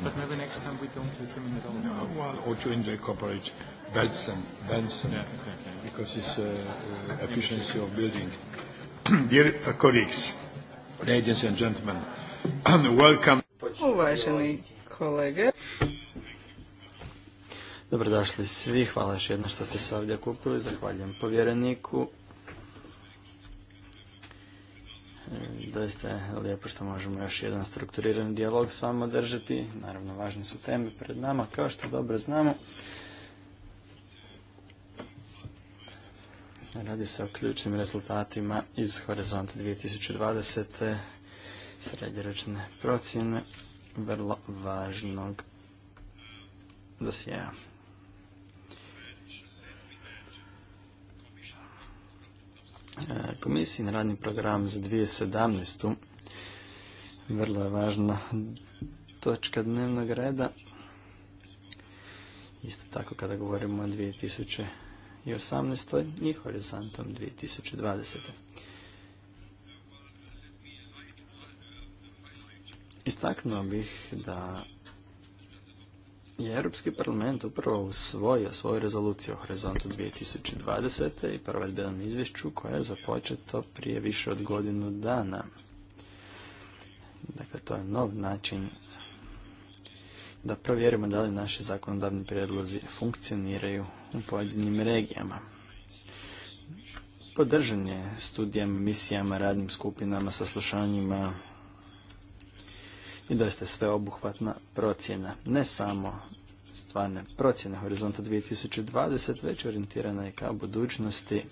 Britain. But maybe next time we don't put them in at all. No, well, or to incorporate Benson, Benson yeah, exactly. because it's uh, uh, efficiency of building. Dear uh, colleagues, ladies and gentlemen, welcome. Uvaženi kolege. Dobrodošli svi, hvala još jedno što ste se ovdje kupili, zahvaljujem povjereniku doista lijepo što možemo još jedan strukturirani dijalog s vama držati. Naravno, važne su teme pred nama, kao što dobro znamo. Radi se o ključnim rezultatima iz Horizonta 2020. srednjeročne procjene vrlo važnog dosjeja. E, na radni program za 2017. Vrlo je važna točka dnevnog reda. Isto tako kada govorimo o 2018. i horizontom 2020. Istaknuo bih da je Europski parlament upravo usvojio svoju rezoluciju o horizontu 2020. i provedbenom izvješću koje je započeto prije više od godinu dana. Dakle, to je nov način da provjerimo da li naši zakonodavni prijedlozi funkcioniraju u pojedinim regijama. Podržan je studijama, misijama, radnim skupinama, saslušanjima, i doista sveobuhvatna procjena, ne samo stvarne procjene Horizonta 2020, već orijentirana je ka budućnosti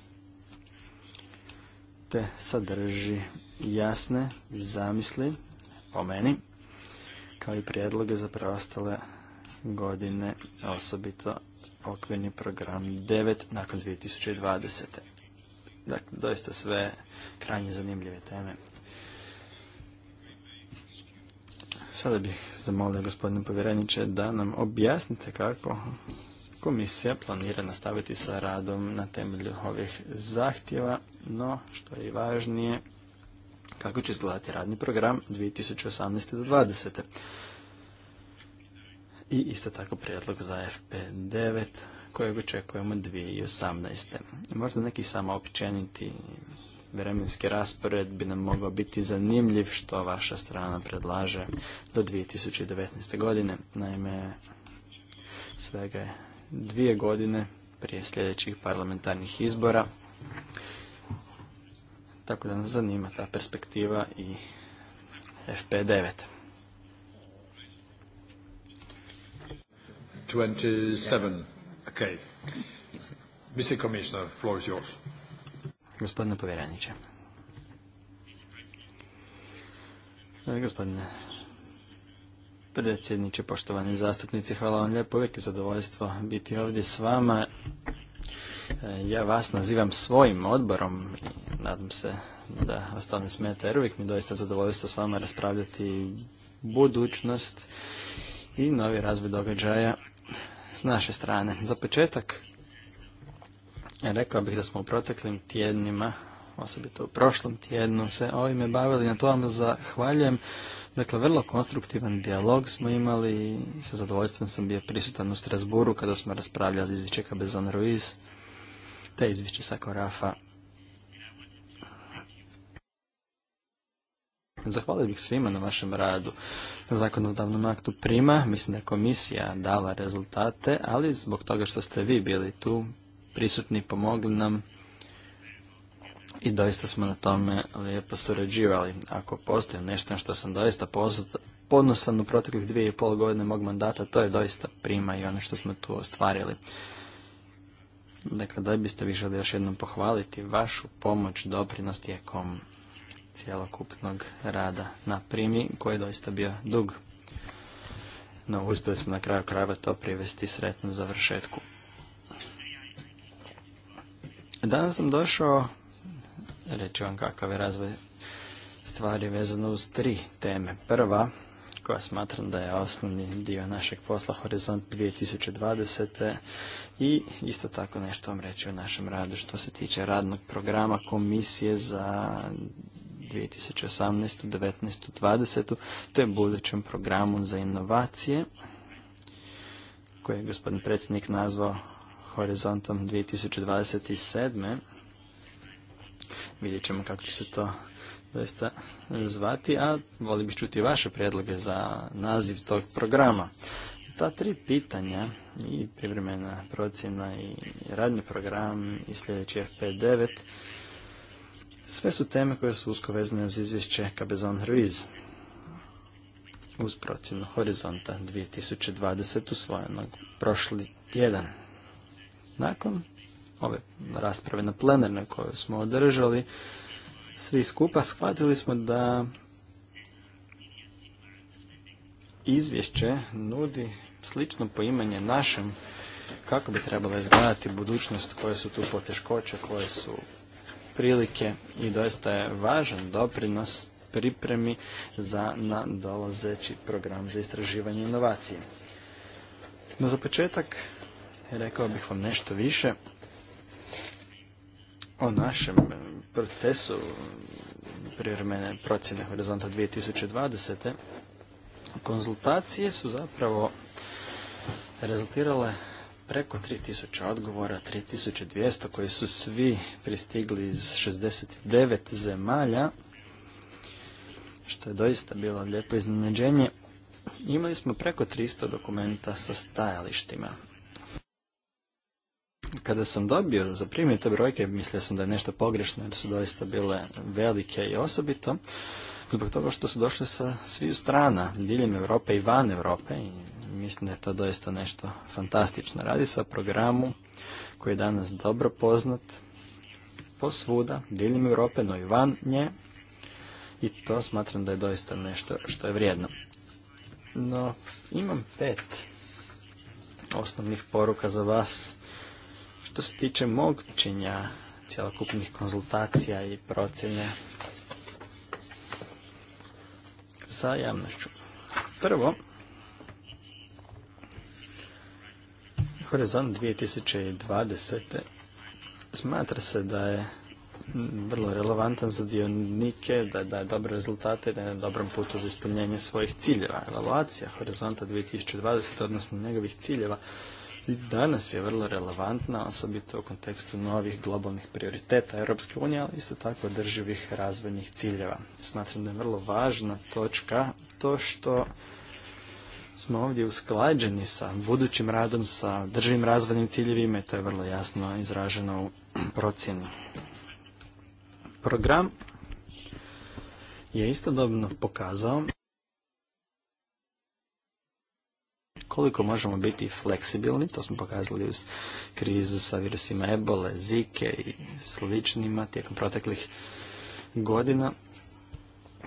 te sadrži jasne zamisli, po meni, kao i prijedloge za preostale godine, osobito okvirni program 9 nakon 2020. Dakle, doista sve krajnje zanimljive teme. Sada bih zamolio gospodine povjereniče da nam objasnite kako komisija planira nastaviti sa radom na temelju ovih zahtjeva, no što je i važnije, kako će izgledati radni program 2018. do 2020. I isto tako prijedlog za FP9 kojeg očekujemo 2018. Možda neki samo općeniti vremenski raspored bi nam mogao biti zanimljiv što vaša strana predlaže do 2019. godine. Naime, svega je dvije godine prije sljedećih parlamentarnih izbora. Tako da nas zanima ta perspektiva i FP9. 27. Okay. Mr. Commissioner, floor is Gospodine povjereniče. E, gospodine predsjedniče, poštovani zastupnici, hvala vam lijepo, uvijek je zadovoljstvo biti ovdje s vama. E, ja vas nazivam svojim odborom i nadam se da ostane smeta, jer uvijek mi doista zadovoljstvo s vama raspravljati budućnost i novi razvoj događaja s naše strane. Za početak Rekao bih da smo u proteklim tjednima, osobito u prošlom tjednu, se ovime bavili. Na to vam zahvaljujem. Dakle, vrlo konstruktivan dijalog smo imali i sa zadovoljstvom sam bio prisutan u Strasburu kada smo raspravljali izvješće Cabezon Ruiz te izvješće korafa Zahvalio bih svima na vašem radu na zakonodavnom aktu prima. Mislim da je komisija dala rezultate, ali zbog toga što ste vi bili tu, prisutni, pomogli nam i doista smo na tome lijepo surađivali. Ako postoji nešto na što sam doista ponosan u proteklih dvije i pol godine mog mandata, to je doista prima i ono što smo tu ostvarili. Dakle, da biste vi želi još jednom pohvaliti vašu pomoć, doprinos tijekom cijelokupnog rada na primi, koji je doista bio dug. No, uspjeli smo na kraju krajeva to privesti sretnu završetku. Danas sam došao reći vam kakav je razvoj stvari vezano uz tri teme. Prva, koja smatram da je osnovni dio našeg posla Horizont 2020. I isto tako nešto vam reći o našem radu što se tiče radnog programa komisije za 2018. 19. 20. te budućem programu za inovacije koje je gospodin predsjednik nazvao horizontom 2027. Vidjet ćemo kako će se to doista zvati, a volio bih čuti vaše prijedloge za naziv tog programa. Ta tri pitanja i privremena procjena i radni program i sljedeći FP9 sve su teme koje su usko vezane uz izvješće Cabezon Ruiz uz procjenu horizonta 2020 usvojenog prošli tjedan. Nakon ove rasprave na plenarnoj koje smo održali, svi skupa shvatili smo da izvješće nudi slično poimanje našem kako bi trebalo izgledati budućnost, koje su tu poteškoće, koje su prilike i doista je važan doprinos pripremi za nadolazeći program za istraživanje inovacije. No za početak Rekao bih vam nešto više o našem procesu privremene procjene Horizonta 2020. Konzultacije su zapravo rezultirale preko 3000 odgovora, 3200 koji su svi pristigli iz 69 zemalja, što je doista bilo lijepo iznenađenje. Imali smo preko 300 dokumenta sa stajalištima kada sam dobio, primjer te brojke, mislio sam da je nešto pogrešno jer su doista bile velike i osobito zbog toga što su došle sa svih strana, diljem Europe i van Europe i mislim da je to doista nešto fantastično. Radi se o programu koji je danas dobro poznat posvuda, diljem Europe, no i van nje i to smatram da je doista nešto što je vrijedno. No, imam pet osnovnih poruka za vas što se tiče mog cjelokupnih konzultacija i procjene sa javnošću. Prvo, Horizont 2020. smatra se da je vrlo relevantan za dionike, da daje dobre rezultate i da je na dobrom putu za ispunjenje svojih ciljeva. Evaluacija Horizonta 2020, odnosno njegovih ciljeva, danas je vrlo relevantna, osobito u kontekstu novih globalnih prioriteta Europske unije, ali isto tako održivih razvojnih ciljeva. Smatram da je vrlo važna točka to što smo ovdje usklađeni sa budućim radom, sa drživim razvojnim ciljevima i to je vrlo jasno izraženo u procjeni. Program je istodobno pokazao koliko možemo biti fleksibilni, to smo pokazali uz krizu sa virusima ebole, zike i sličnima tijekom proteklih godina,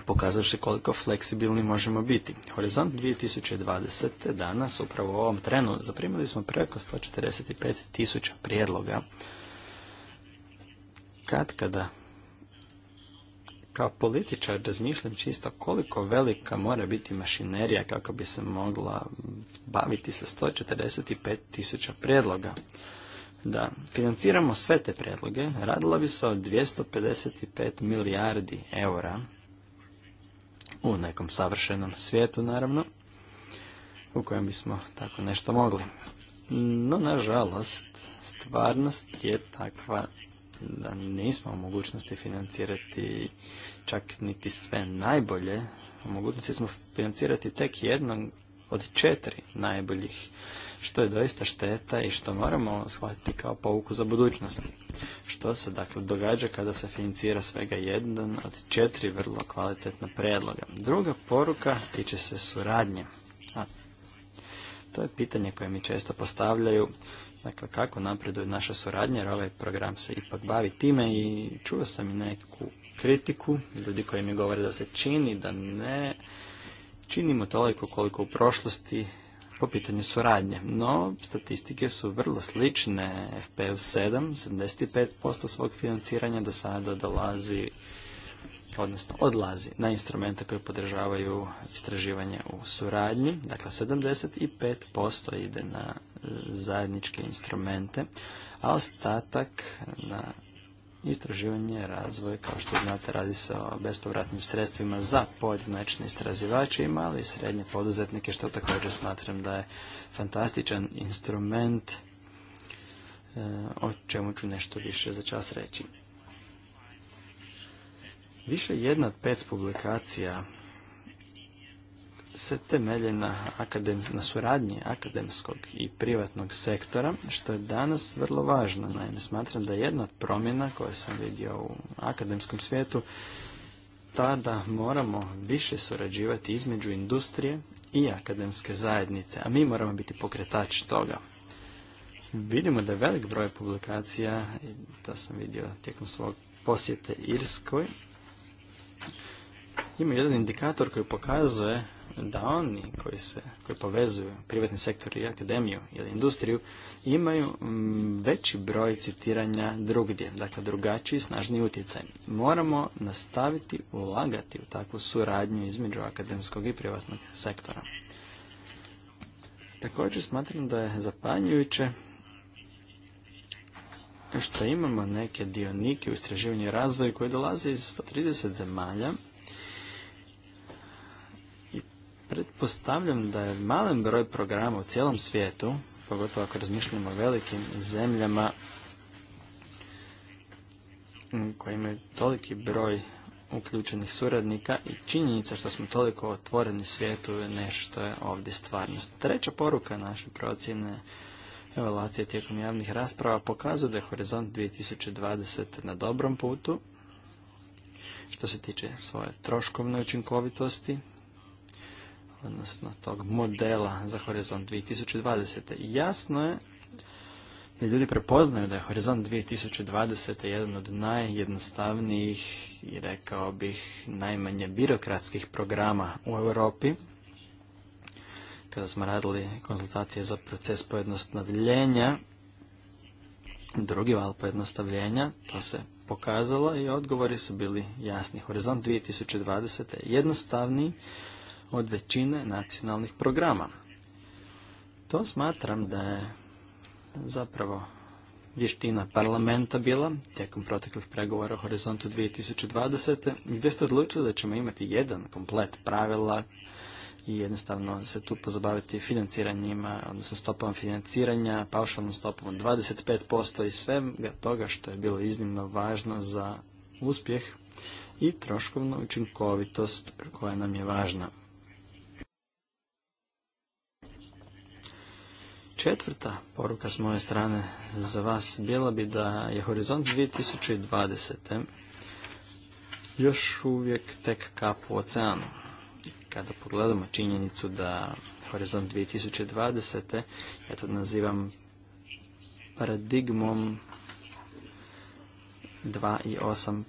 pokazavši koliko fleksibilni možemo biti. Horizont 2020. danas, upravo u ovom trenu, zaprimili smo preko 145 tisuća prijedloga kad kada kao političar razmišljam čisto koliko velika mora biti mašinerija kako bi se mogla baviti sa 145 tisuća predloga. Da financiramo sve te predloge, radilo bi se o 255 milijardi eura u nekom savršenom svijetu naravno, u kojem bismo tako nešto mogli. No, nažalost, stvarnost je takva da nismo u mogućnosti financirati čak niti sve najbolje. U mogućnosti smo financirati tek jednog od četiri najboljih, što je doista šteta i što moramo shvatiti kao pouku za budućnost. Što se dakle događa kada se financira svega jedan od četiri vrlo kvalitetna predloga. Druga poruka tiče se suradnje. To je pitanje koje mi često postavljaju. Dakle, kako napreduje naša suradnja, jer ovaj program se ipak bavi time i čuo sam i neku kritiku, ljudi koji mi govore da se čini, da ne činimo toliko koliko u prošlosti po pitanju suradnje. No, statistike su vrlo slične. FPU 7, 75% svog financiranja do sada dolazi odnosno odlazi na instrumente koji podržavaju istraživanje u suradnji. Dakle, 75% ide na zajedničke instrumente, a ostatak na istraživanje, razvoj, kao što znate, radi se o bespovratnim sredstvima za pojedinačne istraživače i mali i srednje poduzetnike, što također smatram da je fantastičan instrument e, o čemu ću nešto više za čas reći. Više jedna od pet publikacija se temelje na, suradnji akademskog i privatnog sektora, što je danas vrlo važno. Naime, smatram da je jedna od promjena koje sam vidio u akademskom svijetu ta da moramo više surađivati između industrije i akademske zajednice, a mi moramo biti pokretači toga. Vidimo da je velik broj publikacija, to sam vidio tijekom svog posjete Irskoj, ima jedan indikator koji pokazuje da oni koji, se, koji povezuju privatni sektor i akademiju ili industriju imaju mm, veći broj citiranja drugdje, dakle drugačiji snažni utjecaj. Moramo nastaviti ulagati u takvu suradnju između akademskog i privatnog sektora. Također smatram da je zapanjujuće što imamo neke dionike u istraživanju i razvoju koji dolaze iz 130 zemalja Pretpostavljam da je malen broj programa u cijelom svijetu, pogotovo ako razmišljamo o velikim zemljama koji imaju toliki broj uključenih suradnika i činjenica što smo toliko otvoreni svijetu je nešto je ovdje stvarnost. Treća poruka naše procjene evaluacije tijekom javnih rasprava pokazuje da je Horizont 2020 na dobrom putu što se tiče svoje troškovne učinkovitosti, odnosno tog modela za Horizont 2020. I jasno je da ljudi prepoznaju da je Horizont 2020. jedan od najjednostavnijih i rekao bih najmanje birokratskih programa u Europi. Kada smo radili konzultacije za proces pojednostavljenja, drugi val pojednostavljenja, to se pokazalo i odgovori su bili jasni. Horizont 2020. je jednostavniji, od većine nacionalnih programa. To smatram da je zapravo vještina parlamenta bila tijekom proteklih pregovora o horizontu 2020. gdje ste odlučili da ćemo imati jedan komplet pravila i jednostavno se tu pozabaviti financiranjima, odnosno stopom financiranja, paušalnom stopom 25% i svega toga što je bilo iznimno važno za uspjeh i troškovnu učinkovitost koja nam je važna. Četvrta poruka s moje strane za vas bila bi da je Horizont 2020. još uvijek tek kap u oceanu. Kada pogledamo činjenicu da Horizont 2020. ja to nazivam paradigmom 2 i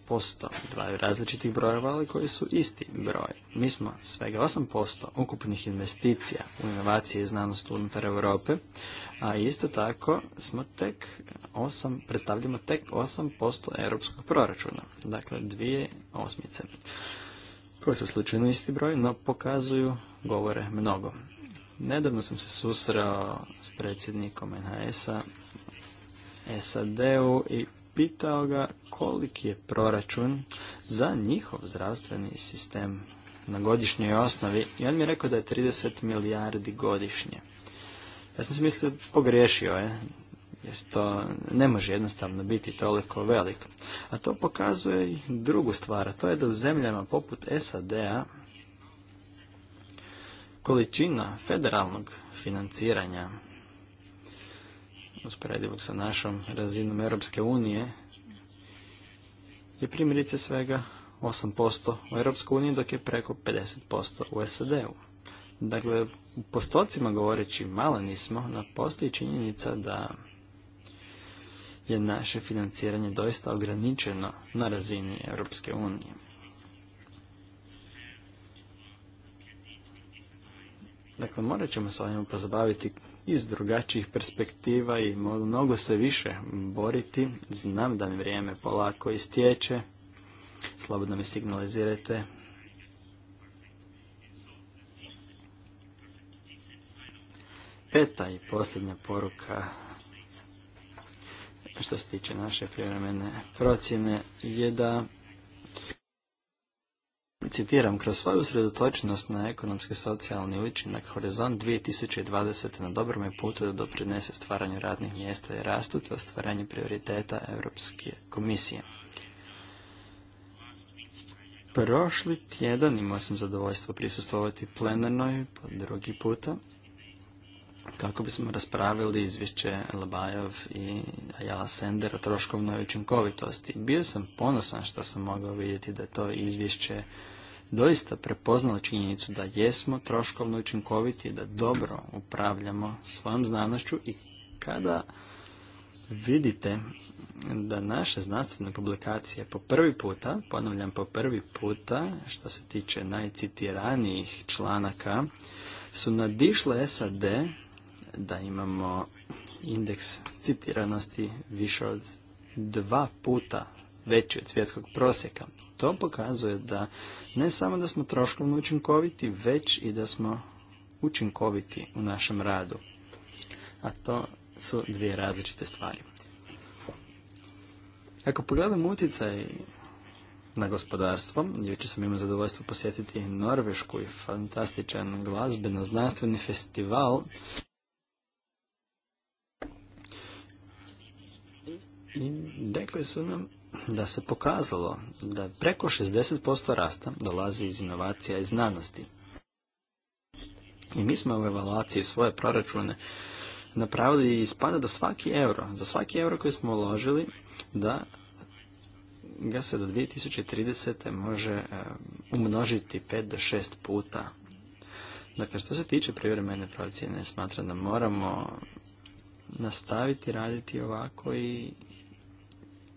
8%, dvaju različitih brojeva, ali koji su isti broj. Mi smo svega 8% ukupnih investicija u inovacije i znanost unutar Europe, a isto tako smo tek 8, predstavljamo tek 8% europskog proračuna, dakle dvije osmice, koji su slučajno isti broj, no pokazuju, govore mnogo. Nedavno sam se susreo s predsjednikom NHS-a SAD-u i pitao ga koliki je proračun za njihov zdravstveni sistem na godišnjoj osnovi i on mi je rekao da je 30 milijardi godišnje. Ja sam se mislio pogriješio je, jer to ne može jednostavno biti toliko velik. A to pokazuje i drugu stvar, a to je da u zemljama poput SAD-a količina federalnog financiranja usporedivog sa našom razinom Europske unije je primjerice svega 8% u Europskoj uniji, dok je preko 50% u SAD-u. Dakle, u postocima govoreći mala nismo, no postoji činjenica da je naše financiranje doista ograničeno na razini Europske unije. Dakle, morat ćemo se ovim pozabaviti iz drugačijih perspektiva i mnogo se više boriti. Znam da mi vrijeme polako istječe. Slobodno mi signalizirajte. Peta i posljednja poruka što se tiče naše privremene procjene je da Citiram, kroz svoju sredotočnost na ekonomski socijalni učinak Horizont 2020. na dobrom je putu da doprinese stvaranju radnih mjesta i rastu te stvaranju prioriteta Europske komisije. Prošli tjedan imao sam zadovoljstvo prisustovati plenarnoj po drugi puta kako bismo raspravili izvješće Labajov i Ajala Sender o troškovnoj učinkovitosti. Bio sam ponosan što sam mogao vidjeti da to izvješće doista prepoznalo činjenicu da jesmo troškovno učinkoviti, da dobro upravljamo svojom znanošću i kada vidite da naše znanstvene publikacije po prvi puta, ponavljam po prvi puta, što se tiče najcitiranijih članaka, su nadišle SAD da imamo indeks citiranosti više od dva puta veći od svjetskog prosjeka. To pokazuje da ne samo da smo troškovno učinkoviti, već i da smo učinkoviti u našem radu. A to su dvije različite stvari. Ako pogledamo utjecaj na gospodarstvo, jučer sam imao zadovoljstvo posjetiti Norvešku i fantastičan glazbeno-znanstveni festival i rekli su nam da se pokazalo da preko 60% rasta dolazi iz inovacija i znanosti. I mi smo u evaluaciji svoje proračune napravili i ispada da svaki euro, za svaki euro koji smo uložili, da ga se do 2030. može e, umnožiti 5 do 6 puta. Dakle, što se tiče privremene procjene, smatram da moramo nastaviti raditi ovako i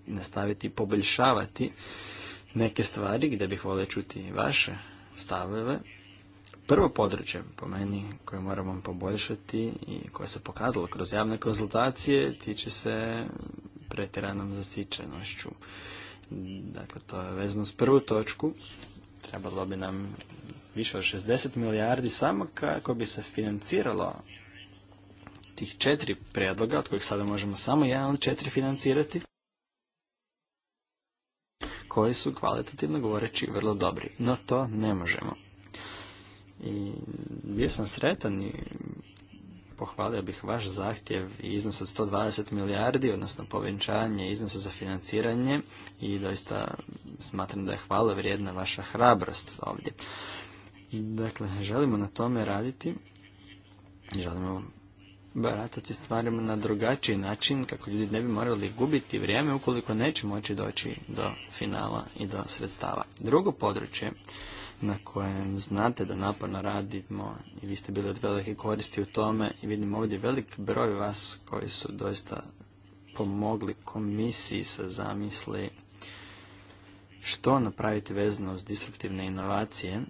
nastaviti poboljšavati neke stvari gdje bih volio čuti vaše stavove. Prvo područje po meni koje moramo poboljšati i koje se pokazalo kroz javne konzultacije tiče se pretjeranom zasičenošću. Dakle, to je vezano s prvu točku. Trebalo bi nam više od 60 milijardi samo kako bi se financiralo tih četiri prijedloga, od kojih sada možemo samo jedan od četiri financirati koji su kvalitativno govoreći vrlo dobri. No to ne možemo. I bio sam sretan i pohvalio bih vaš zahtjev i iznos od 120 milijardi, odnosno povećanje iznosa za financiranje i doista smatram da je hvala vrijedna vaša hrabrost ovdje. Dakle, želimo na tome raditi, želimo baratati stvarima na drugačiji način kako ljudi ne bi morali gubiti vrijeme ukoliko neće moći doći do finala i do sredstava. Drugo područje na kojem znate da naporno radimo i vi ste bili od velike koristi u tome i vidim ovdje velik broj vas koji su doista pomogli komisiji sa zamisli što napraviti vezano uz disruptivne inovacije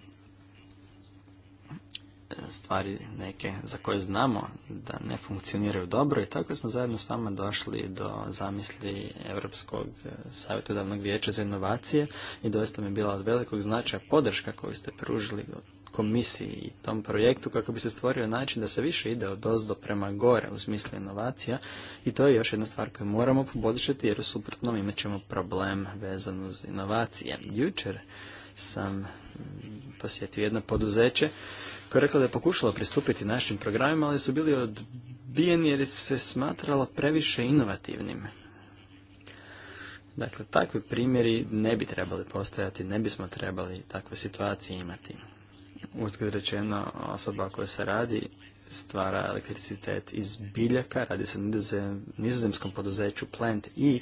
stvari neke za koje znamo da ne funkcioniraju dobro i tako smo zajedno s vama došli do zamisli Europskog savjetodavnog vijeća za inovacije i doista mi je bila od velikog značaja podrška koju ste pružili komisiji i tom projektu kako bi se stvorio način da se više ide od ozdo prema gore u smislu inovacija i to je još jedna stvar koju moramo poboljšati jer u suprotnom imat ćemo problem vezan uz inovacije. Jučer sam posjetio jedno poduzeće koja je rekla da je pokušala pristupiti našim programima, ali su bili odbijeni jer se smatrala previše inovativnim. Dakle, takvi primjeri ne bi trebali postojati, ne bismo trebali takve situacije imati. Uzgled rečeno, osoba koja se radi stvara elektricitet iz biljaka, radi se o nizozemskom poduzeću Plant I, e,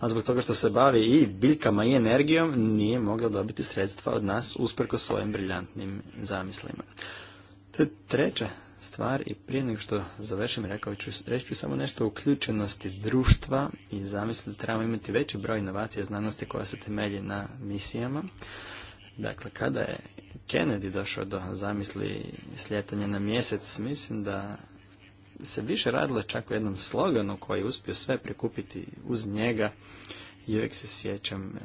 a zbog toga što se bavi i biljkama i energijom, nije mogla dobiti sredstva od nas usprko svojim briljantnim zamislima. To je treća stvar i prije nego što završim rekao ću, reći ću samo nešto o uključenosti društva i zamisli da trebamo imati veći broj inovacija znanosti koja se temelji na misijama. Dakle, kada je Kennedy došao do zamisli sljetanja na mjesec, mislim da se više radilo čak u jednom sloganu koji je uspio sve prikupiti uz njega i uvijek se sjećam e,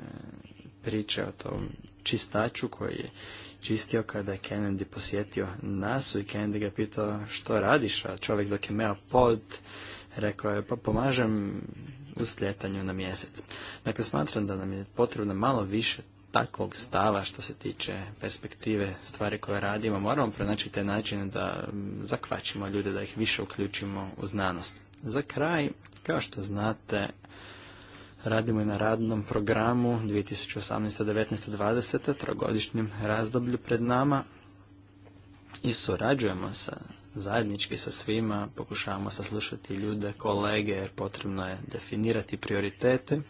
priče o tom čistaču koji je čistio kada je Kennedy posjetio nasu i Kennedy ga pitao što radiš, a čovjek dok je meo pod rekao je pa pomažem u sljetanju na mjesec. Dakle, smatram da nam je potrebno malo više takvog stava što se tiče perspektive stvari koje radimo. Moramo pronaći te načine da zakvačimo ljude, da ih više uključimo u znanost. Za kraj, kao što znate, Radimo i na radnom programu 2018. 19. 20. trogodišnjem razdoblju pred nama i surađujemo sa zajednički sa svima, pokušavamo saslušati ljude, kolege, jer potrebno je definirati prioritete.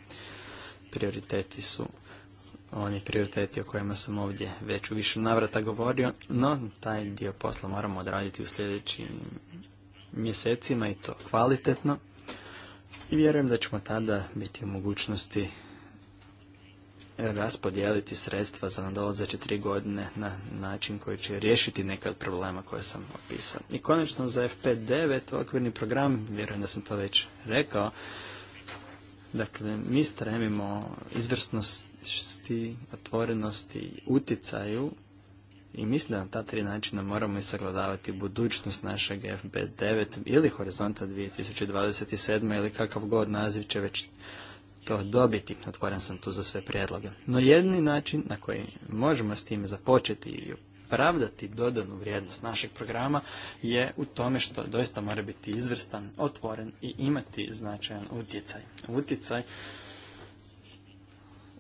Prioriteti su oni prioriteti o kojima sam ovdje već u više navrata govorio, no taj dio posla moramo odraditi u sljedećim mjesecima i to kvalitetno. I vjerujem da ćemo tada biti u mogućnosti raspodijeliti sredstva za nadolazeće tri godine na način koji će riješiti neke od problema koje sam opisao. I konačno za FP9 okvirni program, vjerujem da sam to već rekao, dakle mi stremimo izvrsnosti, otvorenosti, uticaju i mislim da na ta tri načina moramo i sagledavati budućnost našeg FB9 ili horizonta 2027. ili kakav god naziv će već to dobiti. Otvoren sam tu za sve prijedloge. No jedni način na koji možemo s time započeti ili pravdati dodanu vrijednost našeg programa je u tome što doista mora biti izvrstan, otvoren i imati značajan utjecaj. Utjecaj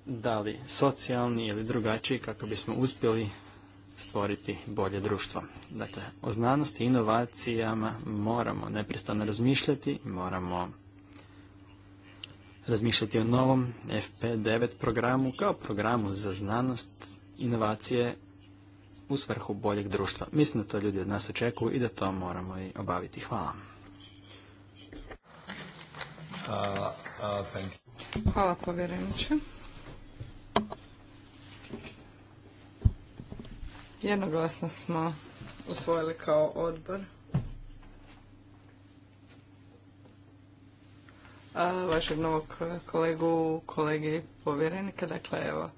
da li socijalni ili drugačiji kako bismo uspjeli stvoriti bolje društvo. Dakle, o znanosti i inovacijama moramo neprestano razmišljati, moramo razmišljati o novom FP9 programu kao programu za znanost, inovacije u svrhu boljeg društva. Mislim da to ljudi od nas očekuju i da to moramo i obaviti. Hvala. Uh, uh, Hvala povjereniče. Jednoglasno smo usvojili kao odbor. A vašeg novog kolegu, i povjerenika, dakle evo,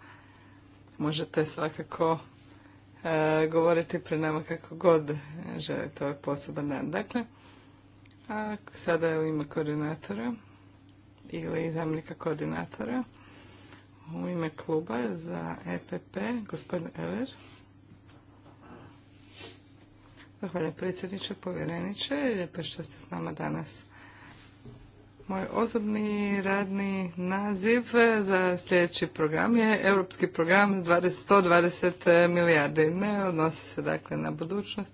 možete svakako e, govoriti pred nama kako god želite ovaj poseban dan. Dakle, a sada je u ime koordinatora ili zamjenika koordinatora u ime kluba za EPP, gospodin Ever. Zahvaljujem predsjedniče, povjereniče, lijepo što ste s nama danas. Moj osobni radni naziv za sljedeći program je Europski program 120 milijardi. Ne odnosi se dakle na budućnost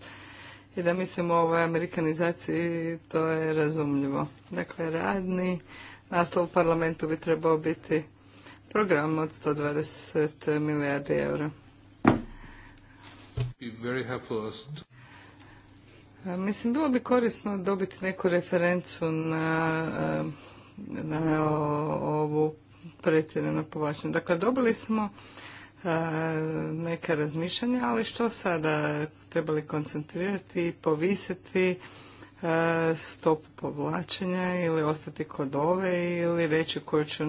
i da mislim o ovoj amerikanizaciji to je razumljivo. Dakle, radni naslov u parlamentu bi trebao biti program od 120 milijardi eura. Mislim, bilo bi korisno dobiti neku referencu na, eh, na ovu pretjerano povlačenje. Dakle, dobili smo eh, neka razmišljanja, ali što sada trebali koncentrirati i povisiti eh, stopu povlačenja ili ostati kod ove ili reći koju će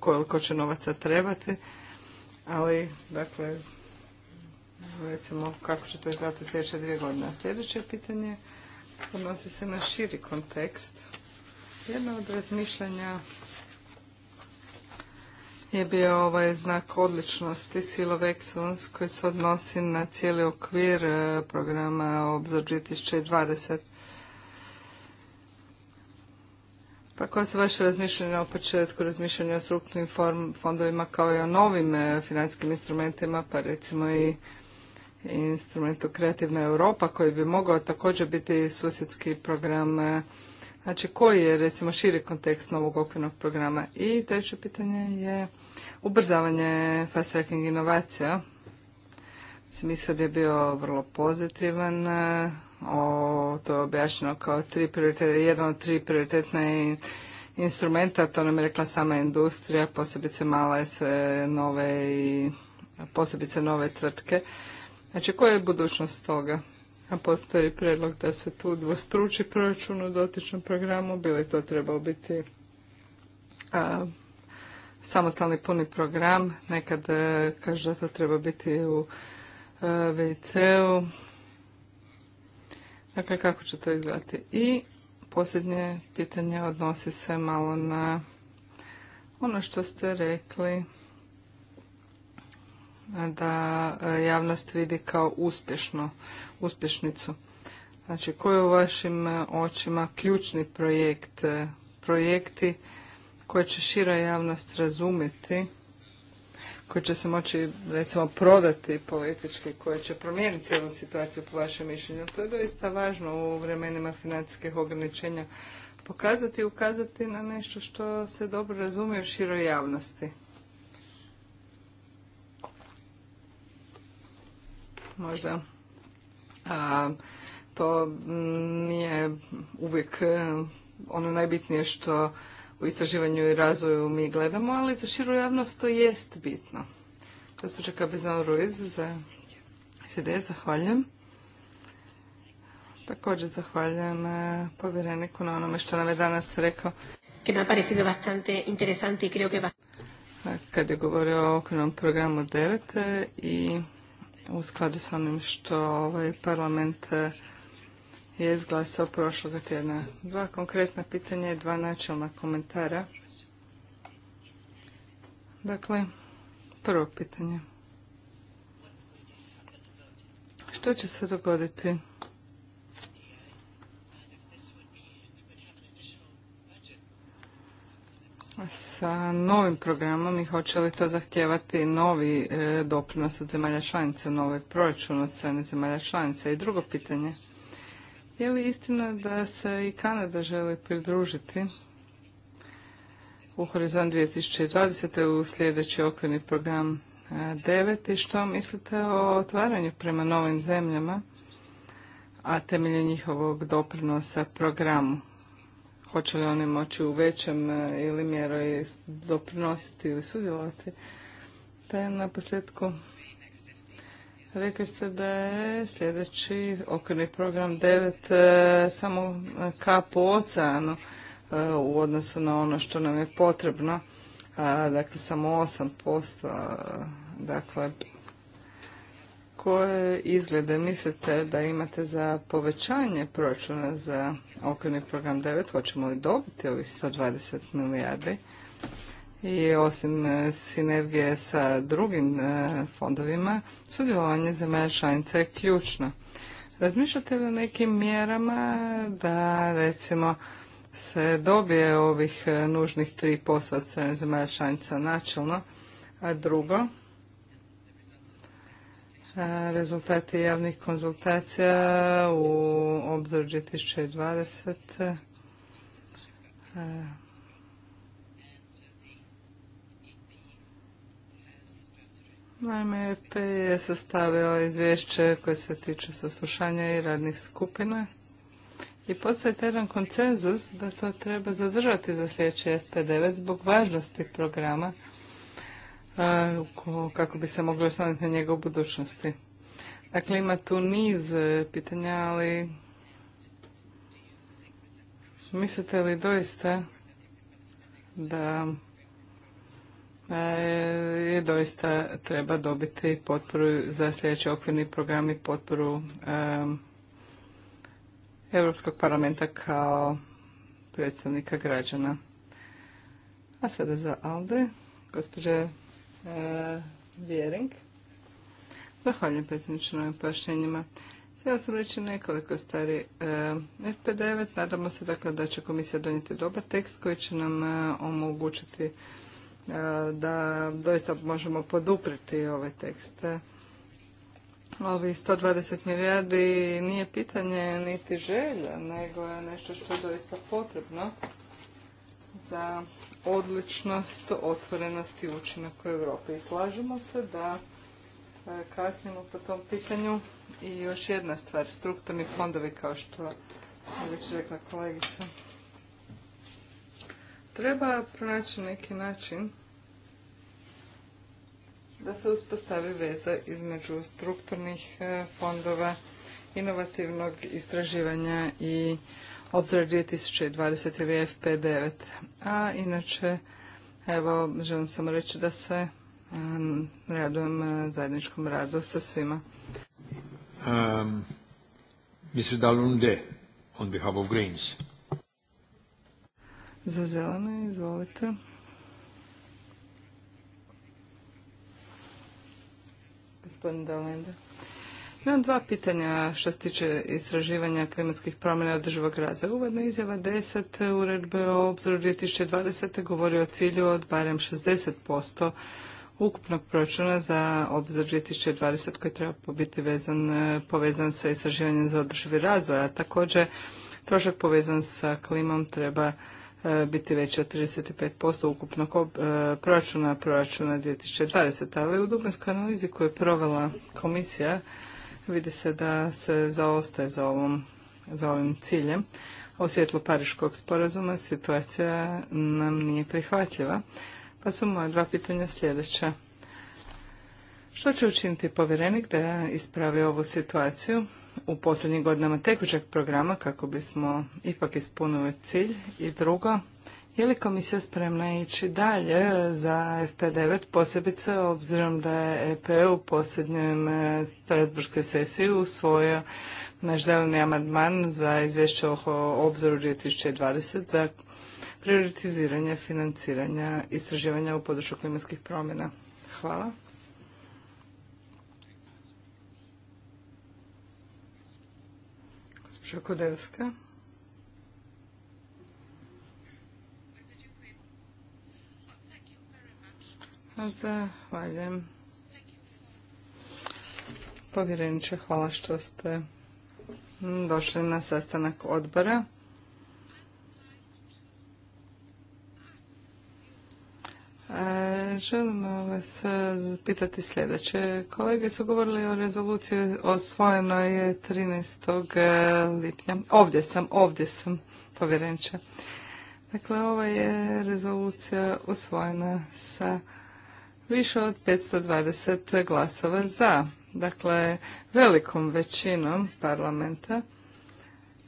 koliko će novaca trebati. Ali, dakle, recimo kako će to izgledati sljedeće dvije godine. sljedeće pitanje odnosi se na širi kontekst. Jedno od razmišljanja je bio ovaj znak odličnosti Seal of koji se odnosi na cijeli okvir e, programa Obzor 2020. Pa koje su vaše razmišljanja o početku razmišljanja o strukturnim fondovima kao i o novim e, financijskim instrumentima, pa recimo i instrumentu Kreativna Europa koji bi mogao također biti susjedski program, e, znači koji je recimo širi kontekst novog okvirnog programa. I treće pitanje je ubrzavanje fast tracking inovacija. Smisao je bio vrlo pozitivan, e, o, to je objašnjeno kao tri jedan od tri prioritetne instrumenta, to nam je rekla sama industrija, posebice male, nove i posebice nove tvrtke. Znači, koja je budućnost toga? A postoji predlog da se tu dvostruči proračun u dotičnom programu, bi li to trebao biti a, samostalni puni program, nekad e, kaže da to treba biti u e, VIC-u. Dakle, kako će to izgledati? I posljednje pitanje odnosi se malo na ono što ste rekli da e, javnost vidi kao uspješno, uspješnicu. Znači, koji je u vašim e, očima ključni projekt, e, projekti koje će šira javnost razumjeti, koji će se moći, recimo, prodati politički, koje će promijeniti cijelu situaciju po vašem mišljenju. To je doista važno u vremenima financijskih ograničenja pokazati i ukazati na nešto što se dobro razumije u široj javnosti. možda a, to mm, nije uvijek e, ono najbitnije što u istraživanju i razvoju mi gledamo, ali za širu javnost to jest bitno. Gospođa Kabizan Ruiz za SED, zahvaljujem. Također zahvaljujem e, povjereniku na onome što nam je danas rekao. Kad je govorio o okrenom programu 9 i u skladu sa onim što ovaj parlament e, je izglasao prošloga tjedna. Dva konkretna pitanja i dva načelna komentara. Dakle, prvo pitanje. Što će se dogoditi sa novim programom i hoće li to zahtijevati novi e, doprinos od zemalja članica, novi proračun od strane zemalja članica? I drugo pitanje, je li istina da se i Kanada želi pridružiti u Horizon 2020. u sljedeći okvirni program 9 e, i što mislite o otvaranju prema novim zemljama, a temelju njihovog doprinosa programu? hoće li oni moći u većem e, ili mjeroj doprinositi ili sudjelovati. Te na posljedku rekli ste da je sljedeći okvirni program 9 e, samo kap u oceanu e, u odnosu na ono što nam je potrebno, dakle samo 8%, dakle koje izglede mislite da imate za povećanje proračuna za okvirni program 9, hoćemo li dobiti ovih 120 milijardi i osim e, sinergije sa drugim e, fondovima, sudjelovanje zemalja članica je ključno. Razmišljate li o nekim mjerama da recimo se dobije ovih e, nužnih posla od strane zemalja članica načelno, a drugo, E, rezultati javnih konzultacija u obzor 2020. E, Naime, EP je sastavio izvješće koje se tiče saslušanja i radnih skupina i postoji jedan koncenzus da to treba zadržati za sljedeći FP9 zbog važnosti programa kako bi se mogli osnoviti na njegovu budućnosti. Dakle, ima tu niz e, pitanja, ali mislite li doista da e, je doista treba dobiti potporu za sljedeći okvirni program i potporu e, Europskog parlamenta kao predstavnika građana. A sada za Alde, gospođe E, Vjering. Zahvaljujem predsjedniče ovim pojašnjenjima. Htjela sam reći nekoliko stvari. FP9, e, nadamo se dakle da će komisija donijeti dobar tekst koji će nam e, omogućiti da doista možemo poduprijeti ovaj tekst. Ovi 120 milijardi nije pitanje niti želja, nego je nešto što je doista potrebno za odličnost, otvorenost i učinak u Europi. I slažemo se da e, kasnimo po tom pitanju. I još jedna stvar, strukturni fondovi kao što je već rekla kolegica. Treba pronaći neki način da se uspostavi veza između strukturnih e, fondova, inovativnog istraživanja i obzora 2020 VFP9. A inače, evo, želim samo reći da se radujem zajedničkom radu sa svima. Um, Dalun Dalunde, on behalf of Greens. Za zelene, izvolite. Gospodin Dalunde. Imam dva pitanja što se tiče istraživanja klimatskih promjena i održivog razvoja. Uvodna izjava 10 uredbe o obzoru 2020. govori o cilju od barem 60% ukupnog proračuna za obzor 2020 koji treba biti vezan, povezan sa istraživanjem za održivi razvoj, a također trošak povezan sa klimom treba e, biti veći od 35% ukupnog e, proračuna proračuna 2020. Ali u dubinskoj analizi koju je provela komisija vidi se da se zaostaje za, ovom, za ovim ciljem. U svjetlu Pariškog sporazuma situacija nam nije prihvatljiva. Pa su moja dva pitanja sljedeća. Što će učiniti povjerenik da ispravi ovu situaciju u posljednjim godinama tekućeg programa kako bismo ipak ispunili cilj? I drugo, je li komisija spremna ići dalje za FP9, posebice obzirom da je EP u posljednjem Strasburgske e, sesiji usvojio naš zeleni amandman za izvješće o obzoru 2020 za prioritiziranje financiranja istraživanja u području klimatskih promjena. Hvala. Gospodin Kodevska. Zahvaljujem. Povjereniče, hvala što ste došli na sastanak odbora. E, Želim vas pitati sljedeće. Kolege su govorili o rezoluciji osvojenoj 13. lipnja. Ovdje sam, ovdje sam, povjerenče. Dakle, ova je rezolucija usvojena sa više od 520 glasova za. Dakle, velikom većinom parlamenta,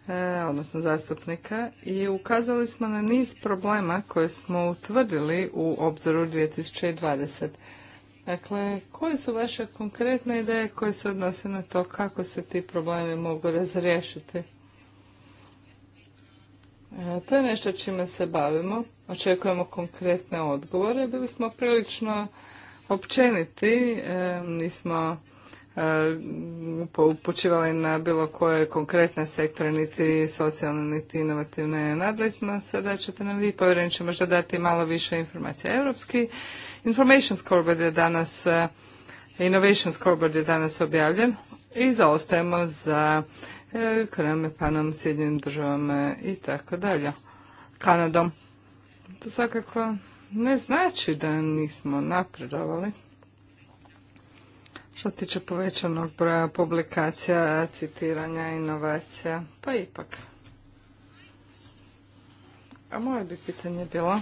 e, odnosno zastupnika, i ukazali smo na niz problema koje smo utvrdili u obzoru 2020. Dakle, koje su vaše konkretne ideje koje se odnose na to kako se ti problemi mogu razriješiti? E, to je nešto čime se bavimo. Očekujemo konkretne odgovore. Bili smo prilično općeniti, e, nismo e, upućivali na bilo koje konkretne sektore, niti socijalne, niti inovativne nadležno. Sada ćete nam vi, povjereniče, možda dati malo više informacija. Europski Information Scoreboard je danas e, Innovation Scoreboard je danas objavljen i zaostajemo za kreme panom, Sjedinjenim državama i tako dalje, Kanadom. To svakako ne znači da nismo napredovali. Što se tiče povećanog broja publikacija, citiranja, inovacija, pa ipak. A moje bi pitanje bilo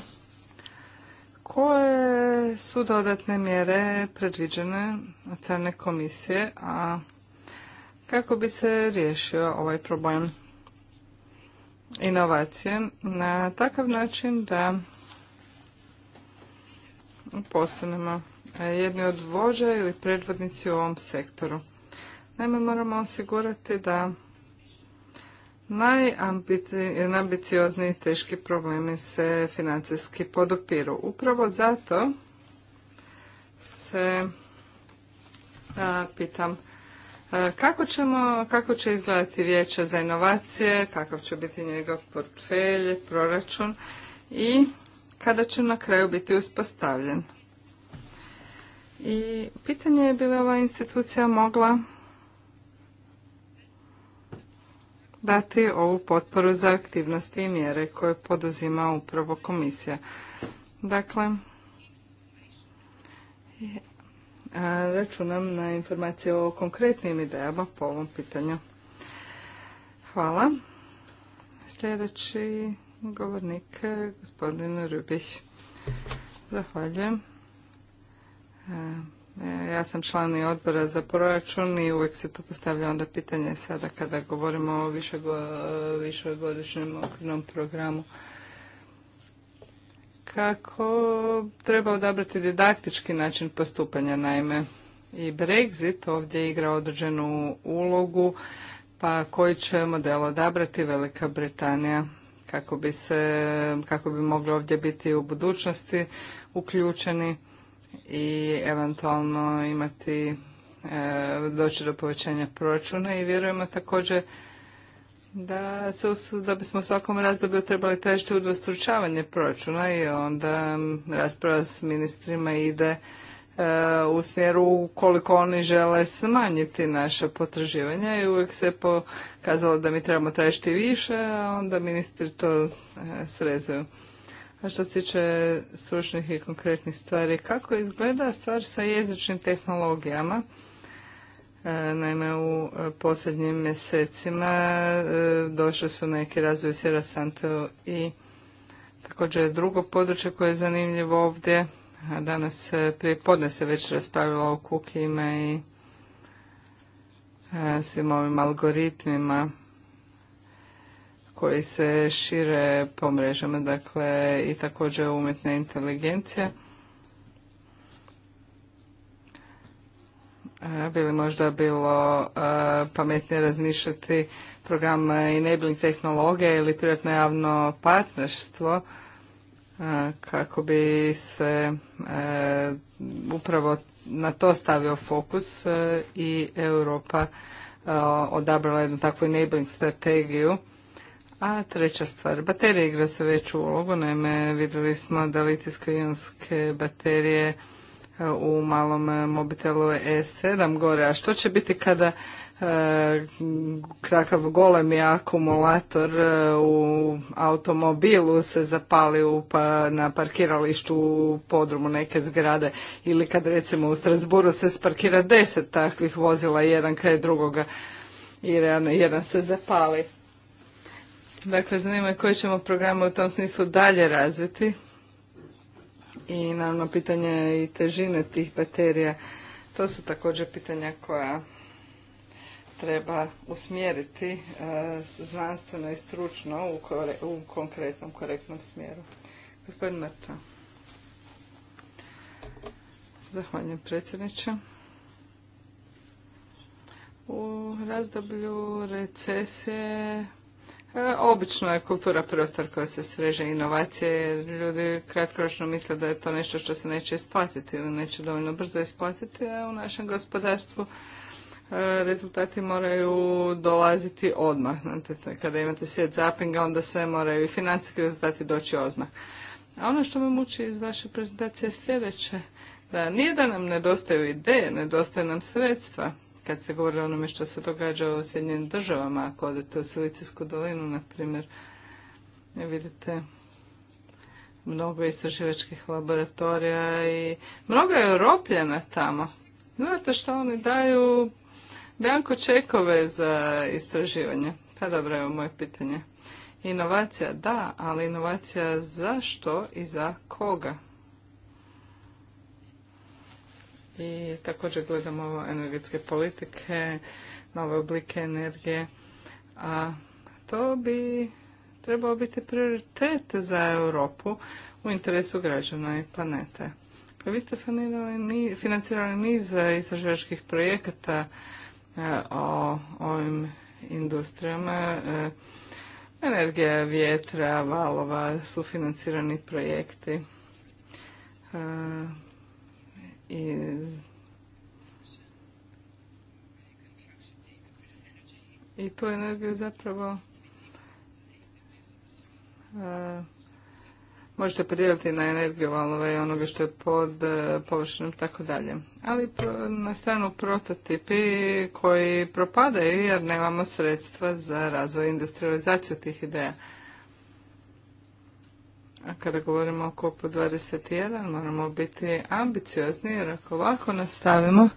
koje su dodatne mjere predviđene od strane komisije, a kako bi se riješio ovaj problem inovacije na takav način da postanemo e, jedni od vođa ili predvodnici u ovom sektoru. Naime, moramo osigurati da najambiciozniji i teški problemi se financijski podupiru. Upravo zato se pitam kako, ćemo, kako će izgledati vijeće za inovacije, kakav će biti njegov portfelj, proračun i kada će na kraju biti uspostavljen. I pitanje je bi li ova institucija mogla dati ovu potporu za aktivnosti i mjere koje poduzima upravo komisija. Dakle, računam na informacije o konkretnim idejama po ovom pitanju. Hvala. Sljedeći govornik, e, gospodin Rubić. Zahvaljujem. E, e, ja sam član i odbora za proračun i uvijek se to postavlja onda pitanje sada kada govorimo o višegodišnjem okvirnom programu. Kako treba odabrati didaktički način postupanja, naime, i Brexit ovdje igra određenu ulogu, pa koji će model odabrati Velika Britanija kako bi se, kako bi mogli ovdje biti u budućnosti uključeni i eventualno imati e, doći do povećanja proračuna i vjerujemo također da, da bismo u svakom razdoblju trebali tražiti udvostručavanje proračuna i onda rasprava s ministrima ide E, u smjeru koliko oni žele smanjiti naše potraživanja i uvijek se pokazalo da mi trebamo tražiti više, a onda ministri to e, srezuju. A što se tiče stručnih i konkretnih stvari, kako izgleda stvar sa jezičnim tehnologijama? E, naime, u posljednjim mjesecima došli su neki razvoj Sierra Santo i također drugo područje koje je zanimljivo ovdje, Danas e, prije podne se već raspravilo o kukijima i e, svim ovim algoritmima koji se šire po mrežama, dakle i također umjetna inteligencija. E, bi li možda bilo pametnije razmišljati program enabling tehnologije ili privatno javno partnerstvo kako bi se e, upravo na to stavio fokus e, i Europa e, odabrala jednu takvu enabling strategiju. A treća stvar, baterije igra se veću ulogu, naime vidjeli smo da litijsko-ionske baterije u malom mobitelu E7 gore. A što će biti kada E, kakav golemi akumulator e, u automobilu se zapali pa na parkiralištu u podrumu neke zgrade ili kad recimo u Strasburu se sparkira deset takvih vozila jedan kraj drugoga i jedan se zapali. Dakle, zanima koje ćemo programe u tom smislu dalje razviti i naravno pitanje i težine tih baterija. To su također pitanja koja treba usmjeriti e, znanstveno i stručno u, konkretnom, korektnom smjeru. Gospodin Mrta. Zahvaljujem predsjedniče. U razdoblju recesije e, Obično je kultura prostor koja se sreže inovacije jer ljudi kratkoročno misle da je to nešto što se neće isplatiti ili neće dovoljno brzo isplatiti, a u našem gospodarstvu E, rezultati moraju dolaziti odmah. Znate, kada imate svijet zapinga, onda sve moraju i financijski rezultati doći odmah. A ono što me muči iz vaše prezentacije je sljedeće, da nije da nam nedostaju ideje, nedostaje nam sredstva. Kad ste govorili o onome što se događa u Sjedinjenim državama, ako odete u Silicijsku dolinu, na primjer, vidite mnogo istraživačkih laboratorija i mnogo je europljana tamo. Znate što oni daju Danko čekove za istraživanje. Pa dobro, evo moje pitanje. Inovacija da, ali inovacija za što i za koga? I također gledamo energetske politike, nove oblike energije. A to bi trebao biti prioritet za Europu u interesu građana i planete. Pa vi ste financirali niz istraživačkih projekata E, o ovim industrijama. E, energija vjetra, valova, sufinancirani projekti e, i i tu energiju zapravo možete podijeliti na energiju valove i onoga što je pod e, površinom tako dalje. Ali na stranu prototipi koji propadaju jer nemamo sredstva za razvoj i industrializaciju tih ideja. A kada govorimo o kopu 21 moramo biti ambiciozni jer ako ovako nastavimo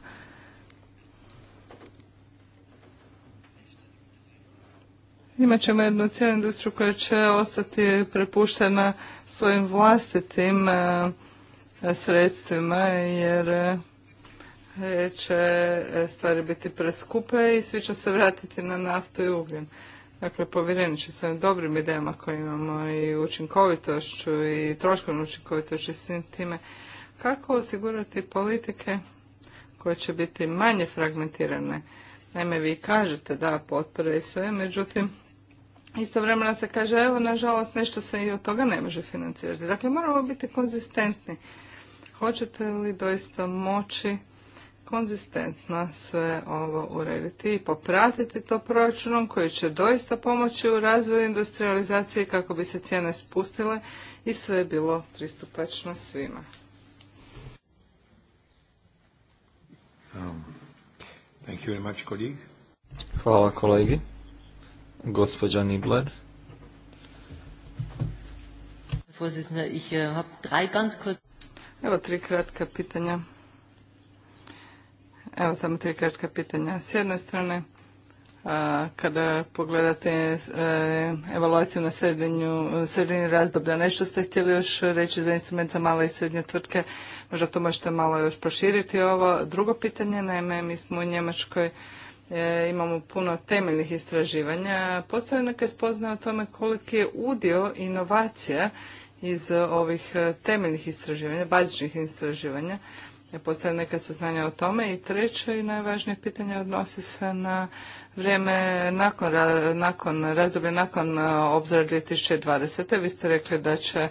Imat ćemo jednu cijelu industriju koja će ostati prepuštena svojim vlastitim e, sredstvima jer e, će e, stvari biti preskupe i svi će se vratiti na naftu i ugljen. Dakle, povjereni s svojim dobrim idejama koje imamo i učinkovitošću i troškovnu učinkovitošću i svim time, kako osigurati politike koje će biti manje fragmentirane? Naime, vi kažete da potpore i sve, međutim, istovremeno se kaže, evo, nažalost, nešto se i od toga ne može financirati. Dakle, moramo biti konzistentni. Hoćete li doista moći konzistentno sve ovo urediti i popratiti to proračunom koji će doista pomoći u razvoju industrializacije kako bi se cijene spustile i sve je bilo pristupačno svima. Um, Hvala kolegi. Gospođa Nibler. Äh, Evo tri kratka pitanja. Evo samo tri kratka pitanja. S jedne strane, kada pogledate e, evaluaciju na sredinju, sredini razdoblja, nešto ste htjeli još reći za instrument za male i srednje tvrtke, možda to možete malo još proširiti ovo. Drugo pitanje, naime, mi smo u Njemačkoj E, imamo puno temeljnih istraživanja, postoje neke spoznaje o tome koliki je udio inovacija iz ovih e, temeljnih istraživanja, bazičnih istraživanja. E, postoje neka saznanja o tome. I treće i najvažnije pitanje odnosi se na vrijeme nakon, nakon razdoblje nakon obzora 2020. Vi ste rekli da će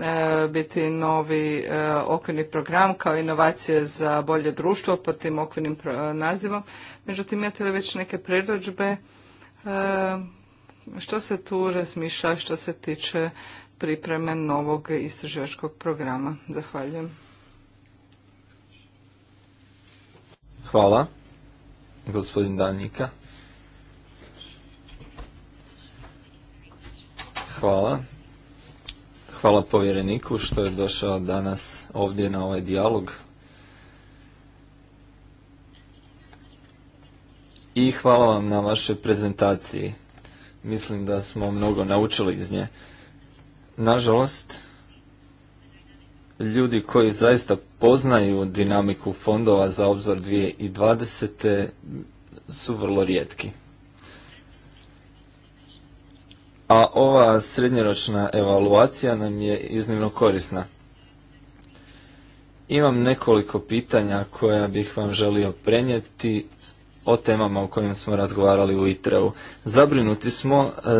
E, biti novi e, okvirni program kao inovacije za bolje društvo pod tim okvirnim nazivom. Međutim, imate li već neke predođbe? E, što se tu razmišlja što se tiče pripreme novog istraživačkog programa? Zahvaljujem. Hvala, gospodin Danjika. Hvala. Hvala povjereniku što je došao danas ovdje na ovaj dijalog. I hvala vam na vašoj prezentaciji. Mislim da smo mnogo naučili iz nje. Nažalost, ljudi koji zaista poznaju dinamiku fondova za obzor 2020. su vrlo rijetki a ova srednjoročna evaluacija nam je iznimno korisna. Imam nekoliko pitanja koja bih vam želio prenijeti o temama o kojim smo razgovarali u ITREU. Zabrinuti smo e,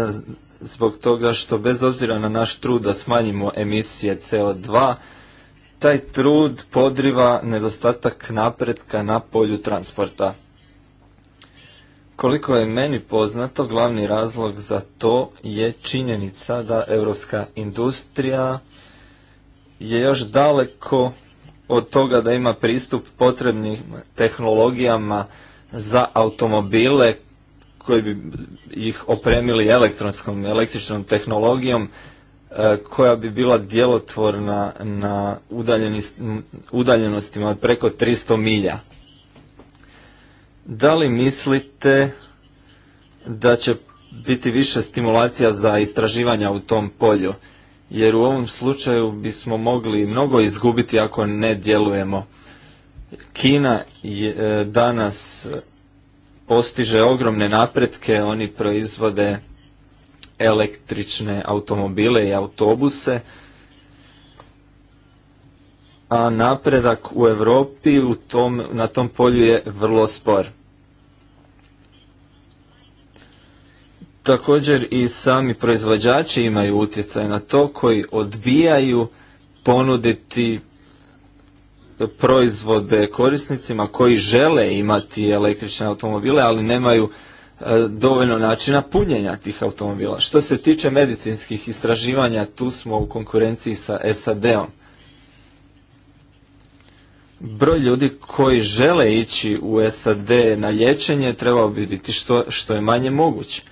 zbog toga što bez obzira na naš trud da smanjimo emisije CO2, taj trud podriva nedostatak napretka na polju transporta. Koliko je meni poznato, glavni razlog za to je činjenica da europska industrija je još daleko od toga da ima pristup potrebnim tehnologijama za automobile koji bi ih opremili elektronskom, električnom tehnologijom e, koja bi bila djelotvorna na udaljenostima od preko 300 milja. Da li mislite da će biti više stimulacija za istraživanja u tom polju? Jer u ovom slučaju bismo mogli mnogo izgubiti ako ne djelujemo. Kina e, danas postiže ogromne napretke, oni proizvode električne automobile i autobuse a napredak u Europi u tom, na tom polju je vrlo spor. Također i sami proizvođači imaju utjecaj na to koji odbijaju ponuditi proizvode korisnicima koji žele imati električne automobile, ali nemaju e, dovoljno načina punjenja tih automobila. Što se tiče medicinskih istraživanja, tu smo u konkurenciji sa SAD-om broj ljudi koji žele ići u SAD na liječenje trebao bi biti što, što je manje moguće.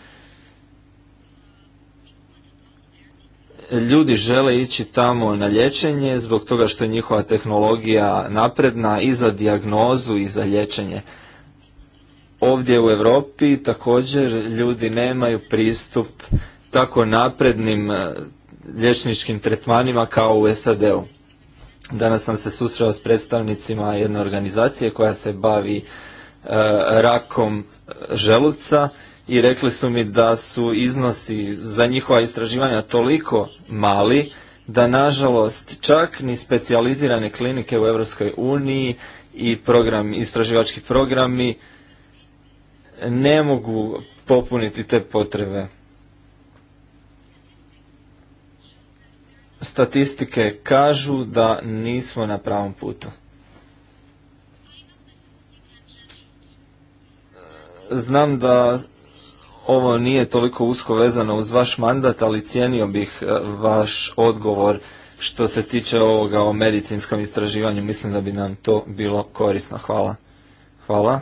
Ljudi žele ići tamo na liječenje zbog toga što je njihova tehnologija napredna i za dijagnozu i za liječenje. Ovdje u Europi također ljudi nemaju pristup tako naprednim eh, liječničkim tretmanima kao u SAD-u. Danas sam se susreo s predstavnicima jedne organizacije koja se bavi e, rakom želuca i rekli su mi da su iznosi za njihova istraživanja toliko mali da nažalost čak ni specijalizirane klinike u Europskoj uniji i program, istraživački programi ne mogu popuniti te potrebe. statistike kažu da nismo na pravom putu. Znam da ovo nije toliko usko vezano uz vaš mandat, ali cijenio bih e, vaš odgovor što se tiče ovoga o medicinskom istraživanju. Mislim da bi nam to bilo korisno. Hvala. Hvala.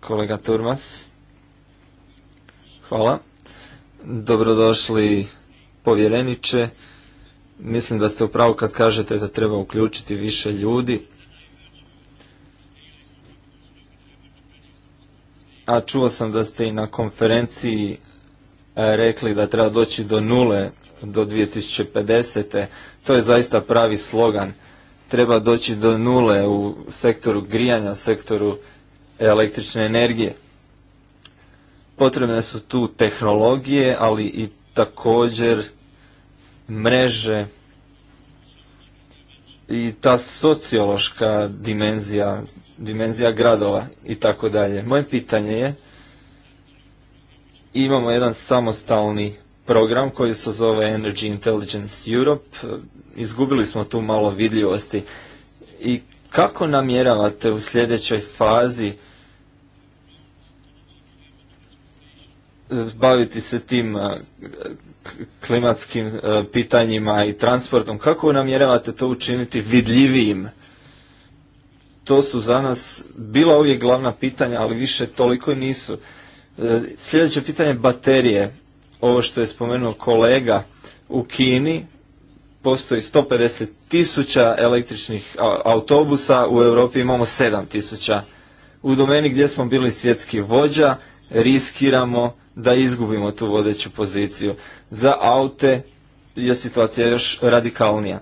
Kolega Turmas. Hvala. Dobrodošli povjereniče, mislim da ste upravo kad kažete da treba uključiti više ljudi. A čuo sam da ste i na konferenciji e, rekli da treba doći do nule do 2050. To je zaista pravi slogan. Treba doći do nule u sektoru grijanja, sektoru električne energije. Potrebne su tu tehnologije, ali i također mreže i ta sociološka dimenzija, dimenzija gradova i tako dalje. Moje pitanje je, imamo jedan samostalni program koji se zove Energy Intelligence Europe, izgubili smo tu malo vidljivosti i kako namjeravate u sljedećoj fazi baviti se tim e, klimatskim e, pitanjima i transportom, kako namjeravate to učiniti vidljivijim? To su za nas bila uvijek glavna pitanja, ali više toliko i nisu. E, sljedeće pitanje baterije, ovo što je spomenuo kolega, u Kini postoji 150 tisuća električnih autobusa, u Europi imamo 7 tisuća. U domeni gdje smo bili svjetski vođa, riskiramo da izgubimo tu vodeću poziciju. Za aute je situacija još radikalnija.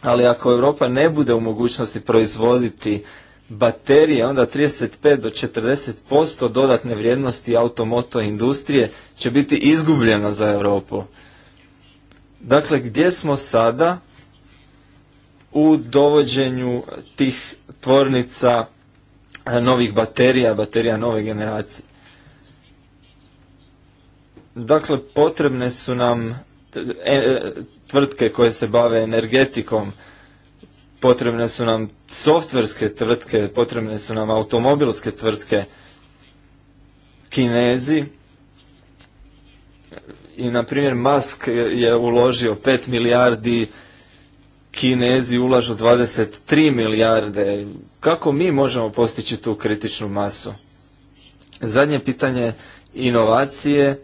Ali ako Europa ne bude u mogućnosti proizvoditi baterije, onda 35 do 40% dodatne vrijednosti automoto industrije će biti izgubljeno za Europu. Dakle, gdje smo sada u dovođenju tih tvornica novih baterija, baterija nove generacije? Dakle, potrebne su nam e, e, tvrtke koje se bave energetikom, potrebne su nam softverske tvrtke, potrebne su nam automobilske tvrtke, kinezi. I, na primjer, Musk je uložio 5 milijardi, kinezi ulažu 23 milijarde. Kako mi možemo postići tu kritičnu masu? Zadnje pitanje inovacije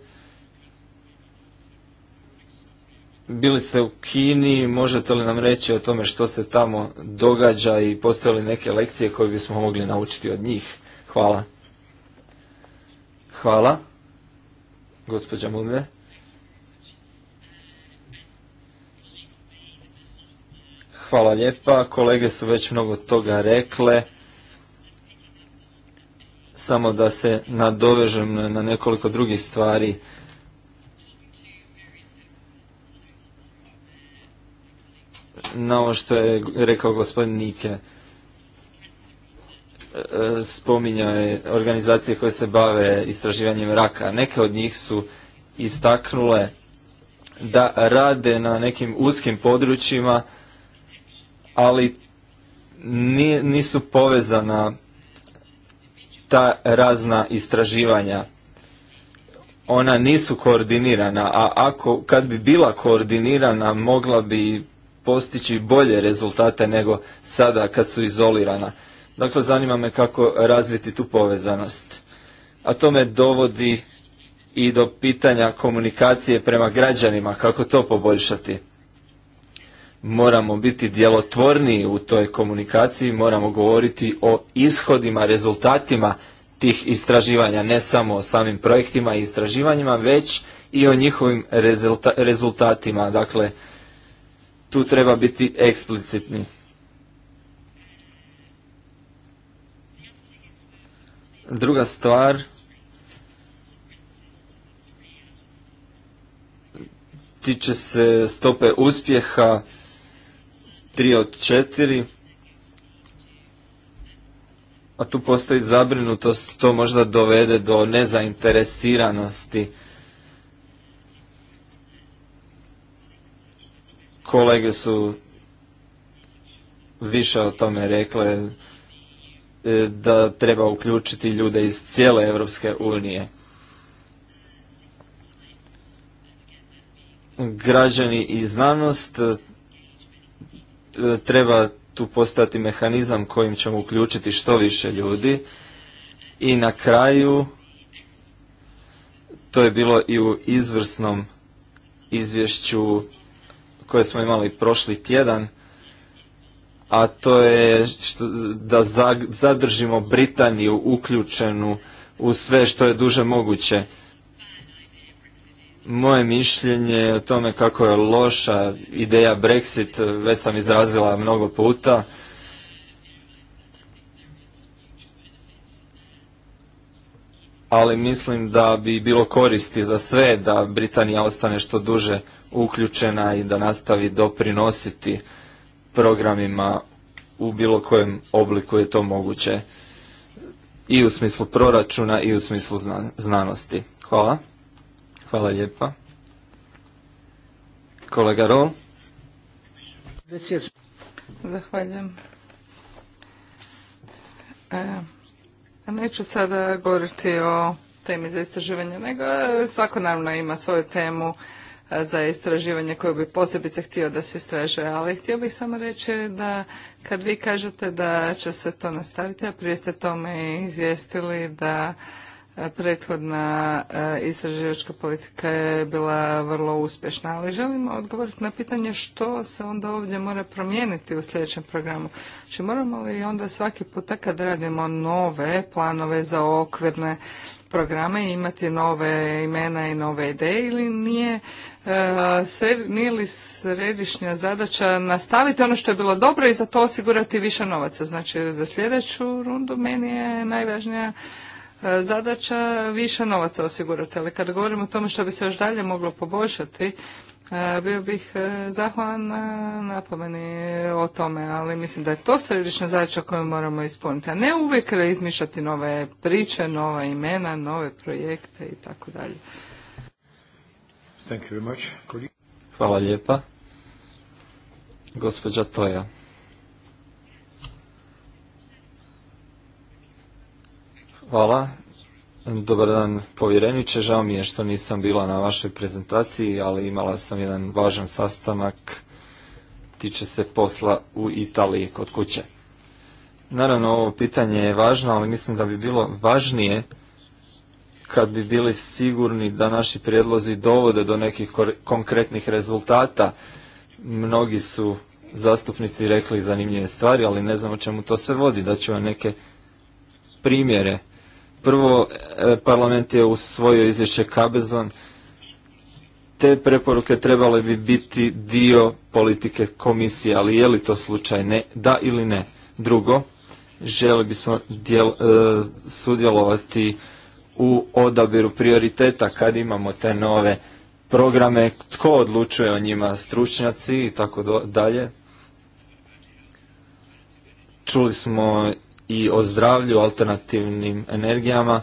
Bili ste u Kini, možete li nam reći o tome što se tamo događa i postoje neke lekcije koje bismo mogli naučiti od njih? Hvala. Hvala. Gospođa Mudve. Hvala lijepa. Kolege su već mnogo toga rekle. Samo da se nadovežem na nekoliko drugih stvari na ovo što je rekao gospodin Nike. E, spominjao je organizacije koje se bave istraživanjem raka. Neke od njih su istaknule da rade na nekim uskim područjima, ali nisu povezana ta razna istraživanja ona nisu koordinirana, a ako kad bi bila koordinirana mogla bi postići bolje rezultate nego sada kad su izolirana. Dakle, zanima me kako razviti tu povezanost. A to me dovodi i do pitanja komunikacije prema građanima, kako to poboljšati. Moramo biti djelotvorniji u toj komunikaciji, moramo govoriti o ishodima, rezultatima tih istraživanja, ne samo o samim projektima i istraživanjima, već i o njihovim rezultatima, dakle tu treba biti eksplicitni. Druga stvar, tiče se stope uspjeha tri od četiri a tu postoji zabrinutost, to možda dovede do nezainteresiranosti Kolege su više o tome rekle e, da treba uključiti ljude iz cijele Europske unije. Građani i znanost e, treba tu postati mehanizam kojim ćemo uključiti što više ljudi i na kraju to je bilo i u izvrsnom izvješću koje smo imali prošli tjedan, a to je što, da zadržimo Britaniju uključenu u sve što je duže moguće. Moje mišljenje o tome kako je loša ideja Brexit već sam izrazila mnogo puta. Ali mislim da bi bilo koristi za sve da Britanija ostane što duže uključena i da nastavi doprinositi programima u bilo kojem obliku je to moguće i u smislu proračuna i u smislu znanosti. Hvala. Hvala lijepa. Kolega Rol. Zahvaljujem. E, neću sada govoriti o temi za istraživanje, nego e, svako naravno ima svoju temu E, za istraživanje koje bi posebice htio da se istražuje, ali htio bih samo reći da kad vi kažete da će se to nastaviti, a prije ste tome izvijestili da e, prethodna e, istraživačka politika je bila vrlo uspješna, ali želim odgovoriti na pitanje što se onda ovdje mora promijeniti u sljedećem programu. Znači moramo li onda svaki puta kad radimo nove planove za okvirne programe i imati nove imena i nove ideje ili nije, e, nije li središnja zadaća nastaviti ono što je bilo dobro i za to osigurati više novaca? Znači za sljedeću rundu meni je najvažnija e, zadaća više novaca osigurati, ali kada govorimo o tome što bi se još dalje moglo poboljšati, E, bio bih e, zahvalan na napomeni o tome, ali mislim da je to središnja zadaća koju moramo ispuniti, a ne uvijek izmišljati nove priče, nova imena, nove projekte i tako dalje. Hvala lijepa. Gospođa Toja. Hvala. Dobar dan povjereniče, žao mi je što nisam bila na vašoj prezentaciji, ali imala sam jedan važan sastanak, tiče se posla u Italiji kod kuće. Naravno, ovo pitanje je važno, ali mislim da bi bilo važnije kad bi bili sigurni da naši prijedlozi dovode do nekih konkretnih rezultata. Mnogi su zastupnici rekli zanimljive stvari, ali ne znam o čemu to sve vodi. Da ću vam neke primjere Prvo, e, parlament je usvojio izvješće Kabezon. Te preporuke trebale bi biti dio politike komisije, ali je li to slučaj? Ne, da ili ne? Drugo, želi bismo djel, e, sudjelovati u odabiru prioriteta kad imamo te nove programe, tko odlučuje o njima, stručnjaci i tako dalje. Čuli smo i o zdravlju alternativnim energijama,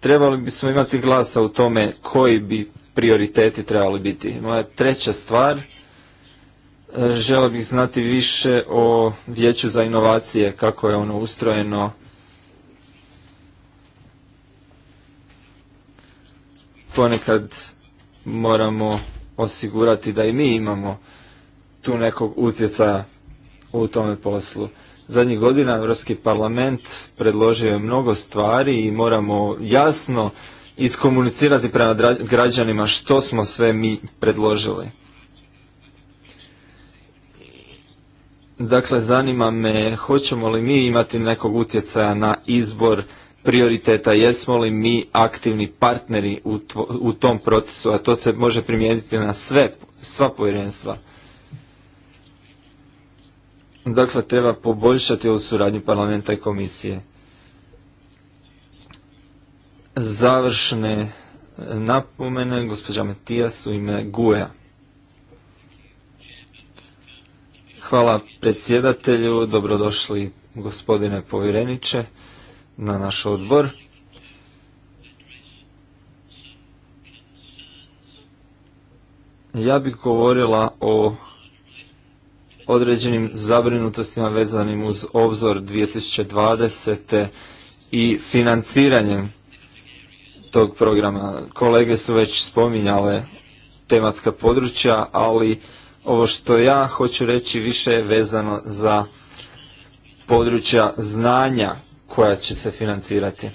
trebali bismo imati glasa u tome koji bi prioriteti trebali biti. Moja treća stvar, e, želio bih znati više o vijeću za inovacije, kako je ono ustrojeno, ponekad moramo osigurati da i mi imamo tu nekog utjecaja u tome poslu. Zadnjih godina Europski parlament predložio je mnogo stvari i moramo jasno iskomunicirati prema građanima što smo sve mi predložili. Dakle, zanima me hoćemo li mi imati nekog utjecaja na izbor prioriteta, jesmo li mi aktivni partneri u, tom procesu, a to se može primijeniti na sve, sva povjerenstva. Dakle, treba poboljšati u suradnju parlamenta i komisije. Završne napomene gospođa Matijas u ime Guja. Hvala predsjedatelju, dobrodošli gospodine povjereniče na naš odbor. Ja bih govorila o određenim zabrinutostima vezanim uz obzor 2020. i financiranjem tog programa. Kolege su već spominjale tematska područja, ali ovo što ja hoću reći više je vezano za područja znanja koja će se financirati.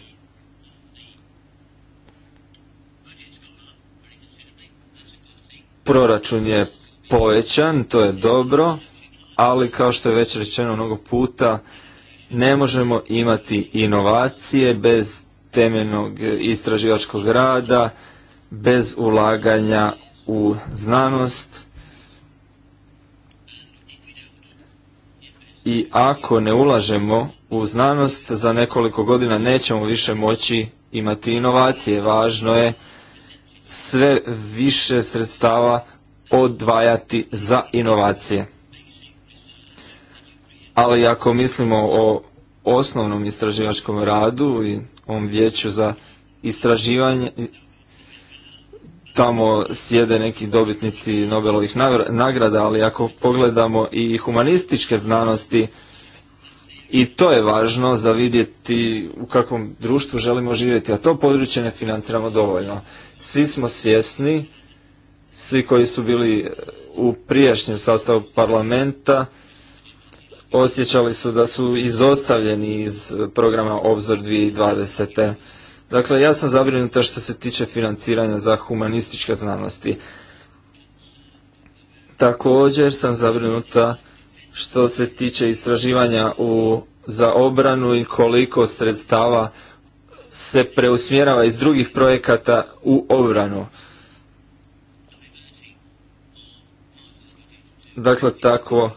Proračun je povećan, to je dobro ali kao što je već rečeno mnogo puta, ne možemo imati inovacije bez temeljnog istraživačkog rada, bez ulaganja u znanost. I ako ne ulažemo u znanost, za nekoliko godina nećemo više moći imati inovacije. Važno je sve više sredstava odvajati za inovacije ali ako mislimo o osnovnom istraživačkom radu i ovom vijeću za istraživanje, tamo sjede neki dobitnici Nobelovih nagrada, ali ako pogledamo i humanističke znanosti, i to je važno za vidjeti u kakvom društvu želimo živjeti, a to područje ne financiramo dovoljno. Svi smo svjesni, svi koji su bili u prijašnjem sastavu parlamenta, osjećali su da su izostavljeni iz eh, programa Obzor 2020. Dakle, ja sam zabrinuta što se tiče financiranja za humanističke znanosti. Također sam zabrinuta što se tiče istraživanja u, za obranu i koliko sredstava se preusmjerava iz drugih projekata u obranu. Dakle, tako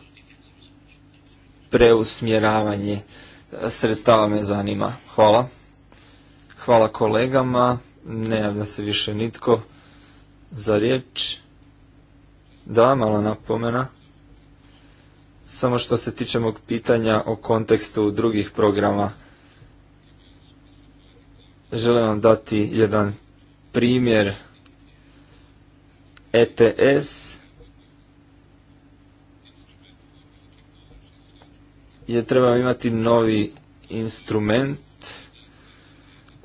preusmjeravanje e, sredstava me zanima. Hvala. Hvala kolegama. Ne javlja se više nitko za riječ. Da, mala napomena. Samo što se tiče mog pitanja o kontekstu drugih programa. Želim vam dati jedan primjer ETS je trebamo imati novi instrument,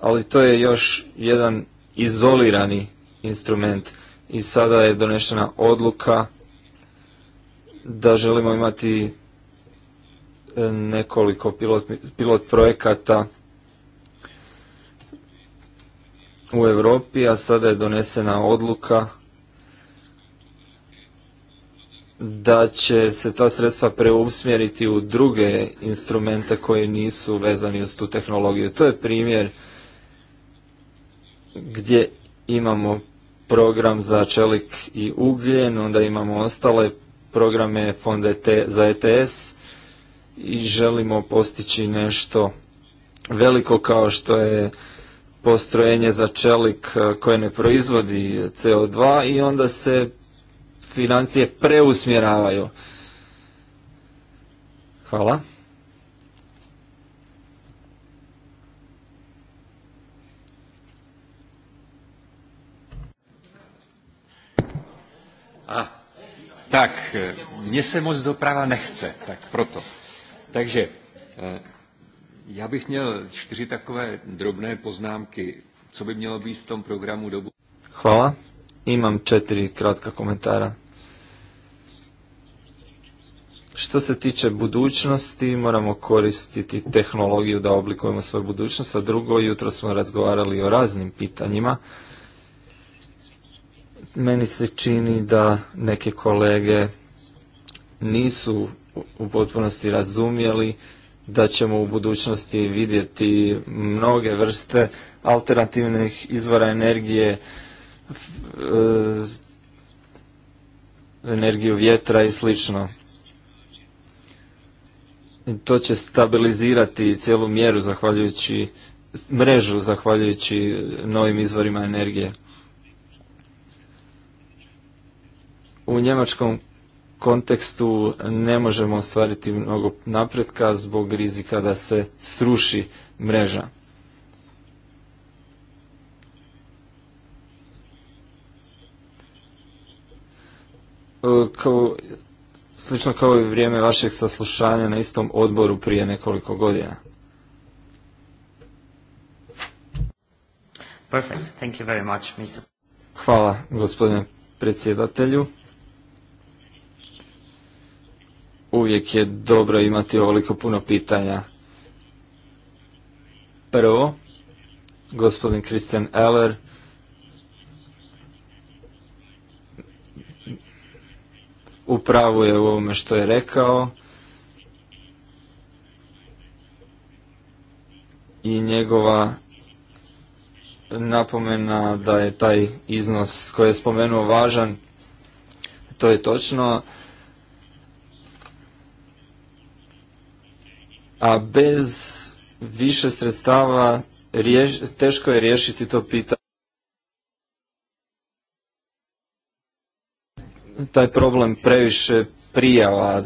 ali to je još jedan izolirani instrument i sada je donešena odluka da želimo imati e, nekoliko pilot, pilot projekata u Europi, a sada je donesena odluka da će se ta sredstva preusmjeriti u druge instrumente koji nisu vezani uz tu tehnologiju. To je primjer gdje imamo program za čelik i ugljen, onda imamo ostale programe fonda e za ETS i želimo postići nešto veliko kao što je postrojenje za čelik eh, koje ne proizvodi CO2 i onda se financije preusmjeravaju. Hvala. A, tak, e, mně se moc doprava nechce, tak proto. Takže e, já bych měl čtyři takové drobné poznámky, co by mělo být v tom programu dobu. Chvala. Imam četiri kratka komentara. Što se tiče budućnosti, moramo koristiti tehnologiju da oblikujemo svoju budućnost, a drugo, jutro smo razgovarali o raznim pitanjima. Meni se čini da neke kolege nisu u potpunosti razumjeli da ćemo u budućnosti vidjeti mnoge vrste alternativnih izvora energije, E, energiju vjetra i slično. To će stabilizirati cijelu mjeru zahvaljujući mrežu zahvaljujući novim izvorima energije. U njemačkom kontekstu ne možemo ostvariti mnogo napretka zbog rizika da se sruši mreža. kao, slično kao i vrijeme vašeg saslušanja na istom odboru prije nekoliko godina. Thank you very much, Hvala, gospodine predsjedatelju. Uvijek je dobro imati ovoliko puno pitanja. Prvo, gospodin Christian Eller pravu je u ovome što je rekao i njegova napomena da je taj iznos koji je spomenuo važan, to je točno. A bez više sredstava teško je riješiti to pitanje. taj problem previše prijava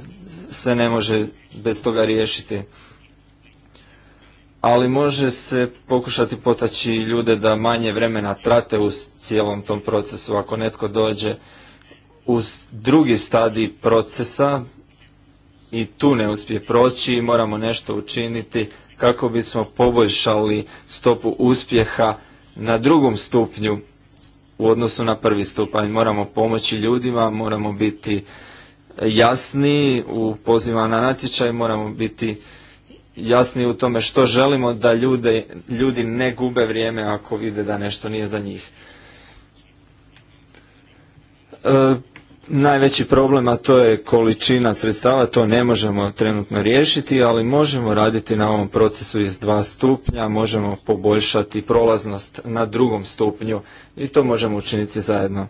se ne može bez toga riješiti. Ali može se pokušati potaći ljude da manje vremena trate u cijelom tom procesu. Ako netko dođe u drugi stadij procesa i tu ne uspije proći i moramo nešto učiniti kako bismo poboljšali stopu uspjeha na drugom stupnju u odnosu na prvi stupanj. Moramo pomoći ljudima, moramo biti jasni u pozivama na natječaj, moramo biti jasni u tome što želimo da ljudi ne gube vrijeme ako vide da nešto nije za njih. E, najveći problem, a to je količina sredstava, to ne možemo trenutno riješiti, ali možemo raditi na ovom procesu iz dva stupnja, možemo poboljšati prolaznost na drugom stupnju i to možemo učiniti zajedno.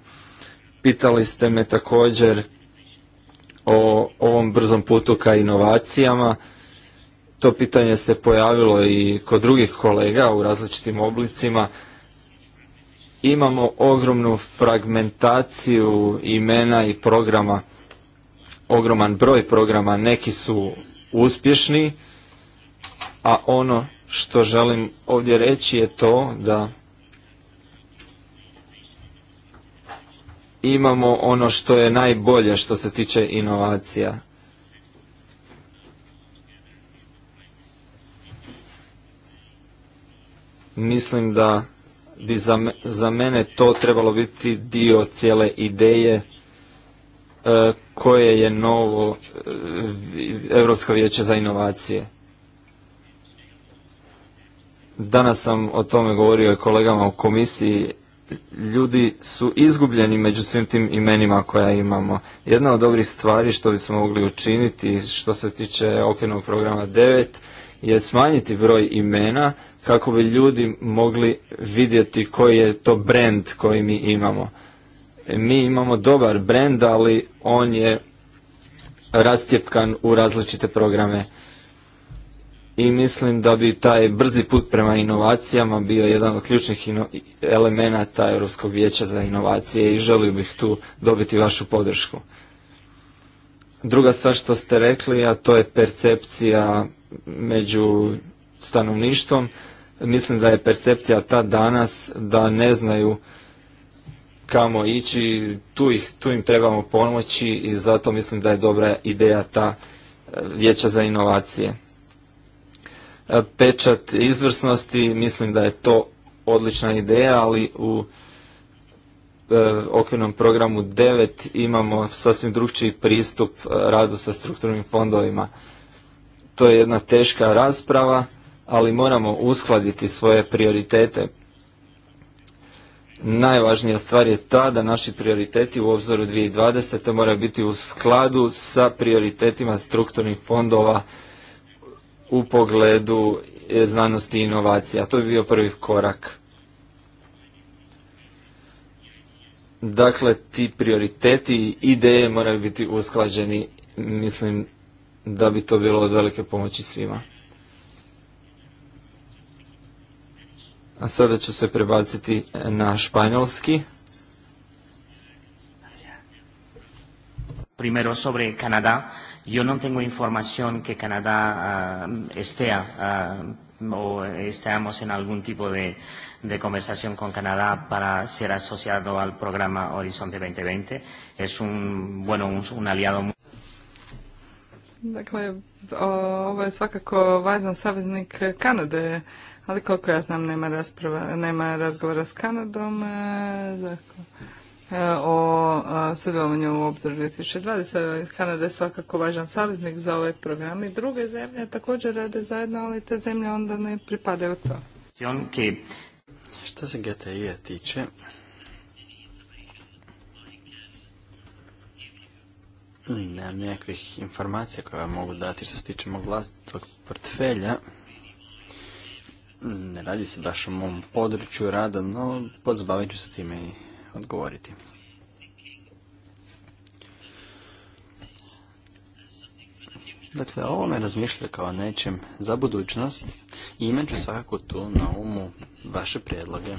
Pitali ste me također o ovom brzom putu ka inovacijama. To pitanje se pojavilo i kod drugih kolega u različitim oblicima imamo ogromnu fragmentaciju imena i programa, ogroman broj programa, neki su uspješni, a ono što želim ovdje reći je to da imamo ono što je najbolje što se tiče inovacija. Mislim da bi za, za mene to trebalo biti dio cijele ideje e, koje je novo e, Europsko vijeće za inovacije. Danas sam o tome govorio i kolegama u komisiji. Ljudi su izgubljeni među svim tim imenima koja imamo. Jedna od dobrih stvari što bismo mogli učiniti što se tiče okvirnog programa 9 je smanjiti broj imena kako bi ljudi mogli vidjeti koji je to brand koji mi imamo. Mi imamo dobar brend ali on je rascijepkan u različite programe. I mislim da bi taj brzi put prema inovacijama bio jedan od ključnih elemenata Europskog vijeća za inovacije i želio bih tu dobiti vašu podršku. Druga stvar što ste rekli, a to je percepcija među stanovništvom. Mislim da je percepcija ta danas da ne znaju kamo ići, tu, ih, tu im trebamo pomoći i zato mislim da je dobra ideja ta e, vijeća za inovacije. E, pečat izvrsnosti, mislim da je to odlična ideja, ali u e, okvirnom programu 9 imamo sasvim drugčiji pristup radu sa strukturnim fondovima. To je jedna teška rasprava ali moramo uskladiti svoje prioritete. Najvažnija stvar je ta da naši prioriteti u obzoru 2020. moraju biti u skladu sa prioritetima strukturnih fondova u pogledu e, znanosti i inovacija. To bi bio prvi korak. Dakle, ti prioriteti i ideje moraju biti usklađeni. Mislim da bi to bilo od velike pomoći svima. A sada ću se prebaciti e, na španjolski. Primero sobre Canadá. Yo no tengo información que Canadá uh, esté uh, o estemos en algún tipo de, de conversación con Canadá para ser asociado al programa Horizonte 2020. Es un, bueno, un, un aliado muy... Dakle, ovo je svakako važan saveznik Kanade ali koliko ja znam nema, rasprava, nema razgovora s Kanadom e, e, o e, sudjelovanju u obzoru 2020. Kanada je svakako važan saveznik za ovaj program i druge zemlje također rade zajedno, ali te zemlje onda ne pripadaju to. Okay. Što se GTI-a tiče, nemam nekakvih informacija koje vam mogu dati što se tiče mog vlastitog portfelja. Ne radi se baš o mom području rada, no pozabavit ću se time i odgovoriti. Dakle, ovo me razmišlja kao nečem za budućnost i imat ću svakako tu na umu vaše prijedloge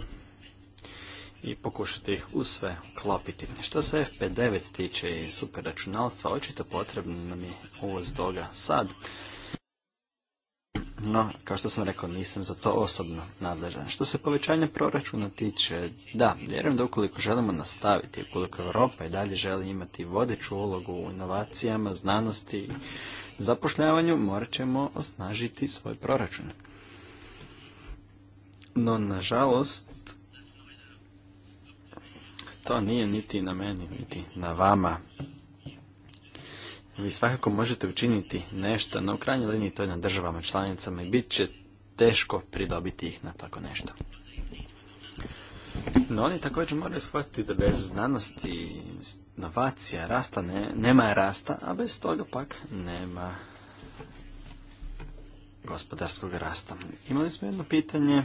i pokušati ih u sve klopiti. Što se FP9 tiče i računalstva, očito potrebno nam je uvoz toga sad. No, kao što sam rekao, nisam za to osobno nadležan. Što se povećanja proračuna tiče, da, vjerujem da ukoliko želimo nastaviti, ukoliko Europa i dalje želi imati vodeću ulogu u inovacijama, znanosti, i zapošljavanju, morat ćemo osnažiti svoj proračun. No, nažalost, to nije niti na meni, niti na vama vi svakako možete učiniti nešto, no u krajnjoj liniji to je na državama članicama i bit će teško pridobiti ih na tako nešto. No oni također moraju shvatiti da bez znanosti, inovacija, rasta, ne, nema rasta, a bez toga pak nema gospodarskog rasta. Imali smo jedno pitanje,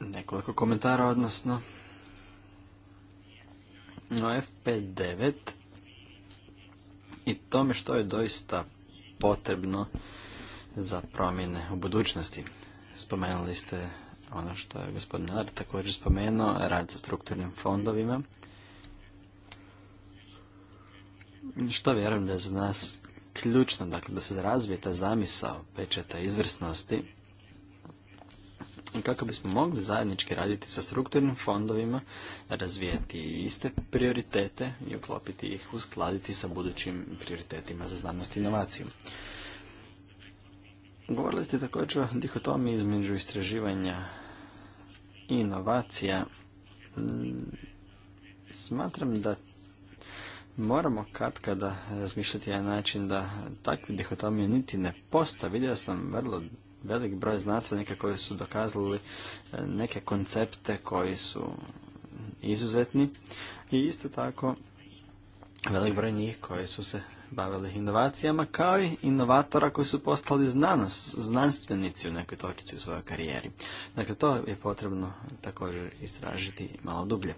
nekoliko komentara, odnosno no FP9 i tome što je doista potrebno za promjene u budućnosti. Spomenuli ste ono što je gospodin također spomenuo, rad sa strukturnim fondovima. Što vjerujem da je za nas ključno, dakle, da se razvije ta zamisao pečeta izvrsnosti, i kako bismo mogli zajednički raditi sa strukturnim fondovima, razvijati iste prioritete i uklopiti ih, uskladiti sa budućim prioritetima za znanost i inovaciju. Govorili ste također o dihotomiji između istraživanja i inovacija. Smatram da moramo kad kada razmišljati na način da takve dihotomije niti ne posta. Vidio sam vrlo velik broj znanstvenika koji su dokazali e, neke koncepte koji su izuzetni i isto tako velik broj njih koji su se bavili inovacijama kao i inovatora koji su postali znanost, znanstvenici u nekoj točici u svojoj karijeri. Dakle, to je potrebno također istražiti malo dublje.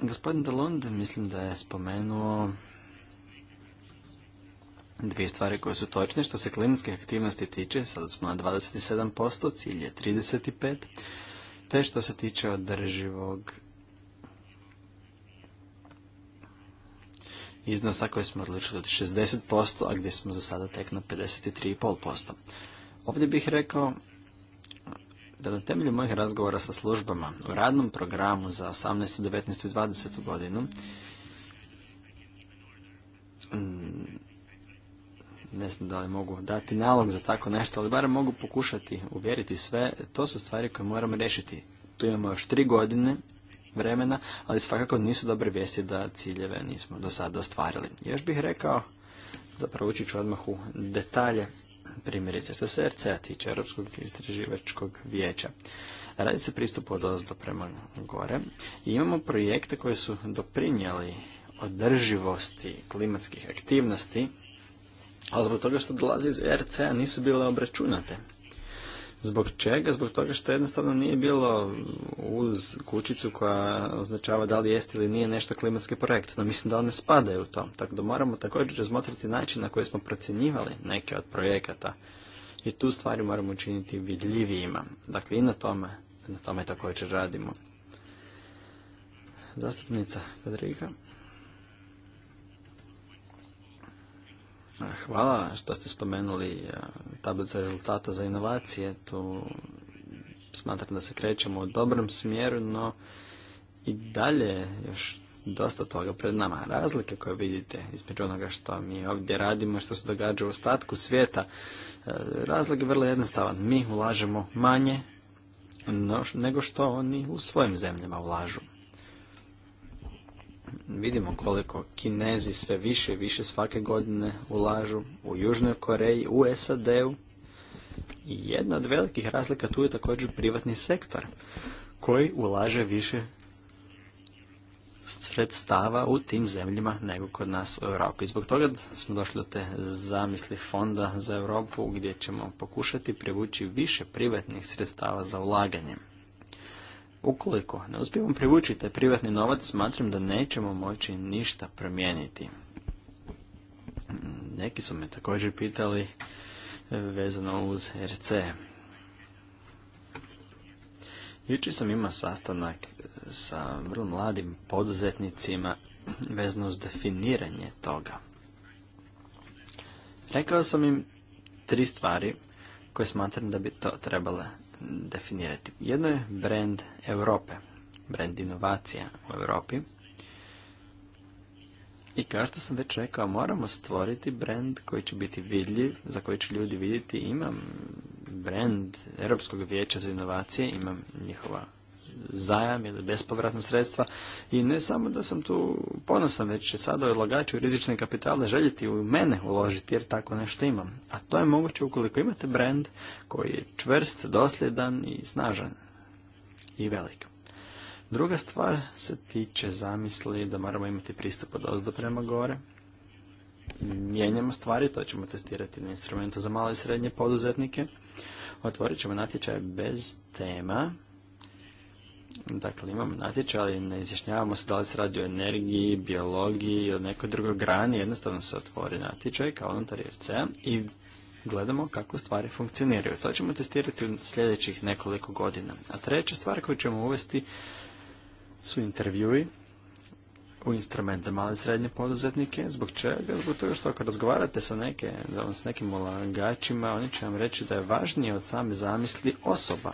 Gospodin Delonde mislim da je spomenuo Dvije stvari koje su točne, što se klinijske aktivnosti tiče, sada smo na 27%, cilj je 35%, te što se tiče održivog iznosa koje smo odlučili od 60%, a gdje smo za sada tek na 53,5%. Ovdje bih rekao da na temelju mojih razgovora sa službama u radnom programu za 18. 19. i 20. godinu ne znam da li mogu dati nalog za tako nešto, ali barem mogu pokušati uvjeriti sve. To su stvari koje moramo rešiti. Tu imamo još tri godine vremena, ali svakako nisu dobre vijesti da ciljeve nismo do sada ostvarili. Još bih rekao, zapravo ući ću odmah u detalje, primjerice što se RCA tiče, Europskog istraživačkog vijeća. Radi se pristup od ozdo prema gore i imamo projekte koje su doprinijeli održivosti klimatskih aktivnosti ali zbog toga što dolaze iz rc nisu bile obračunate. Zbog čega? Zbog toga što jednostavno nije bilo uz kućicu koja označava da li jest ili nije nešto klimatski projekt. No mislim da one spadaju u to. Tako da moramo također razmotriti način na koji smo procjenjivali neke od projekata. I tu stvari moramo učiniti vidljivijima. Dakle i na tome, na tome također radimo. Zastupnica Kadrika. Hvala što ste spomenuli e, tablicu rezultata za inovacije. Tu smatram da se krećemo u dobrom smjeru, no i dalje još dosta toga pred nama. Razlike koje vidite između onoga što mi ovdje radimo i što se događa u ostatku svijeta, e, razlog je vrlo jednostavan. Mi ulažemo manje nego što oni u svojim zemljama ulažu vidimo koliko Kinezi sve više i više svake godine ulažu u Južnoj Koreji, u SAD-u. Jedna od velikih razlika tu je također privatni sektor koji ulaže više sredstava u tim zemljama nego kod nas u Europi. Zbog toga smo došli do te zamisli fonda za Europu gdje ćemo pokušati privući više privatnih sredstava za ulaganje. Ukoliko ne uspijemo privući taj privatni novac, smatram da nećemo moći ništa promijeniti. Neki su me također pitali e, vezano uz RC. Jučer sam imao sastanak e, sa vrlo mladim poduzetnicima vezano uz definiranje toga. Rekao sam im tri stvari koje smatram da bi to trebale definirati. Jedno je brand Europe, brand inovacija u Europi. I kao što sam već rekao, moramo stvoriti brand koji će biti vidljiv, za koji će ljudi vidjeti. Imam brand Europskog vijeća za inovacije, imam njihova zajam ili bespovratna sredstva i ne samo da sam tu ponosan, već će sada odlagaču u rizične kapitale željeti u mene uložiti jer tako nešto imam. A to je moguće ukoliko imate brand koji je čvrst, dosljedan i snažan i velik. Druga stvar se tiče zamisli da moramo imati pristup od ozdo prema gore. Mijenjamo stvari, to ćemo testirati na instrumentu za male i srednje poduzetnike. Otvorit ćemo natječaj bez tema Dakle, imamo natječaj, ali ne izjašnjavamo se da li se radi o energiji, biologiji ili nekoj drugoj grani. Jednostavno se otvori natječaj kao unutar i gledamo kako stvari funkcioniraju. To ćemo testirati u sljedećih nekoliko godina. A treća stvar koju ćemo uvesti su intervjui u instrument za male i srednje poduzetnike. Zbog čega? Zbog toga što ako razgovarate sa nekim ulagačima, oni će vam reći da je važnije od same zamisli osoba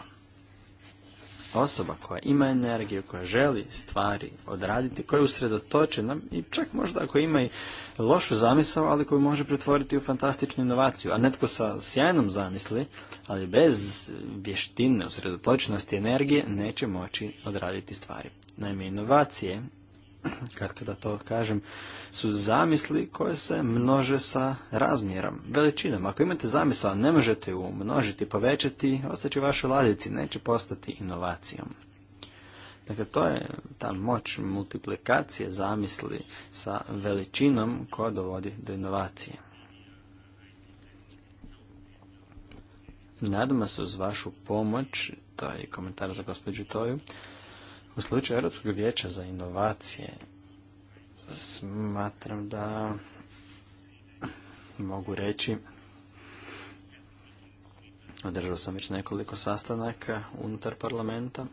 Osoba koja ima energiju, koja želi stvari odraditi, koja je usredotočena i čak možda ako ima i lošu zamisao, ali koju može pretvoriti u fantastičnu inovaciju. A netko sa sjajnom zamisli, ali bez vještine, usredotočenosti, energije, neće moći odraditi stvari. Naime, inovacije kako da to kažem, su zamisli koje se množe sa razmjerom, veličinom. Ako imate zamisla, ne možete ju množiti, povećati, ostaće vašoj ladici, neće postati inovacijom. Dakle, to je ta moć multiplikacije zamisli sa veličinom koja dovodi do inovacije. Nadamo se uz vašu pomoć, to je komentar za gospođu Toju, u slučaju Europskog vijeća za inovacije smatram da mogu reći održao sam već nekoliko sastanaka unutar parlamenta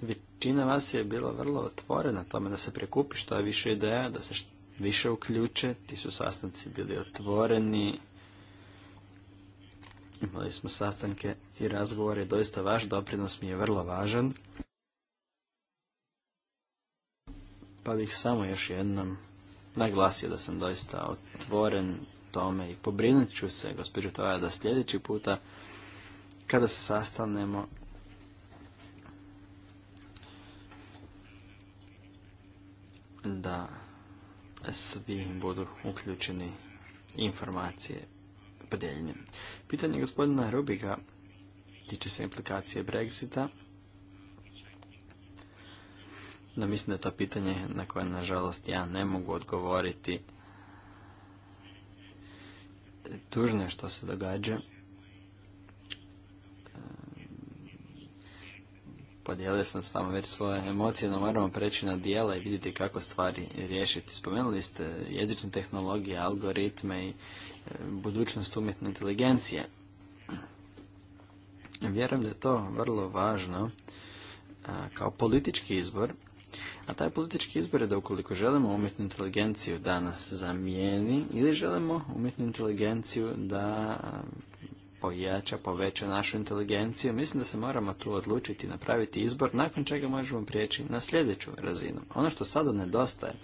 većina vas je bila vrlo otvorena tome da se prikupi što je više ideja, da se više uključe, ti su sastanci bili otvoreni Imali smo sastanke i razgovore, doista vaš doprinos mi je vrlo važan. Pa bih samo još jednom naglasio da sam doista otvoren tome i pobrinut ću se, gospođo Toja, da sljedeći puta kada se sastanemo da svi budu uključeni informacije Pitanje gospodina Rubiga tiče se implikacije Brexita. No mislim da je to pitanje na koje nažalost ja ne mogu odgovoriti. Tužno je što se događa. Podijelio sam s vama već svoje emocije, no moramo preći na dijela i vidjeti kako stvari riješiti. Spomenuli ste jezične tehnologije, algoritme i budućnost umjetne inteligencije. Vjerujem da je to vrlo važno kao politički izbor, a taj politički izbor je da ukoliko želimo umjetnu inteligenciju da nas zamijeni ili želimo umjetnu inteligenciju da pojača, poveća našu inteligenciju, mislim da se moramo tu odlučiti, napraviti izbor, nakon čega možemo prijeći na sljedeću razinu. Ono što sada nedostaje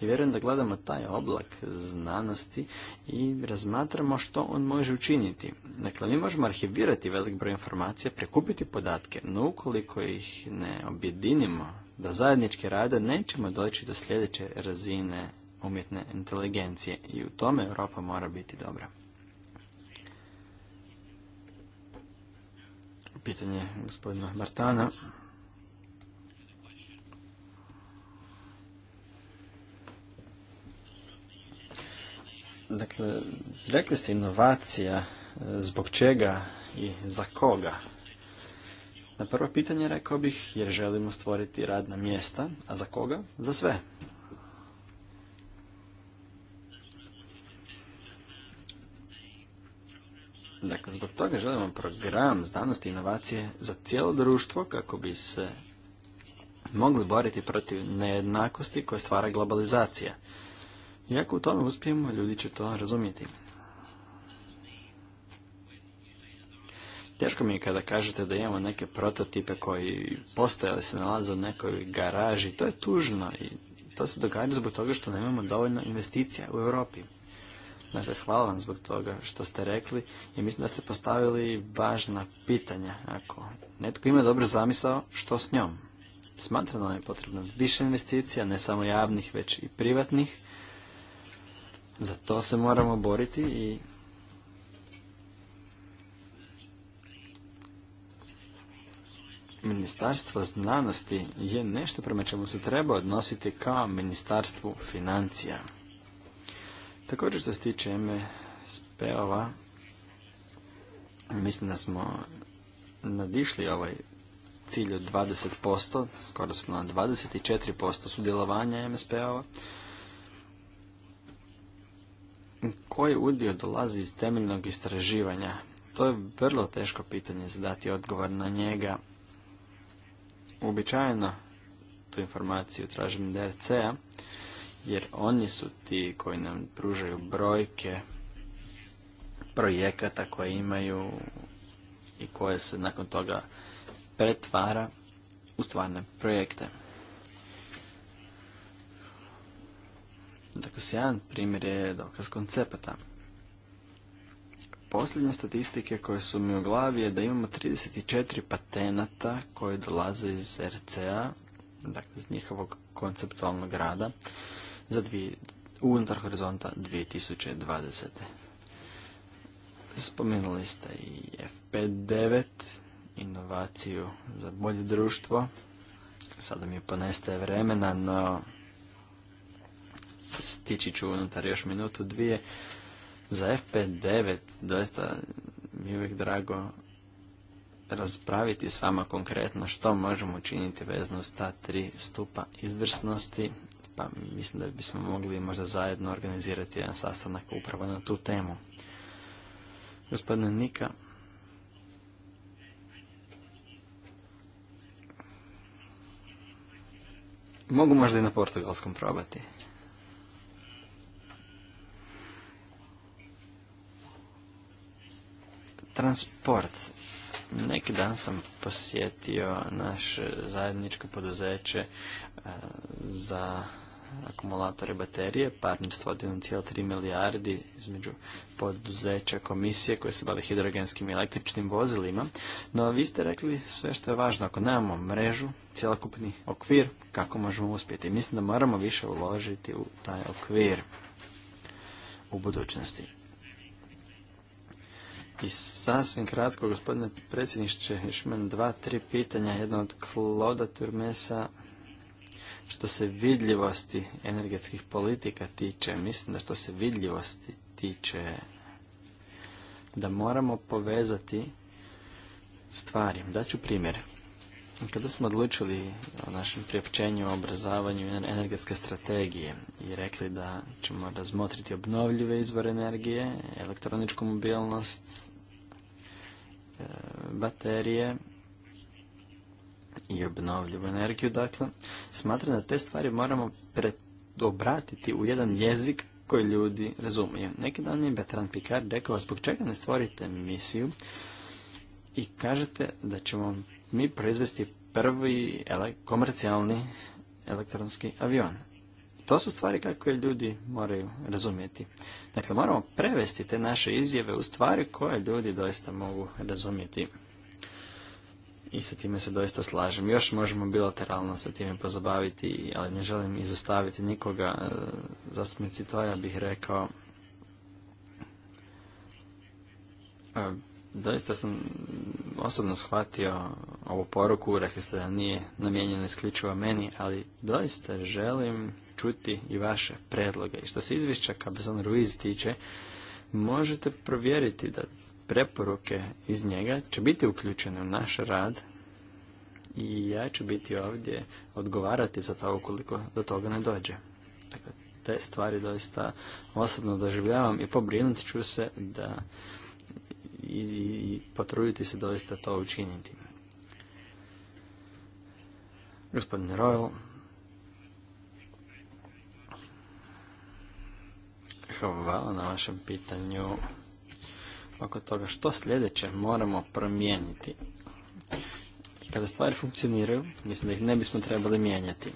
i vjerujem da gledamo taj oblak znanosti i razmatramo što on može učiniti. Dakle, mi možemo arhivirati velik broj informacija, prekupiti podatke, no ukoliko ih ne objedinimo da zajednički rade, nećemo doći do sljedeće razine umjetne inteligencije i u tome Europa mora biti dobra. Pitanje gospodina Martana. Dakle, rekli ste inovacija, e, zbog čega i za koga? Na prvo pitanje rekao bih jer želimo stvoriti radna mjesta, a za koga? Za sve. Dakle, zbog toga želimo program znanosti i inovacije za cijelo društvo kako bi se mogli boriti protiv nejednakosti koje stvara globalizacija. I u tome uspijemo, ljudi će to razumjeti. Teško mi je kada kažete da imamo neke prototipe koji postoje ali se nalaze u nekoj garaži. To je tužno i to se događa zbog toga što nemamo dovoljno investicija u Europi. Dakle, hvala vam zbog toga što ste rekli i mislim da ste postavili važna pitanja. Ako netko ima dobro zamisao, što s njom? Smatram da je potrebno više investicija, ne samo javnih, već i privatnih. Za to se moramo boriti i Ministarstvo znanosti je nešto prema čemu se treba odnositi kao ministarstvu financija. Također što se tiče MSP-ova, mislim da smo nadišli ovaj cilj od 20%, skoro smo na 24% sudjelovanja MSP-ova koji udio dolazi iz temeljnog istraživanja? To je vrlo teško pitanje za dati odgovor na njega. Uobičajeno tu informaciju tražim DRC-a, jer oni su ti koji nam pružaju brojke projekata koje imaju i koje se nakon toga pretvara u stvarne projekte. Dakle, sjajan primjer je dokaz koncepata. Posljednje statistike koje su mi u glavi je da imamo 34 patenata koji dolaze iz RCA, dakle iz njihovog konceptualnog rada, za unutar horizonta 2020. Spomenuli ste i F5.9, inovaciju za bolje društvo. Sada mi ponestaje vremena, no stići ću unutar još minutu, dvije. Za FP9 doista mi je uvijek drago raspraviti s vama konkretno što možemo učiniti vezno s ta tri stupa izvrsnosti, pa mislim da bismo mogli možda zajedno organizirati jedan sastanak upravo na tu temu. Gospodine Nika, mogu možda i na portugalskom probati. transport. Neki dan sam posjetio naše zajedničko poduzeće e, za akumulatore baterije, partnerstvo od 1,3 milijardi između poduzeća komisije koje se bave hidrogenskim i električnim vozilima. No vi ste rekli sve što je važno. Ako nemamo mrežu, cjelokupni okvir, kako možemo uspjeti? Mislim da moramo više uložiti u taj okvir u budućnosti. I sasvim kratko, gospodine predsjedniče, još imam dva, tri pitanja. Jedno od Kloda Turmesa, što se vidljivosti energetskih politika tiče, mislim da što se vidljivosti tiče, da moramo povezati stvari. Daću primjer. Kada smo odlučili o našem priopćenju o obrazavanju energetske strategije i rekli da ćemo razmotriti obnovljive izvore energije, elektroničku mobilnost, baterije i obnovljivu energiju, dakle, smatram da te stvari moramo obratiti u jedan jezik koji ljudi razumiju. Neki dan mi je Bertrand Picard rekao, zbog čega ne stvorite misiju i kažete da ćemo mi proizvesti prvi komercijalni elektronski avion to su stvari kakve ljudi moraju razumjeti. Dakle, moramo prevesti te naše izjave u stvari koje ljudi doista mogu razumjeti. I sa time se doista slažem. Još možemo bilateralno sa time pozabaviti, ali ne želim izostaviti nikoga. E, zastupnici Toja bih rekao e, doista sam osobno shvatio ovu poruku, rekli ste da nije namijenjena isključivo meni, ali doista želim čuti i vaše predloge. I što se izvješća Cabezon Ruiz tiče, možete provjeriti da preporuke iz njega će biti uključene u naš rad i ja ću biti ovdje odgovarati za to ukoliko do toga ne dođe. Dakle, te stvari doista osobno doživljavam i pobrinuti ću se da i potruditi se doista to učiniti. Gospodine Royal, Hvala na vašem pitanju oko toga što sljedeće moramo promijeniti. Kada stvari funkcioniraju, mislim da ih ne bismo trebali mijenjati.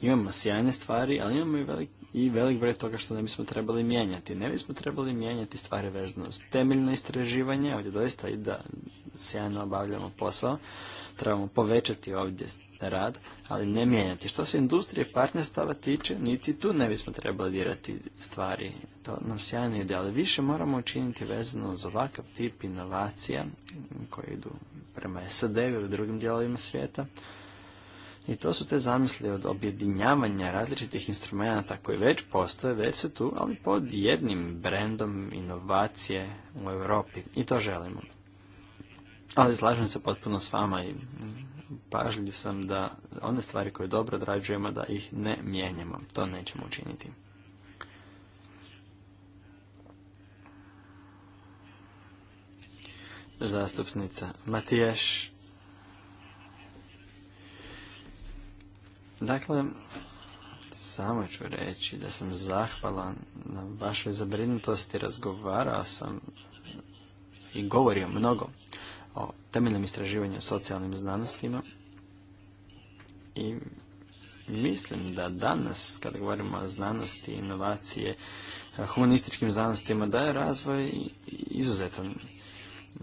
Imamo sjajne stvari, ali imamo i velik, i broj toga što ne bismo trebali mijenjati. Ne bismo trebali mijenjati stvari vezano uz temeljno istraživanje, ovdje doista i da sjajno obavljamo posao. Trebamo povećati ovdje rad, ali ne mijenjati. Što se industrije partnerstava tiče, niti tu ne bismo trebali dirati stvari. To nam sjajno ide, ali više moramo učiniti vezano uz ovakav tip inovacija koje idu prema SAD u drugim dijelovima svijeta. I to su te zamisli od objedinjavanja različitih instrumenta koji već postoje, već su tu, ali pod jednim brendom inovacije u Europi. I to želimo. Ali slažem se potpuno s vama i pažljiv sam da one stvari koje dobro odrađujemo da ih ne mijenjamo. To nećemo učiniti. Zastupnica Matiješ. Dakle, samo ću reći da sam zahvalan na vašoj zabrinutosti. Razgovarao sam i govorio mnogo temeljem istraživanja o socijalnim znanostima i mislim da danas, kada govorimo o znanosti, inovacije, humanističkim znanostima, da je razvoj izuzetan.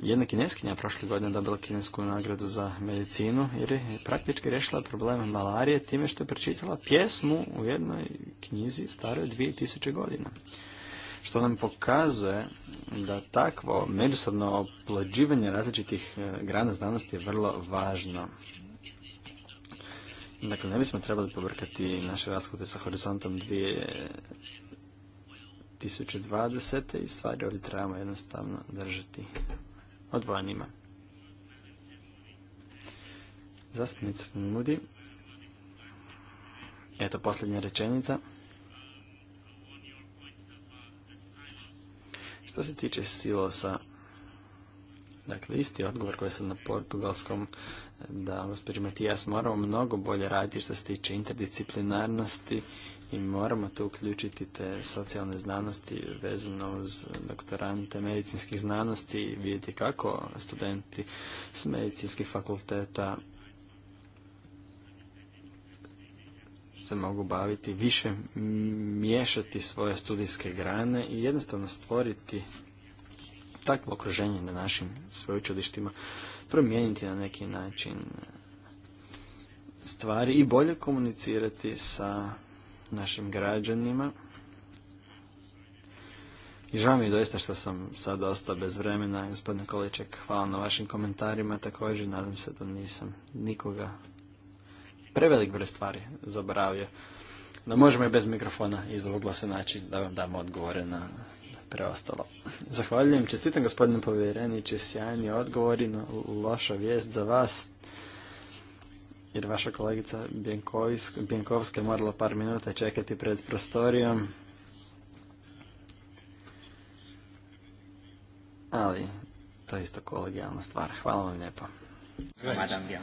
Jedna kineskinja prošle godine dobila kinesku nagradu za medicinu jer je praktički riješila problem malarije time što je pročitala pjesmu u jednoj knjizi staroj 2000 godina što nam pokazuje da takvo međusobno oplađivanje različitih e, grana znanosti je vrlo važno. Dakle, ne bismo trebali pobrkati naše raskute sa horizontom 2020. i stvari ovdje trebamo jednostavno držati odvojenima. Zastupnica Moody. Eto, posljednja rečenica. Što se tiče silosa, dakle isti odgovor koji sam na portugalskom, e, da gospođi Matijas moramo mnogo bolje raditi što se tiče interdisciplinarnosti i moramo tu uključiti te socijalne znanosti vezano uz doktorante medicinskih znanosti i vidjeti kako studenti s medicinskih fakulteta se mogu baviti, više miješati svoje studijske grane i jednostavno stvoriti takvo okruženje na našim sveučilištima, promijeniti na neki način stvari i bolje komunicirati sa našim građanima. I žao mi je doista što sam sad ostao bez vremena. Gospodine Količek, hvala na vašim komentarima također. Nadam se da nisam nikoga prevelik broj stvari zaboravio. Da možemo i bez mikrofona iz se naći da vam damo odgovore na preostalo. Zahvaljujem, čestitam gospodine povjereniče, sjajni odgovori, no loša vijest za vas, jer vaša kolegica Bjenkovska je morala par minuta čekati pred prostorijom. Ali, to je isto kolegijalna stvar. Hvala vam lijepo. Got a make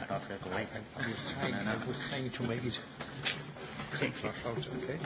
okay?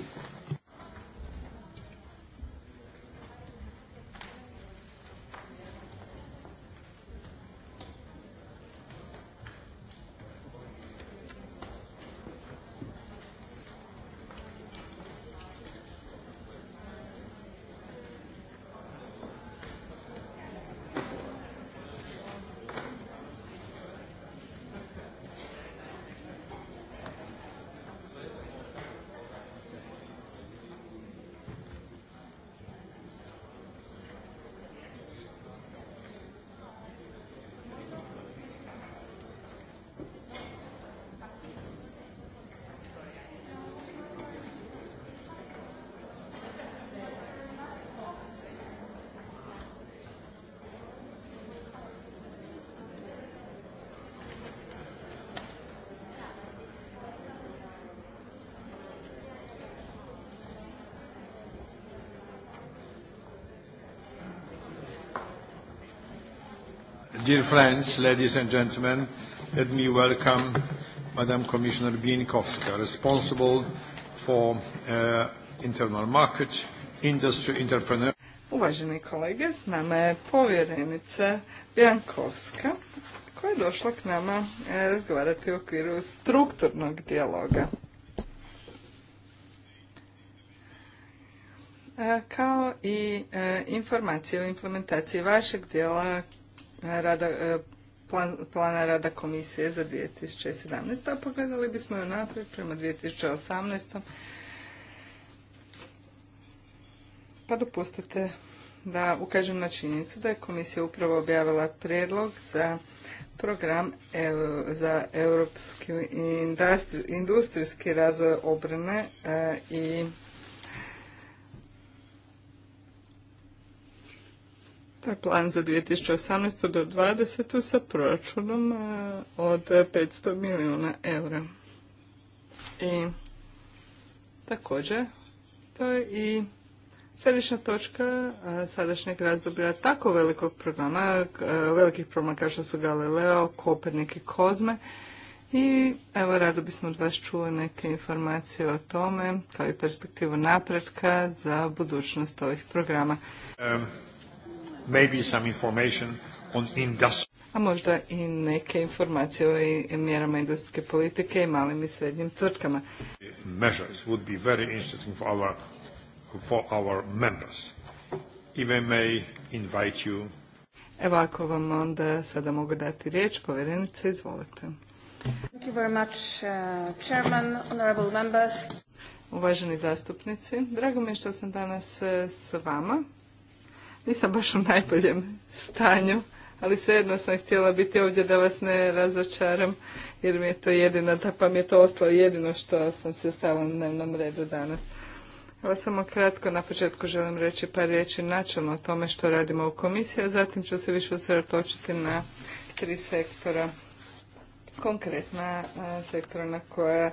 Dear friends, ladies and gentlemen, let me welcome Madam Commissioner Bienkowska, responsible for uh, internal market, industry entrepreneur. Uvaženi kolege, s nama je povjerenica Bjankovska koja je došla k nama uh, razgovarati u okviru strukturnog dijaloga. Uh, kao i uh, informacije o implementaciji vašeg dijela rada, e, plan, plana rada komisije za 2017. A pogledali bismo ju naprijed prema 2018. Pa dopustite da ukažem na činjenicu da je komisija upravo objavila predlog za program za europski industrijski razvoj obrane e, i plan za 2018. do 2020. sa proračunom e, od 500 milijuna eura. I također, to je i središnja točka e, sadašnjeg razdoblja tako velikog programa, e, velikih programa kao što su Galileo, Kopernik i Kozme. I evo rado bismo od vas čuli neke informacije o tome, kao i perspektivu napretka za budućnost ovih programa maybe some information on industry. a možda i neke informacije o mjerama industrijske politike i malim i srednjim tvrtkama. Measures would be very interesting for our, for our members. If I may invite you. Evo ako vam onda sada mogu dati riječ, povjerenice, izvolite. Thank you very much, uh, chairman, honorable members. Uvaženi zastupnici, drago mi je što sam danas uh, s vama nisam baš u najboljem stanju, ali svejedno sam htjela biti ovdje da vas ne razočaram, jer mi je to jedina, pa mi je to ostalo jedino što sam se stala na dnevnom redu danas. Evo samo kratko na početku želim reći par riječi načelno o tome što radimo u komisiji, a zatim ću se više usredotočiti na tri sektora, konkretna sektora na koja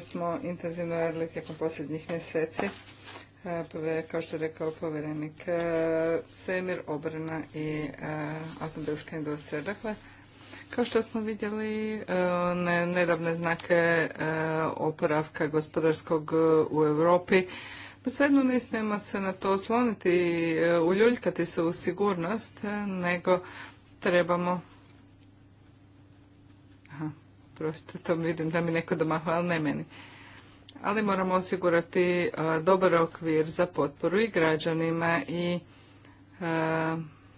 smo intenzivno radili tijekom posljednjih mjeseci E, kao što je rekao povjerenik, e, svemir, obrana i e, automobilska industrija. Dakle, kao što smo vidjeli, nedavne znake oporavka gospodarskog u Europi, pa svejedno ne smijemo se na to osloniti i uljuljkati se u sigurnost, nego trebamo... Aha, prosto, to vidim da mi neko domahva, ali ne meni ali moramo osigurati e, dobar okvir za potporu i građanima i e,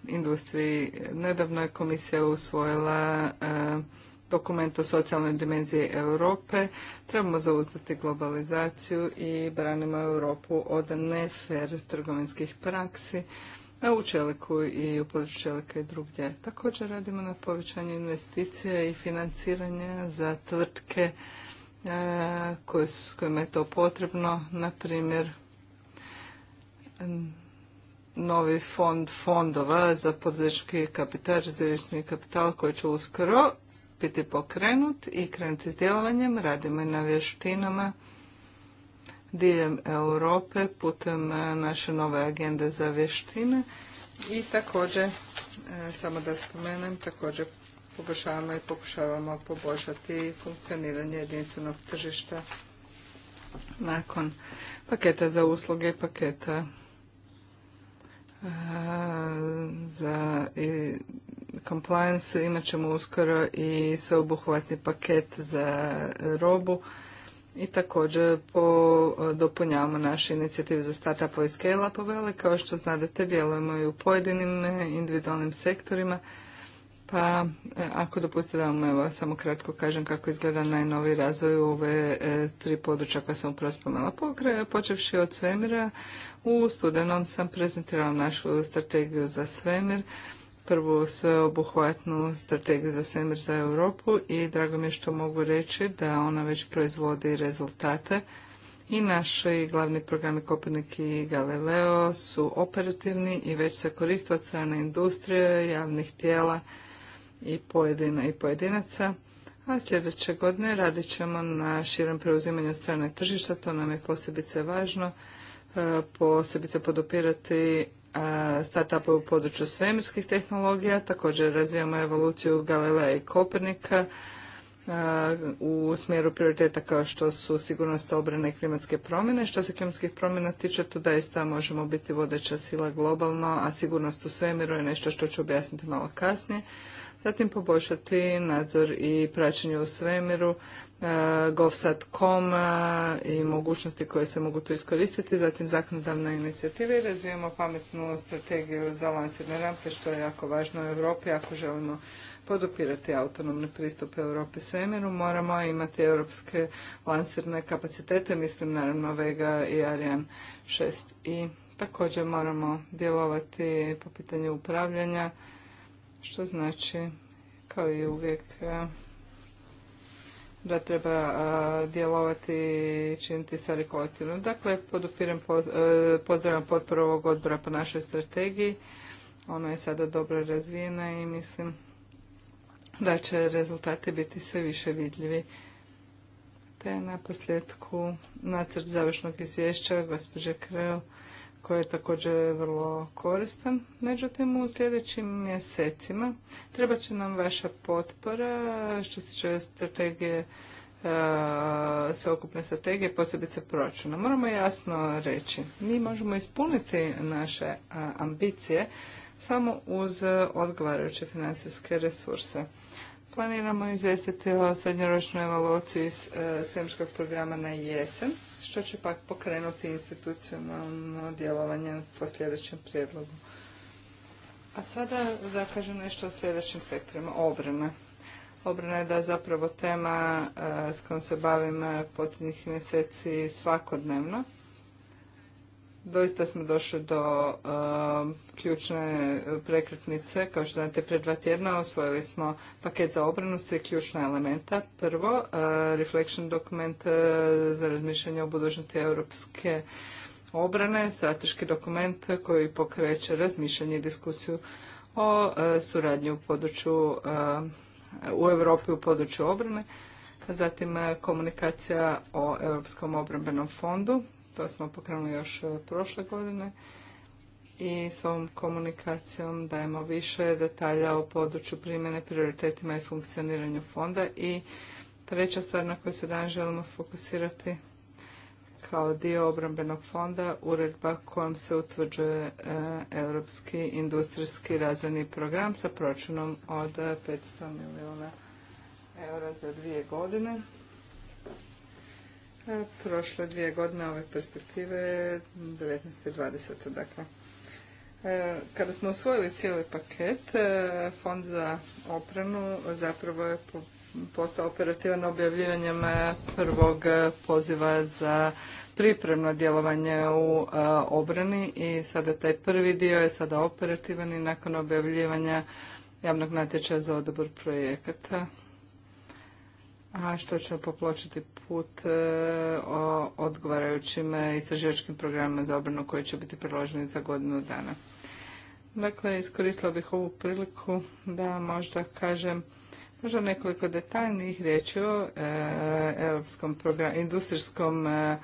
industriji. Nedavno je komisija usvojila e, dokument o socijalnoj dimenziji Europe. Trebamo zauzdati globalizaciju i branimo Europu od nefer trgovinskih praksi a u čeliku i u području čelika i drugdje. Također radimo na povećanju investicija i financiranja za tvrtke E, kojima je to potrebno, na primjer novi fond fondova za poduzetnički kapital, kapital koji će uskoro biti pokrenut i krenuti s djelovanjem. Radimo i na vještinama diljem Europe putem e, naše nove agende za vještine i također, e, samo da spomenem, također poboljšavamo i pokušavamo poboljšati funkcioniranje jedinstvenog tržišta nakon paketa za usluge paketa e, za compliance. Imat ćemo uskoro i sveobuhvatni paket za robu i također dopunjavamo naše inicijative za startupove i scale-upove, kao što znate djelujemo i u pojedinim individualnim sektorima pa e, ako dopustite da vam evo, samo kratko kažem kako izgleda najnoviji razvoj u ove e, tri područja koja sam upravo spomenula. Počevši od svemira, u studenom sam prezentirala našu strategiju za svemir, prvu sveobuhvatnu strategiju za svemir za Europu i drago mi je što mogu reći da ona već proizvodi rezultate i naši glavni programi Kopernik i Galileo su operativni i već se koriste od strane industrije, javnih tijela, i, pojedina, i pojedinaca. A sljedeće godine radit ćemo na širem preuzimanju strane tržišta, to nam je posebice važno, e, posebice podupirati e, startupe u području svemirskih tehnologija, također razvijamo evoluciju Galilea i Kopernika e, u smjeru prioriteta kao što su sigurnost obrane i klimatske promjene. Što se klimatskih promjena tiče, tu daista možemo biti vodeća sila globalno, a sigurnost u svemiru je nešto što ću objasniti malo kasnije zatim poboljšati nadzor i praćenje u svemiru, e, govsat.com e, i mogućnosti koje se mogu tu iskoristiti, zatim zakonodavne inicijative i razvijemo pametnu strategiju za lansirne rampe, što je jako važno u Europi ako želimo podupirati autonomni pristup Europi svemiru, moramo imati europske lansirne kapacitete, mislim naravno Vega i Ariane 6 i također moramo djelovati po pitanju upravljanja što znači kao i uvijek e, da treba e, djelovati i činiti stvari kolektivno. Dakle, podupiram, e, pozdravljam potporu ovog odbora po našoj strategiji. Ona je sada dobro razvijena i mislim da će rezultati biti sve više vidljivi. Te na posljedku nacrt završnog izvješća gospođe Kreo koji je također vrlo koristan. Međutim, u sljedećim mjesecima treba će nam vaša potpora što se tiče strategije e, sveokupne strategije, posebice proračuna. Moramo jasno reći, mi možemo ispuniti naše ambicije samo uz odgovarajuće financijske resurse. Planiramo izvestiti o srednjoročnoj evaluaciji e, svemičkog programa na jesen što će pak pokrenuti institucionalno djelovanje po sljedećem prijedlogu. A sada da kažem nešto o sljedećim sektorima Obrana. Obrana je da zapravo tema eh, s kojom se bavim eh, posljednjih mjeseci svakodnevno Doista smo došli do um, ključne prekretnice. Kao što znate, pre dva tjedna osvojili smo paket za obranu s tri ključna elementa. Prvo, uh, reflection dokument uh, za razmišljanje o budućnosti europske obrane, strateški dokument koji pokreće razmišljanje i diskusiju o uh, suradnji u području u Europi u području obrane. Zatim komunikacija o Europskom obrambenom fondu to smo pokrenuli još e, prošle godine i s ovom komunikacijom dajemo više detalja o području primjene, prioritetima i funkcioniranju fonda. I treća stvar na koju se danas želimo fokusirati kao dio obrambenog fonda uredba kojom se utvrđuje e, Europski industrijski razvojni program sa proračunom od 500 e, milijuna eura za dvije godine E, prošle dvije godine ove perspektive 19. i 20. dakle. E, kada smo usvojili cijeli paket, e, fond za opranu zapravo je postao operativan objavljivanjem prvog poziva za pripremno djelovanje u obrani i sada taj prvi dio je sada operativan i nakon objavljivanja javnog natječaja za odabor projekata a što će popločiti put e, o odgovarajućim e, istraživačkim programima za obranu koji će biti priloženi za godinu dana. Dakle, iskoristila bih ovu priliku da možda kažem možda nekoliko detaljnih riječi o e, europskom program, industrijskom e,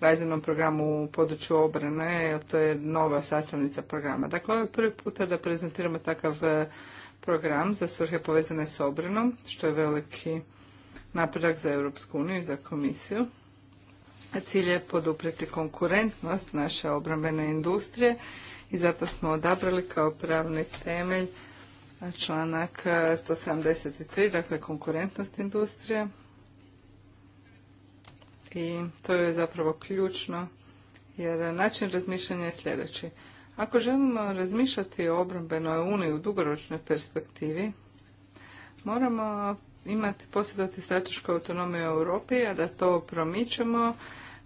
razvojnom programu u području obrane, jer to je nova sastavnica programa. Dakle, ovo je prvi puta da prezentiramo takav program za svrhe povezane s obranom, što je veliki napredak za Europsku uniju i za komisiju. Cilj je poduprijeti konkurentnost naše obrambene industrije i zato smo odabrali kao pravni temelj članak 173, dakle konkurentnost industrije. I to je zapravo ključno jer način razmišljanja je sljedeći. Ako želimo razmišljati o obrambenoj uniji u dugoročnoj perspektivi, moramo imati, posjedovati stratešku autonomiju u Europi, a da to promičemo,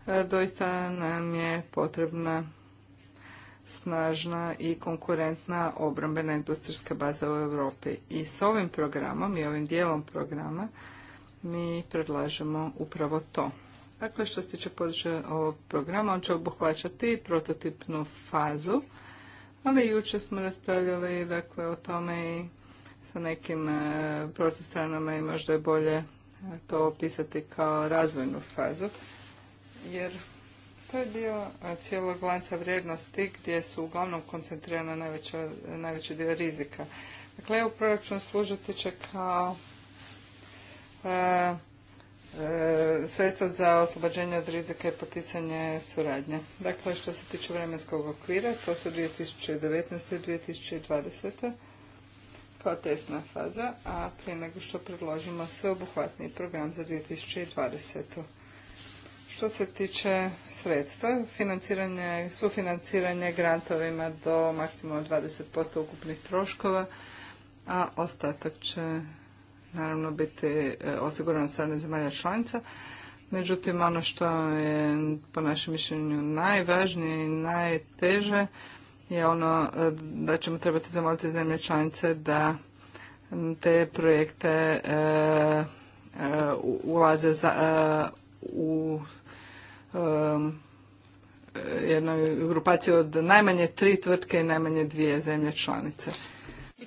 e, doista nam je potrebna snažna i konkurentna obrambena industrijska baza u Europi. I s ovim programom i ovim dijelom programa mi predlažemo upravo to. Dakle, što se tiče područja ovog programa, on će obuhvaćati prototipnu fazu, ali jučer smo raspravljali dakle, o tome i sa nekim e, protestranama i možda je bolje e, to opisati kao razvojnu fazu, jer to je dio e, cijelog lanca vrijednosti gdje su uglavnom koncentrirana najveći dio rizika. Dakle, EU proračun služiti će kao sredstva za oslobođenje od rizika i poticanje suradnje. Dakle, što se tiče vremenskog okvira, to su 2019. i 2020 kao testna faza, a prije nego što predložimo sveobuhvatni program za 2020. Što se tiče sredstva, financiranje, sufinanciranje grantovima do maksimalno 20% ukupnih troškova, a ostatak će naravno biti e, osiguran od strane zemalja članica. Međutim, ono što je po našem mišljenju najvažnije i najteže je ono e, da ćemo trebati zamoliti zemlje članice da te projekte e, e, ulaze za, u jednoj grupaciji od najmanje tri tvrtke i najmanje dvije zemlje članice.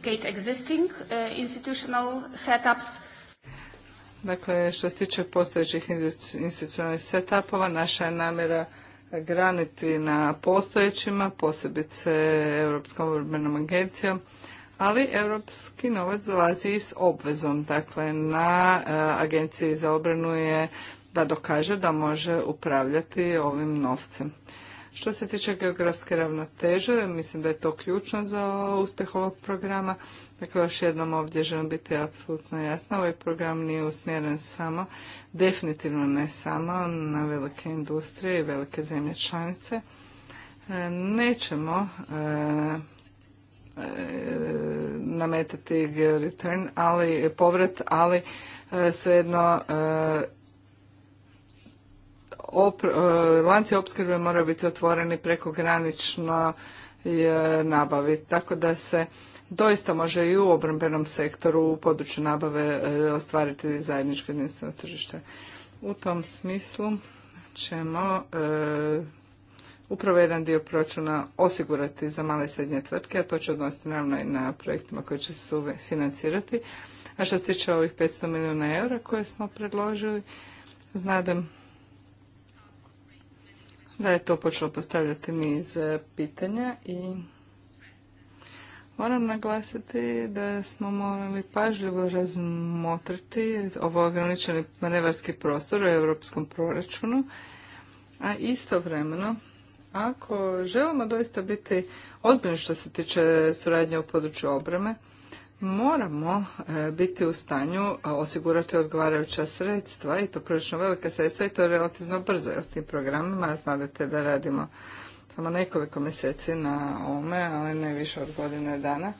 Existing Dakle, što se tiče postojećih institucionalnih setupova, naša je namjera graniti na postojećima, posebice Europskom urbanom agencijom, ali europski novac dolazi i s obvezom. Dakle, na eh, agenciji za obranu je da dokaže da može upravljati ovim novcem. Što se tiče geografske ravnoteže, mislim da je to ključno za uspjeh ovog programa. Dakle, još jednom ovdje želim biti apsolutno jasna. Ovaj program nije usmjeren samo, definitivno ne samo, na velike industrije i velike zemlje članice. E, nećemo e, e, nametati return, ali povrat, ali svejedno E, lanci opskrbe moraju biti otvoreni preko granično nabavi. Tako da se doista može i u obrambenom sektoru u području nabave e, ostvariti zajedničko jedinstveno tržište. U tom smislu ćemo e, upravo jedan dio proračuna osigurati za male i srednje tvrtke, a to će odnositi naravno i na projektima koji će se financirati. A što se tiče ovih 500 milijuna eura koje smo predložili, znadem da je to počelo postavljati niz e, pitanja i moram naglasiti da smo morali pažljivo razmotriti ovo ograničeni manevarski prostor u europskom proračunu, a istovremeno ako želimo doista biti ozbiljni što se tiče suradnje u području obrame, moramo e, biti u stanju osigurati odgovarajuća sredstva i to prilično velika sredstva i to relativno brzo u tim programima znate da radimo samo nekoliko mjeseci na ome, ali ne više od godine dana.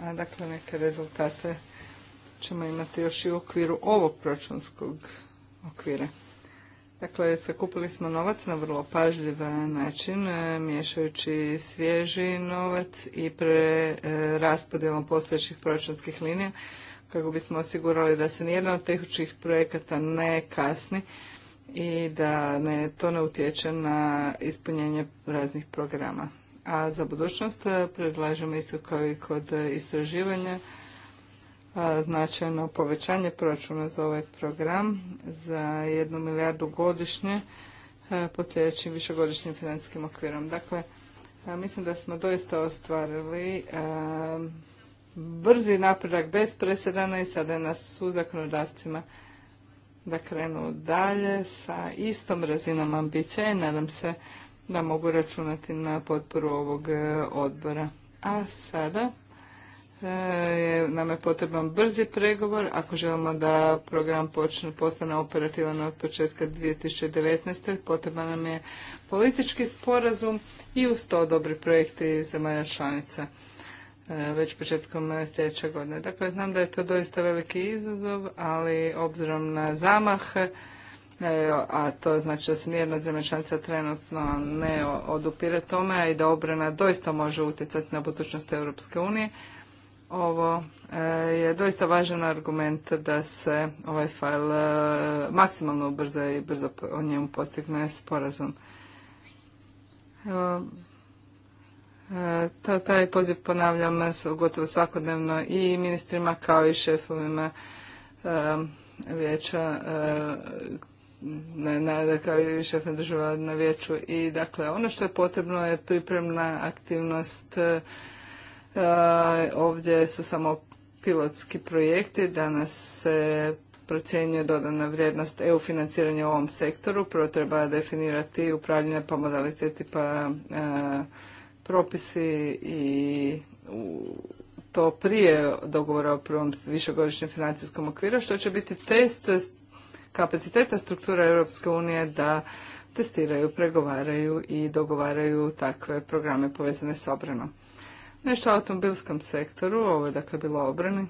A dakle neke rezultate ćemo imati još i u okviru ovog proračunskog okvira. Dakle, sakupili smo novac na vrlo pažljiv eh, način, eh, miješajući svježi novac i pre eh, raspodjelom postojećih proračunskih linija, kako bismo osigurali da se nijedan od tekućih projekata ne kasni i da ne, to ne utječe na ispunjenje raznih programa. A za budućnost predlažemo isto kao i kod istraživanja značajno povećanje proračuna za ovaj program za jednu milijardu godišnje pod sljedećim višegodišnjim financijskim okvirom. Dakle, mislim da smo doista ostvarili brzi napredak bez presedana i sada je nas su zakonodavcima da krenu dalje sa istom razinom ambicije i nadam se da mogu računati na potporu ovog e, odbora. A sada je, nam je potreban brzi pregovor ako želimo da program počne, postane operativan od početka 2019. potreban nam je politički sporazum i uz to dobri projekti zemalja članica e, već početkom sljedeće godine. Dakle, znam da je to doista veliki izazov, ali obzirom na zamah, e, a to znači da se nijedna zemlja članica trenutno ne odupire tome, a i da obrana doista može utjecati na budućnost Europske unije, ovo e, je doista važan argument da se ovaj fail e, maksimalno ubrza i brzo o njemu postigne sporazum. E, taj poziv ponavljam gotovo svakodnevno i ministrima kao i šefovima vijeća na, na, kao i šefna država na vijeću i dakle ono što je potrebno je pripremna aktivnost E, ovdje su samo pilotski projekti. Danas se procjenjuje dodana vrijednost EU financiranja u ovom sektoru. Prvo treba definirati upravljanje pa modaliteti pa e, propisi i to prije dogovora o prvom višegodišnjem financijskom okviru, što će biti test kapaciteta struktura Europske unije da testiraju, pregovaraju i dogovaraju takve programe povezane s obranom. Nešto o automobilskom sektoru, ovo je dakle bilo obrani,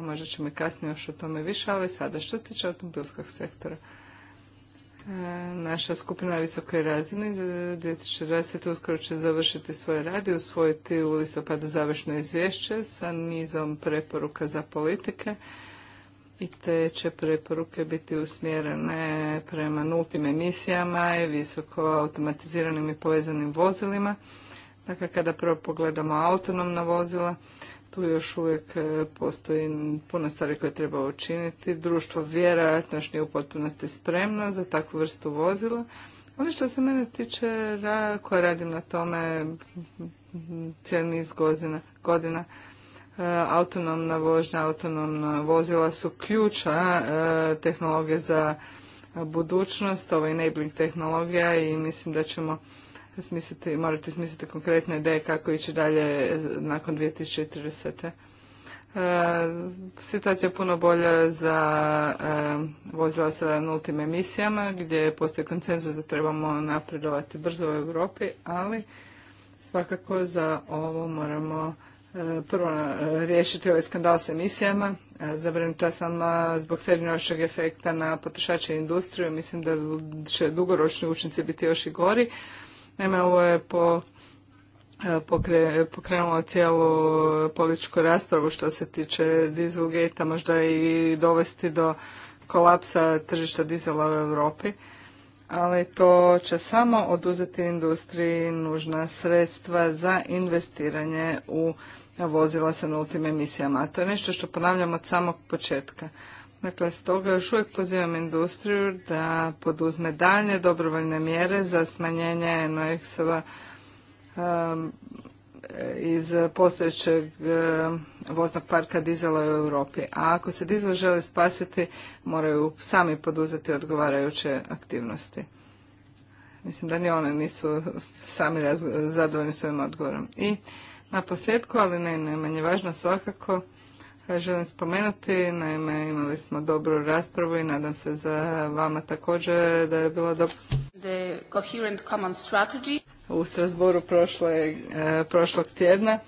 možda ćemo i kasnije još o tome više, ali sada što se tiče automobilskog sektora. E, naša skupina na visokoj razini za 2020. uskoro će završiti svoj rad i usvojiti u listopadu završno izvješće sa nizom preporuka za politike i te će preporuke biti usmjerene prema nultim emisijama i visoko automatiziranim i povezanim vozilima Dakle, kada prvo pogledamo autonomna vozila, tu još uvijek e, postoji puno stvari koje treba učiniti. Društvo vjerojatno još nije u potpunosti spremno za takvu vrstu vozila. Ono što se mene tiče, koja radim na tome cijeli niz godina, e, autonomna vožnja, autonomna vozila su ključa e, tehnologije za budućnost, ovo je enabling tehnologija i mislim da ćemo smisliti, morate smisliti konkretne ideje kako ići dalje nakon 2030. E, situacija je puno bolja za e, vozila sa nultim emisijama gdje postoji konsenzus da trebamo napredovati brzo u Europi, ali svakako za ovo moramo e, prvo e, riješiti ovaj skandal sa emisijama. E, Zabrinuta sam zbog srednjoročnog efekta na potrošače i industriju. Mislim da će dugoročni učinci biti još i gori. Naime, ovo je po e, cijelu političku raspravu što se tiče dieselgate možda i dovesti do kolapsa tržišta dizela u Europi ali to će samo oduzeti industriji nužna sredstva za investiranje u vozila sa nultim emisijama. A to je nešto što ponavljam od samog početka. Dakle, stoga još uvijek pozivam industriju da poduzme dalje dobrovoljne mjere za smanjenje NOx-ova um, iz postojećeg um, voznog parka dizela u Europi. A ako se dizel želi spasiti, moraju sami poduzeti odgovarajuće aktivnosti. Mislim da ni one nisu sami zadovoljni svojim odgovorom. I na posljedku, ali ne manje važno svakako, E, želim spomenuti. Naime, imali smo dobru raspravu i nadam se za vama također da je bila dobra. U Strasboru e, prošlog tjedna.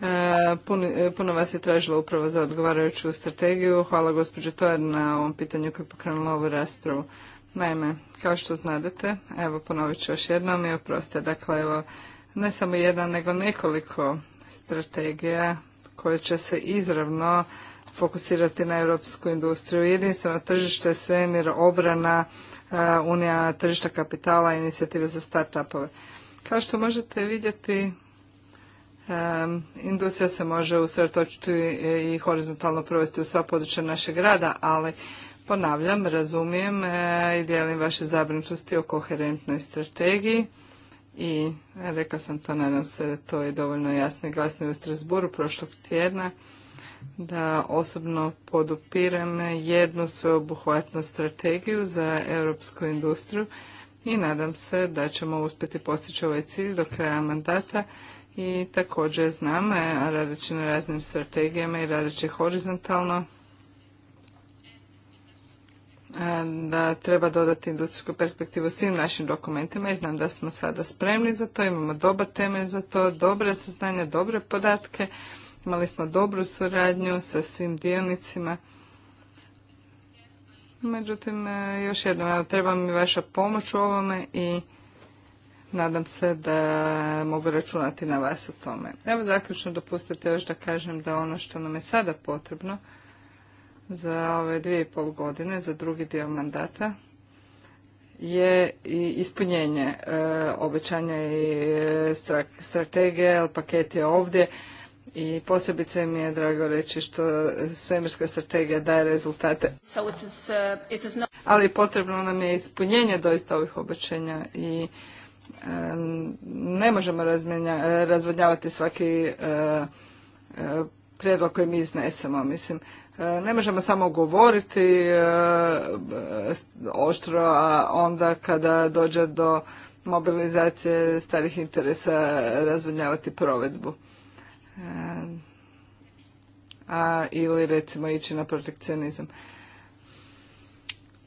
E, puno, vas je tražilo upravo za odgovarajuću strategiju. Hvala gospođo Tojar na ovom pitanju koje je pokrenula ovu raspravu. Naime, kao što znadete, evo ponovit ću još jednom i oprostite, dakle evo ne samo jedan nego nekoliko strategija koje će se izravno fokusirati na europsku industriju. Jedinstveno tržište, svemir, obrana, e, unija tržišta kapitala, inicijative za startupove. Kao što možete vidjeti, e, industrija se može usretočiti i horizontalno provesti u sva područja našeg rada, ali ponavljam, razumijem e, i dijelim vaše zabrinutosti o koherentnoj strategiji i e, rekao sam to, nadam se da to je dovoljno jasno i glasno u Strasburu prošlog tjedna, da osobno podupiram jednu sveobuhvatnu strategiju za europsku industriju i nadam se da ćemo uspjeti postići ovaj cilj do kraja mandata i također znam, e, a radeći na raznim strategijama i radeći horizontalno, da treba dodati industrijsku perspektivu svim našim dokumentima i znam da smo sada spremni za to, imamo dobar temelj za to, dobre saznanja, dobre podatke, imali smo dobru suradnju sa svim dionicima. Međutim, e, još jednom, treba mi vaša pomoć u ovome i nadam se da mogu računati na vas u tome. Evo zaključno dopustite još da kažem da ono što nam je sada potrebno za ove dvije i pol godine, za drugi dio mandata, je i ispunjenje e, obećanja i e, strategije, ali paket je ovdje i posebice mi je drago reći što svemirska strategija daje rezultate. Uh, ali potrebno nam je ispunjenje doista ovih obećanja i e, ne možemo e, razvodnjavati svaki e, prijedlog koji mi iznesemo. Mislim, ne možemo samo govoriti e, oštro, a onda kada dođe do mobilizacije starih interesa razvodnjavati provedbu. E, a, ili recimo ići na protekcionizam.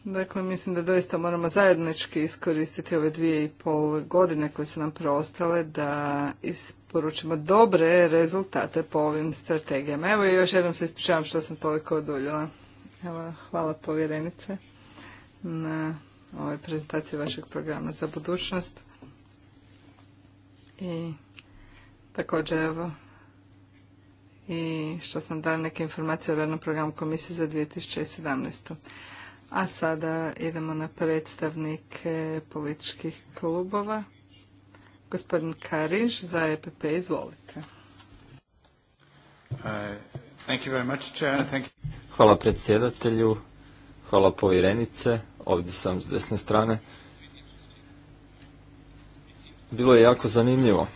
Dakle, mislim da doista moramo zajednički iskoristiti ove dvije i pol godine koje su nam preostale da iz poručimo dobre rezultate po ovim strategijama. Evo još jednom se ispričavam što sam toliko oduljila. Evo, hvala povjerenice na ovoj prezentaciji vašeg programa za budućnost. I također evo i što sam dala neke informacije o radnom programu komisije za 2017. A sada idemo na predstavnike političkih klubova. Gospodin Karinš za EPP, izvolite. Uh, hvala predsjedatelju, hvala povjerenice, ovdje sam s desne strane. Bilo je jako zanimljivo.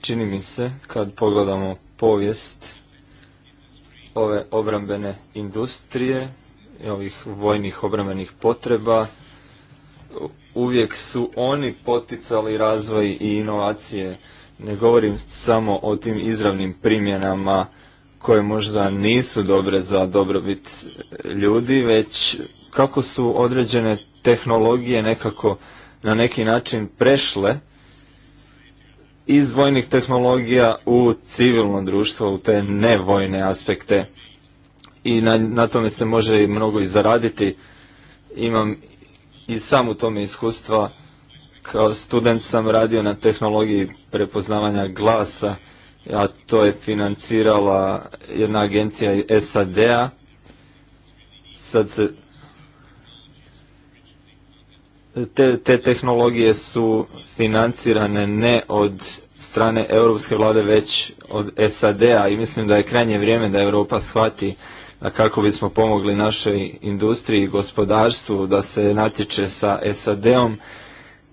Čini mi se, kad pogledamo povijest ove obrambene industrije, i ovih vojnih obrambenih potreba, uvijek su oni poticali razvoj i inovacije. Ne govorim samo o tim izravnim primjenama koje možda nisu dobre za dobrobit e, ljudi, već kako su određene tehnologije nekako na neki način prešle iz vojnih tehnologija u civilno društvo, u te nevojne aspekte. I na, na tome se može i mnogo i zaraditi. Imam i sam u tome iskustva kao student sam radio na tehnologiji prepoznavanja glasa, a to je financirala jedna agencija SAD-a. Sad se te, te tehnologije su financirane ne od strane europske vlade već od SAD-a i mislim da je krajnje vrijeme da Europa shvati kako bismo pomogli našoj industriji i gospodarstvu da se natječe sa SAD-om,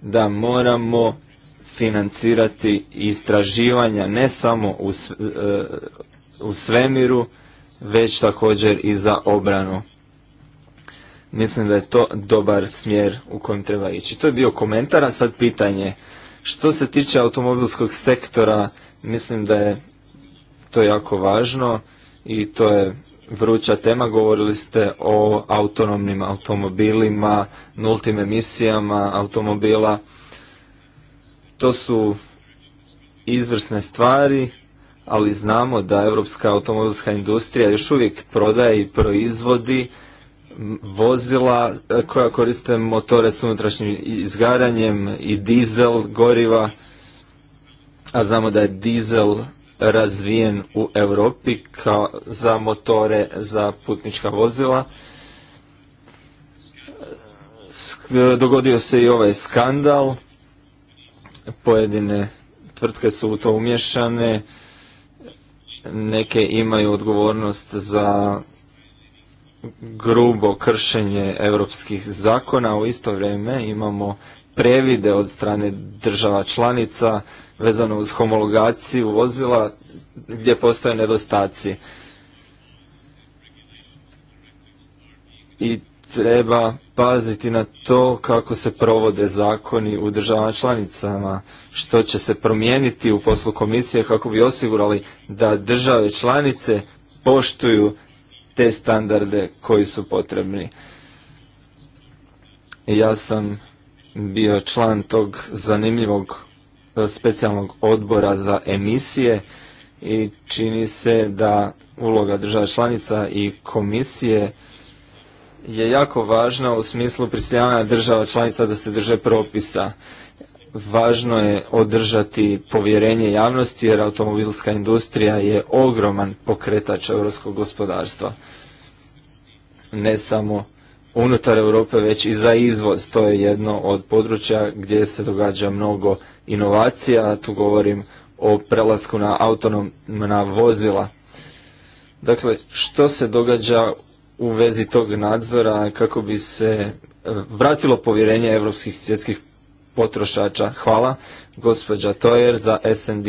da moramo financirati istraživanja ne samo u, e, u svemiru, već također i za obranu. Mislim da je to dobar smjer u kojem treba ići. To je bio komentar, a sad pitanje. Što se tiče automobilskog sektora, mislim da je to jako važno i to je vruća tema, govorili ste o autonomnim automobilima, nultim emisijama automobila. To su izvrsne stvari, ali znamo da europska automobilska industrija još uvijek prodaje i proizvodi vozila koja koriste motore s unutrašnjim izgaranjem i dizel goriva, a znamo da je dizel razvijen u Europi kao za motore za putnička vozila. Dogodio se i ovaj skandal. Pojedine tvrtke su u to umješane. Neke imaju odgovornost za grubo kršenje europskih zakona. U isto vrijeme imamo previde od strane država članica vezano uz homologaciju vozila gdje postoje nedostaci. I treba paziti na to kako se provode zakoni u državama članicama, što će se promijeniti u poslu komisije kako bi osigurali da države članice poštuju te standarde koji su potrebni. Ja sam bio član tog zanimljivog specijalnog odbora za emisije i čini se da uloga država članica i komisije je jako važna u smislu prisiljavanja država članica da se drže propisa. Važno je održati povjerenje javnosti jer automobilska industrija je ogroman pokretač europskog gospodarstva. Ne samo unutar Europe već i za izvoz. To je jedno od područja gdje se događa mnogo inovacija, tu govorim o prelasku na autonomna vozila. Dakle, što se događa u vezi tog nadzora kako bi se e, vratilo povjerenje europskih svjetskih potrošača? Hvala, gospođa Tojer za SND.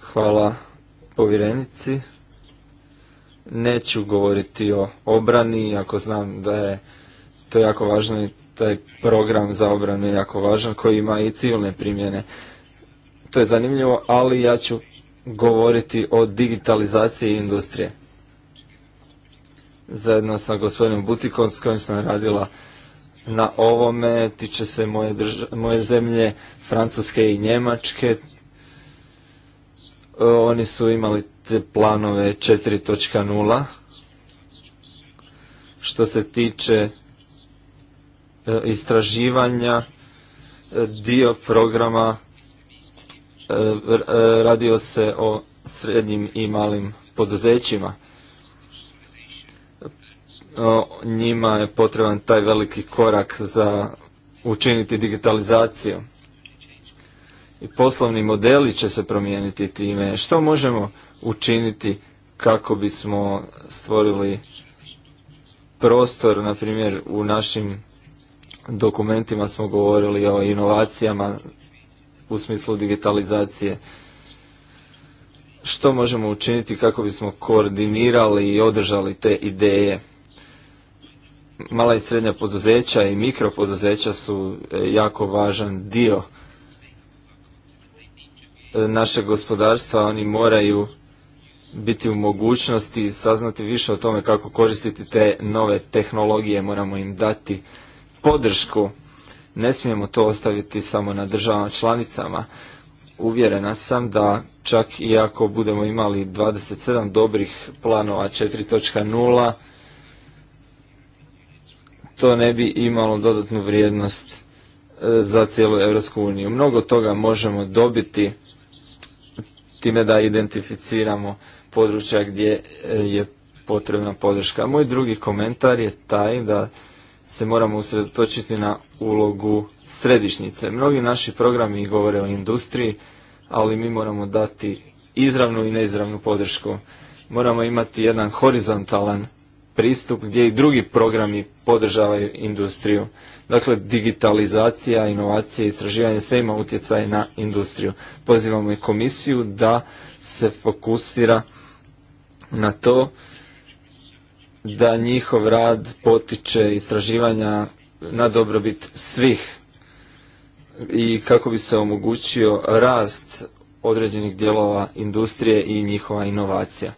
Hvala povjerenici. Neću govoriti o obrani, ako znam da je to jako važno i taj program za obranu je jako važan koji ima i civilne primjene. To je zanimljivo, ali ja ću govoriti o digitalizaciji industrije. Zajedno sa gospodinom Butikom s kojim sam radila na ovome, tiče se moje, moje zemlje, Francuske i Njemačke. E, oni su imali te planove 4.0. Što se tiče E, istraživanja e, dio programa e, radio se o srednjim i malim poduzećima. njima je potreban taj veliki korak za učiniti digitalizaciju. I poslovni modeli će se promijeniti time. Što možemo učiniti kako bismo stvorili prostor, na primjer, u našim dokumentima smo govorili o inovacijama u smislu digitalizacije. Što možemo učiniti kako bismo koordinirali i održali te ideje? Mala i srednja poduzeća i mikro poduzeća su e, jako važan dio e, našeg gospodarstva. Oni moraju biti u mogućnosti saznati više o tome kako koristiti te nove tehnologije. Moramo im dati podršku. Ne smijemo to ostaviti samo na državama članicama. Uvjerena sam da čak i ako budemo imali 27 dobrih planova 4.0, to ne bi imalo dodatnu vrijednost e, za cijelu Europsku uniju. Mnogo toga možemo dobiti time da identificiramo područja gdje e, je potrebna podrška. Moj drugi komentar je taj da se moramo usredotočiti na ulogu središnjice. Mnogi naši programi govore o industriji, ali mi moramo dati izravnu i neizravnu podršku. Moramo imati jedan horizontalan pristup gdje i drugi programi podržavaju industriju. Dakle, digitalizacija, inovacije, istraživanje, sve ima utjecaj na industriju. Pozivamo i komisiju da se fokusira na to da njihov rad potiče istraživanja na dobrobit svih i kako bi se omogućio rast određenih dijelova industrije i njihova inovacija.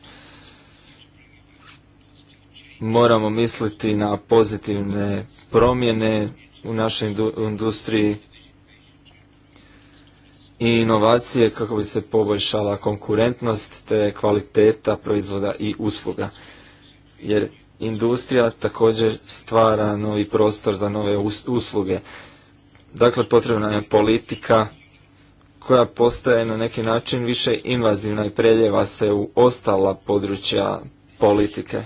Moramo misliti na pozitivne promjene u našoj industriji i inovacije kako bi se poboljšala konkurentnost te kvaliteta proizvoda i usluga jer industrija također stvara novi prostor za nove usluge. Dakle, potrebna je politika koja postaje na neki način više invazivna i preljeva se u ostala područja politike.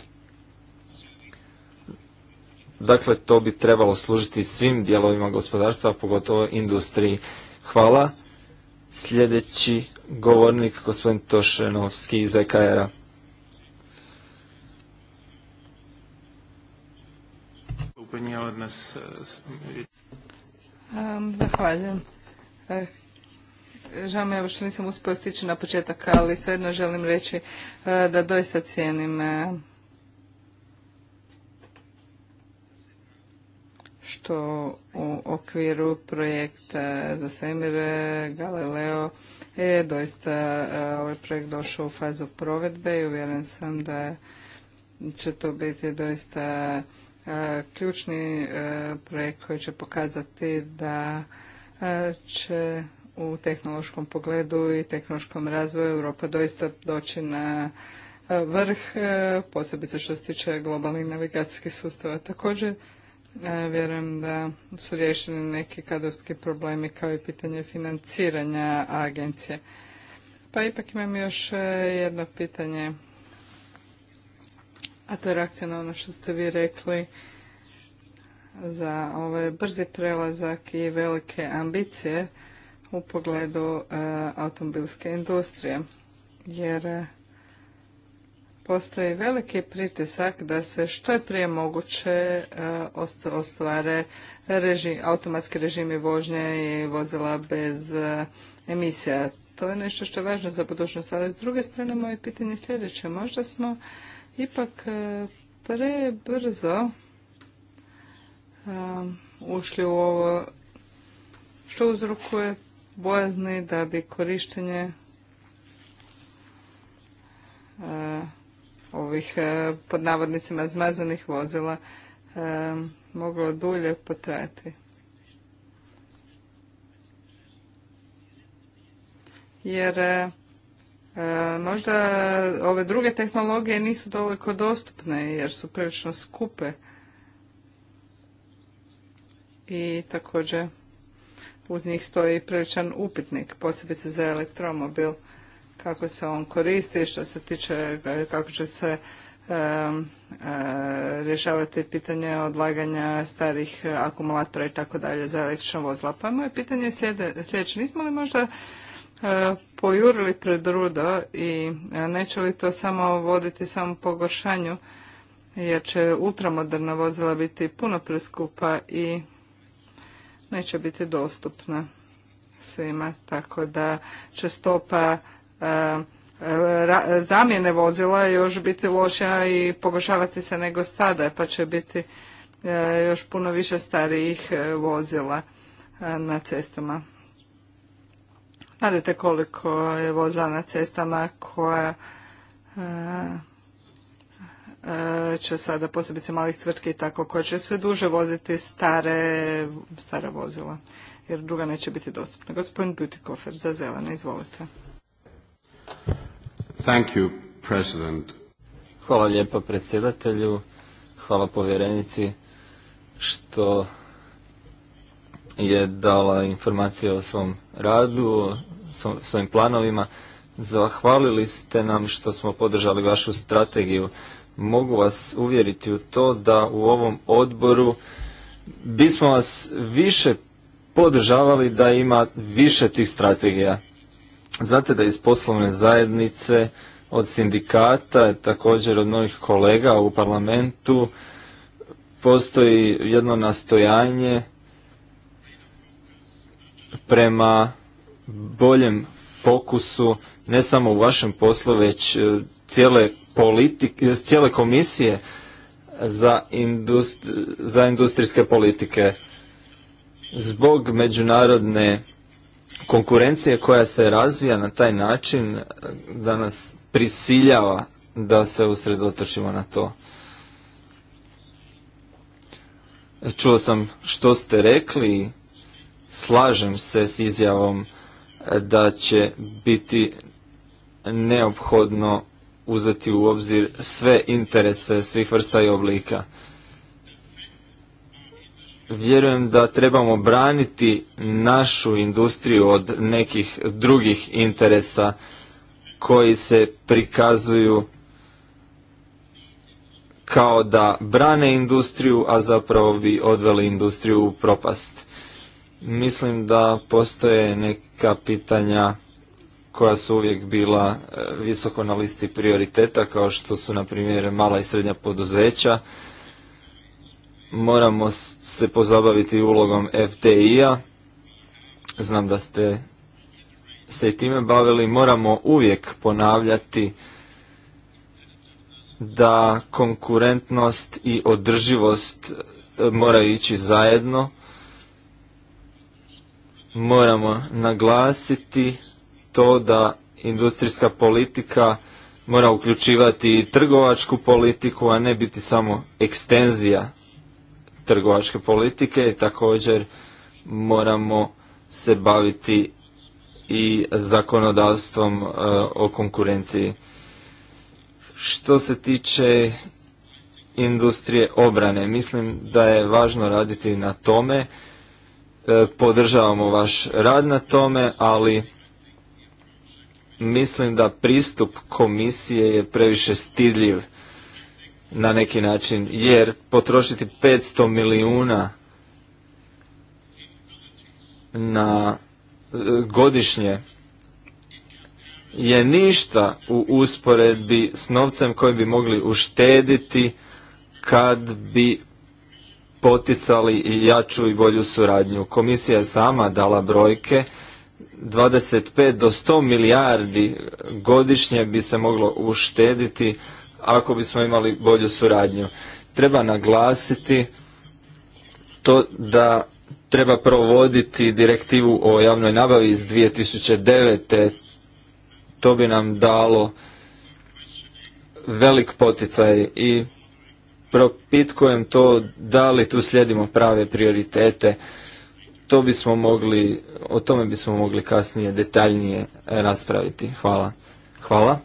Dakle, to bi trebalo služiti svim dijelovima gospodarstva, pogotovo industriji. Hvala. Sljedeći govornik, gospodin Tošenovski iz EKR-a. E, zahvaljujem. E, žao mi je što nisam uspio stići na početak, ali svejedno želim reći e, da doista cijenim što u okviru projekta za svemir Galileo je doista ovaj projekt došao u fazu provedbe i uvjeren sam da će to biti doista E, ključni e, projekt koji će pokazati da e, će u tehnološkom pogledu i tehnološkom razvoju Europa doista doći na vrh, posebice što se tiče globalnih navigacijskih sustava. Također, vjerujem da su riješeni neki kadrovski problemi kao i pitanje financiranja agencije. Pa ipak imam još jedno pitanje a to je reakcija na ono što ste vi rekli za ovaj brzi prelazak i velike ambicije u pogledu e, automobilske industrije. Jer e, postoji veliki pritisak da se što je prije moguće e, ostvare reži, automatski režimi vožnje i vozila bez emisija. To je nešto što je važno za budućnost, ali s druge strane moje pitanje je sljedeće. Možda smo ipak e, prebrzo e, ušli u ovo što uzrokuje bojazni da bi korištenje e, ovih pod navodnicima zmazanih vozila moglo dulje potrajati. Jer E, možda ove druge tehnologije nisu toliko dostupne jer su prilično skupe. I također uz njih stoji priličan upitnik, posebice za elektromobil, kako se on koristi, što se tiče e, kako će se e, rješavati pitanje odlaganja starih akumulatora i tako dalje za električno vozila. Pa moje pitanje je sljedeće, nismo li možda pojurili pred rudo i e, neće li to samo voditi samo pogoršanju jer će ultramoderna vozila biti puno preskupa i neće biti dostupna svima, tako da će stopa e, zamjene vozila još biti loša i pogoršavati se nego stada, pa će biti e, još puno više starijih vozila na cestama. Znate koliko je vozila na cestama koja e, e, će sada posebice malih tvrtki i tako koja će sve duže voziti stare, stara vozila jer druga neće biti dostupna. Gospodin Butikofer za zelene, izvolite. Thank you, President. Hvala lijepo predsjedatelju, hvala povjerenici što je dala informacije o svom radu, svojim planovima. Zahvalili ste nam što smo podržali vašu strategiju. Mogu vas uvjeriti u to da u ovom odboru bismo vas više podržavali da ima više tih strategija. Znate da iz poslovne zajednice, od sindikata, također od mnogih kolega u parlamentu, postoji jedno nastojanje prema boljem fokusu ne samo u vašem poslu, već e, cijele, politike, e, cijele komisije za, za industrijske politike zbog međunarodne konkurencije koja se razvija na taj način e, da nas prisiljava da se usredotočimo na to. Čuo sam što ste rekli, slažem se s izjavom da će biti neophodno uzeti u obzir sve interese svih vrsta i oblika. Vjerujem da trebamo braniti našu industriju od nekih drugih interesa koji se prikazuju kao da brane industriju, a zapravo bi odveli industriju u propast. Mislim da postoje neka pitanja koja su uvijek bila e, visoko na listi prioriteta, kao što su, na primjer, mala i srednja poduzeća. Moramo se pozabaviti ulogom FTI-a. Znam da ste se i time bavili. Moramo uvijek ponavljati da konkurentnost i održivost e, moraju ići zajedno moramo naglasiti to da industrijska politika mora uključivati i trgovačku politiku, a ne biti samo ekstenzija trgovačke politike. Također moramo se baviti i zakonodavstvom e, o konkurenciji. Što se tiče industrije obrane, mislim da je važno raditi na tome E, podržavamo vaš rad na tome, ali mislim da pristup komisije je previše stidljiv na neki način, jer potrošiti 500 milijuna na e, godišnje je ništa u usporedbi s novcem koji bi mogli uštediti kad bi poticali i jaču i bolju suradnju. Komisija je sama dala brojke 25 do 100 milijardi godišnje bi se moglo uštediti ako bismo imali bolju suradnju. Treba naglasiti to da treba provoditi direktivu o javnoj nabavi iz 2009. To bi nam dalo velik poticaj i propitkujem to da li tu slijedimo prave prioritete. To bismo mogli, o tome bismo mogli kasnije detaljnije raspraviti. Hvala. Hvala.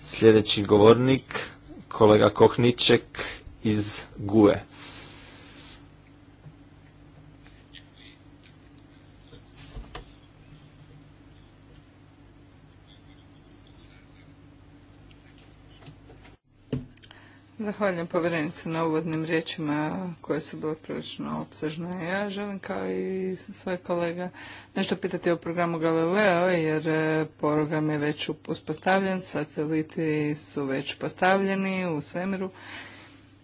Sljedeći govornik, kolega Kohniček iz GUE. Zahvaljujem povjerenice na uvodnim riječima koje su bile prilično obsežne. Ja želim kao i svoj kolega nešto pitati o programu Galileo jer e, program je već uspostavljen, sateliti su već postavljeni u svemiru.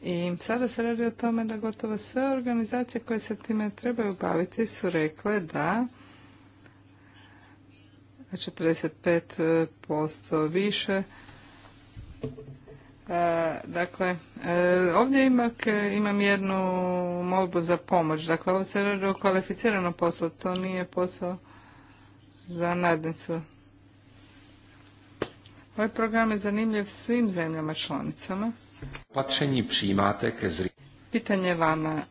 I sada se radi o tome da gotovo sve organizacije koje se time trebaju baviti su rekle da 45% više E, dakle, e, ovdje e, imam jednu molbu za pomoć. Dakle, ovo se radi o kvalificiranom poslu, to nije posao za nadnicu. Ovaj program je zanimljiv svim zemljama članicama. Pitanje vama,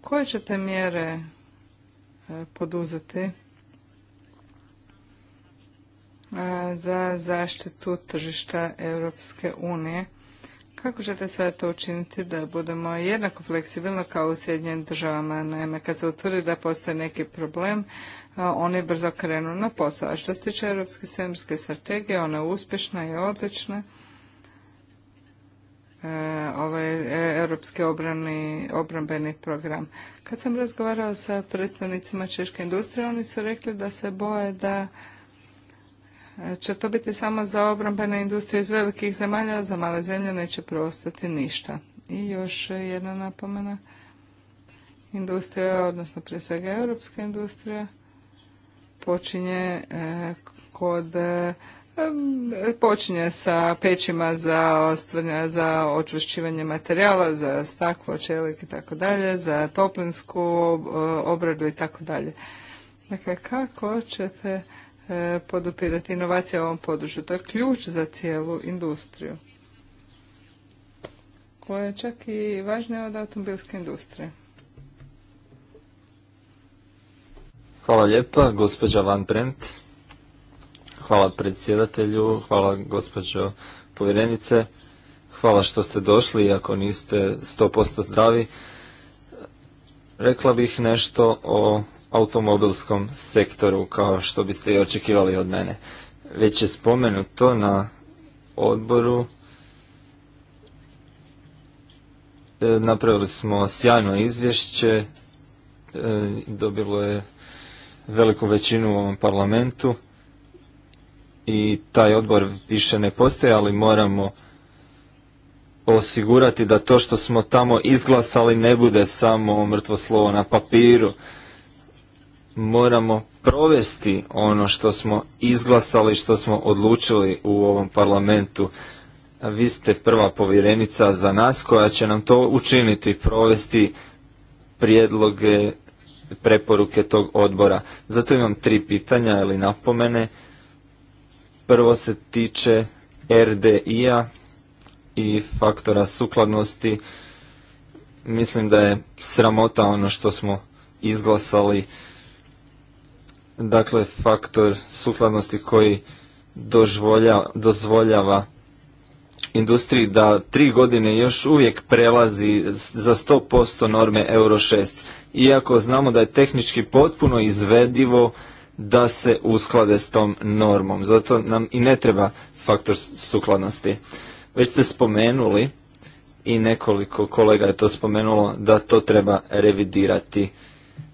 koje ćete mjere poduzeti za zaštitu tržišta Europske unije? Kako ćete sada to učiniti da budemo jednako fleksibilni kao u Sjedinjenim državama? Naime, kad se utvrdi da postoji neki problem, oni brzo krenu na posao. A što se tiče Europske svemirske strategije, ona je uspješna i odlična. E, ovaj e, europski obrambeni program. Kad sam razgovarao sa predstavnicima češke industrije, oni su rekli da se boje da će to biti samo za obrambene industrije iz velikih zemalja, za male zemlje neće preostati ništa. I još jedna napomena. Industrija, odnosno prije svega europska industrija, počinje e, kod e, počinje sa pećima za ostvrnja, za očvršćivanje materijala, za staklo, čelik i tako dalje, za toplinsku e, obradu i tako dalje. Dakle, kako ćete E, podupirati inovacije u ovom području. To je ključ za cijelu industriju koja je čak i važnija od automobilske industrije. Hvala lijepa, gospođa Van Brent. Hvala predsjedatelju, hvala gospođo povjerenice. Hvala što ste došli, ako niste 100% zdravi. Rekla bih nešto o automobilskom sektoru kao što biste i očekivali od mene. Već je spomenuto na odboru e, napravili smo sjajno izvješće, e, dobilo je veliku većinu u ovom parlamentu i taj odbor više ne postoji, ali moramo osigurati da to što smo tamo izglasali ne bude samo mrtvo slovo na papiru, moramo provesti ono što smo izglasali, što smo odlučili u ovom parlamentu. vi ste prva povjerenica za nas koja će nam to učiniti, provesti prijedloge, preporuke tog odbora. Zato imam tri pitanja ili napomene. Prvo se tiče RDI-a i faktora sukladnosti. Mislim da je sramota ono što smo izglasali dakle faktor sukladnosti koji dozvoljava industriji da tri godine još uvijek prelazi za 100% norme Euro 6. Iako znamo da je tehnički potpuno izvedivo da se usklade s tom normom. Zato nam i ne treba faktor sukladnosti. Već ste spomenuli i nekoliko kolega je to spomenulo da to treba revidirati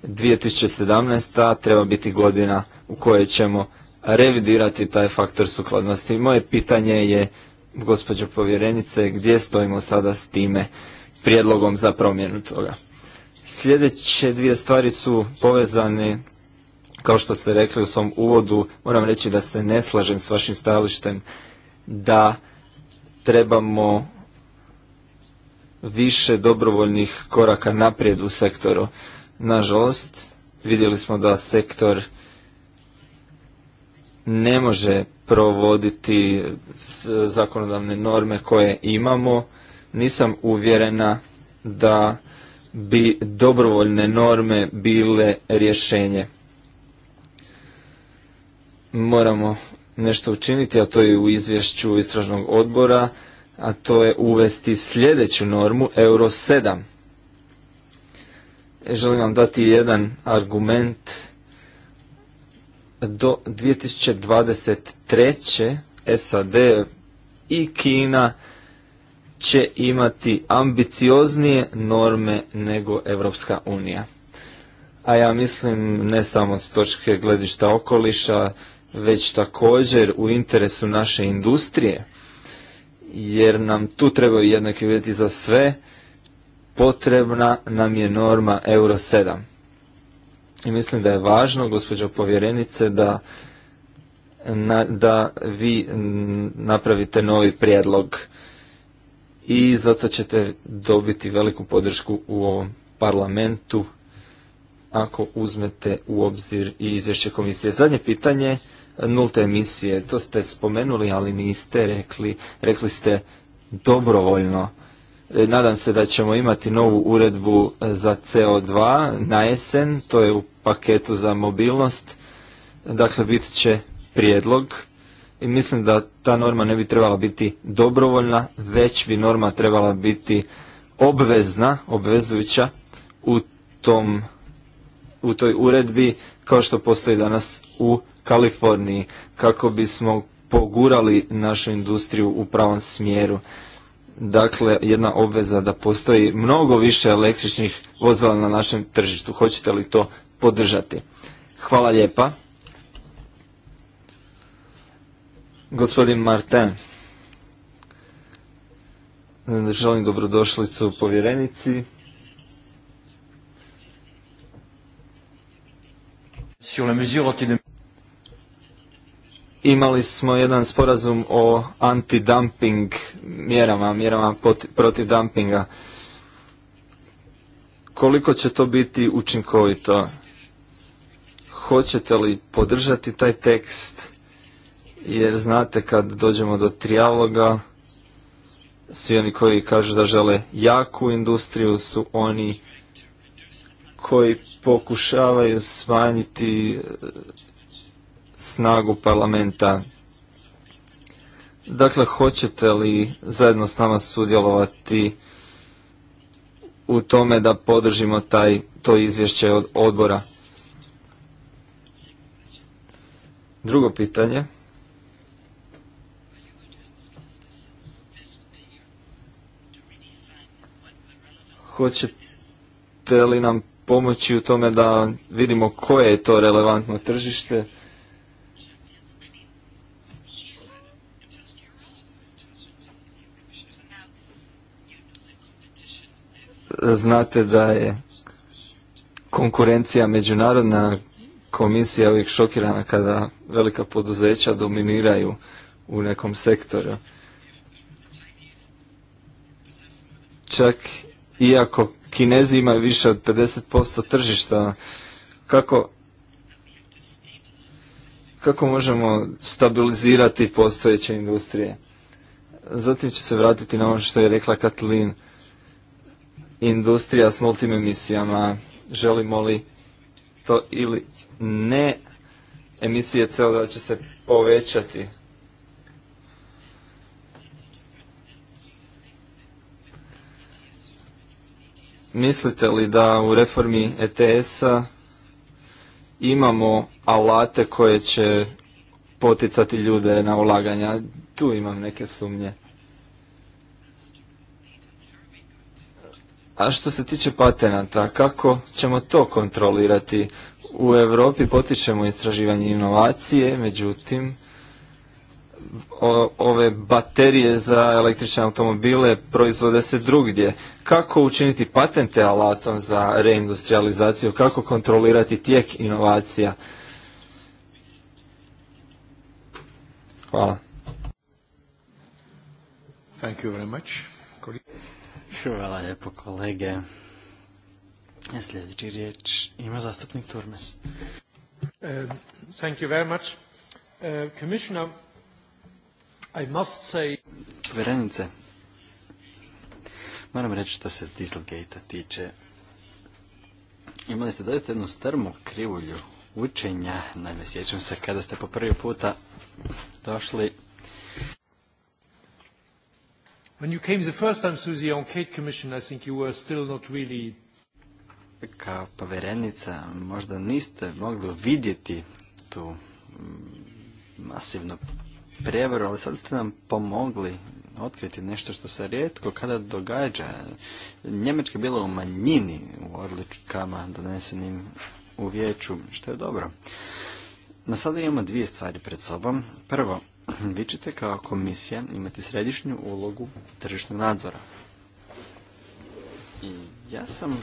2017. treba biti godina u kojoj ćemo revidirati taj faktor sukladnosti. Moje pitanje je, gospođo povjerenice, gdje stojimo sada s time prijedlogom za promjenu toga? Sljedeće dvije stvari su povezane, kao što ste rekli u svom uvodu, moram reći da se ne slažem s vašim stajalištem da trebamo više dobrovoljnih koraka naprijed u sektoru. Nažalost, vidjeli smo da sektor ne može provoditi zakonodavne norme koje imamo. Nisam uvjerena da bi dobrovoljne norme bile rješenje. Moramo nešto učiniti, a to je u izvješću istražnog odbora, a to je uvesti sljedeću normu, Euro 7 želim vam dati jedan argument. Do 2023. SAD i Kina će imati ambicioznije norme nego Evropska unija. A ja mislim ne samo s točke gledišta okoliša, već također u interesu naše industrije, jer nam tu trebaju jednaki uvjeti za sve, potrebna nam je norma Euro 7. I mislim da je važno, gospođo povjerenice, da, da vi napravite novi prijedlog i zato ćete dobiti veliku podršku u ovom parlamentu ako uzmete u obzir i izvješće komisije. Zadnje pitanje, nulte emisije, to ste spomenuli, ali niste rekli, rekli ste dobrovoljno. E, nadam se da ćemo imati novu uredbu e, za CO2 na jesen, to je u paketu za mobilnost, dakle bit će prijedlog i mislim da ta norma ne bi trebala biti dobrovoljna, već bi norma trebala biti obvezna, obvezujuća u tom u toj uredbi kao što postoji danas u Kaliforniji kako bismo pogurali našu industriju u pravom smjeru dakle jedna obveza da postoji mnogo više električnih vozila na našem tržištu. Hoćete li to podržati? Hvala lijepa. Gospodin Martin, želim dobrodošlicu povjerenici. Sur la mesure imali smo jedan sporazum o anti-dumping mjerama, mjerama protiv dumpinga. Koliko će to biti učinkovito? Hoćete li podržati taj tekst? Jer znate kad dođemo do trijaloga, svi oni koji kažu da žele jaku industriju su oni koji pokušavaju smanjiti snagu parlamenta. Dakle, hoćete li zajedno s nama sudjelovati u tome da podržimo taj, to izvješće od odbora? Drugo pitanje. Hoćete li nam pomoći u tome da vidimo koje je to relevantno tržište? znate da je konkurencija međunarodna komisija uvijek šokirana kada velika poduzeća dominiraju u nekom sektoru. Čak iako Kinezi imaju više od 50% tržišta, kako, kako možemo stabilizirati postojeće industrije? Zatim ću se vratiti na ono što je rekla Katlin industrija s nultim emisijama, želimo li to ili ne, emisije CO2 će se povećati. Mislite li da u reformi ETS-a imamo alate koje će poticati ljude na ulaganja? Tu imam neke sumnje. A što se tiče patenata, kako ćemo to kontrolirati? U Europi potičemo istraživanje inovacije, međutim, ove baterije za električne automobile proizvode se drugdje. Kako učiniti patente alatom za reindustrializaciju? Kako kontrolirati tijek inovacija? Hvala. Hvala lijepo kolege. E, sljedeći riječ ima zastupnik Turmes. Uh, thank you very much. Uh, commissioner, I must say... Verenice, moram reći što se Dieselgate-a tiče. Imali ste doista jednu strmu krivulju učenja, naime sjećam se kada ste po prvi puta došli When you came the first time I think you were still not really... Kao povjerenica možda niste mogli vidjeti tu mm, masivnu prevaru, ali sad ste nam pomogli otkriti nešto što se rijetko kada događa. Njemačka je bila u manjini u odličkama donesenim u vijeću, što je dobro. No sada imamo dvije stvari pred sobom. Prvo, Vi ćete kao komisija imati središnju ulogu tržišnog nadzora. I ja sam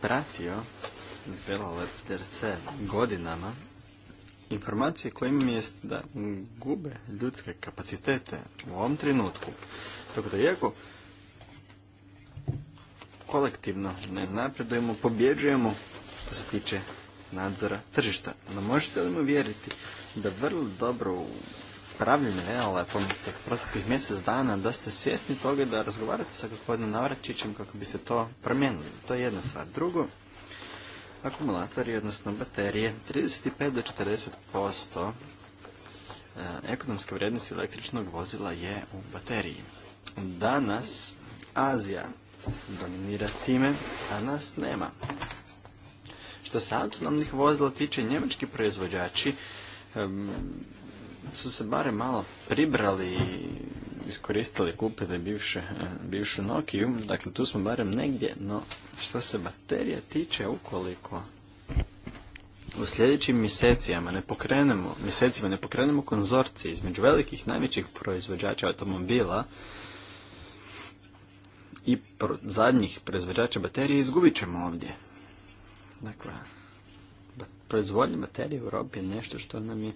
pratio Vela Lepterce godinama informacije koje imam je da gube ljudske kapacitete u ovom trenutku. Tako da iako kolektivno ne napredujemo, pobjeđujemo što se tiče nadzora tržišta. No možete li mu vjeriti da vrlo dobro upravljanje je, proteklih mjesec dana, da ste svjesni toga da razgovarate sa gospodinom Navračićem kako bi se to promijenili. To je jedna stvar. Drugo, akumulatori, odnosno baterije, 35 do 40% e, ekonomske vrijednosti električnog vozila je u bateriji. Danas Azija dominira time, a nas nema. Što se autonomnih vozila tiče, njemački proizvođači su se barem malo pribrali i iskoristili, kupili bivše, eh, bivšu Nokiju. Dakle, tu smo barem negdje, no što se baterija tiče, ukoliko u sljedećim mjesecima ne pokrenemo, mjesecima ne pokrenemo konzorcije između velikih najvećih proizvođača automobila i zadnjih proizvođača baterije, izgubit ćemo ovdje. Dakle, proizvodnja materije u Europi je nešto što nam je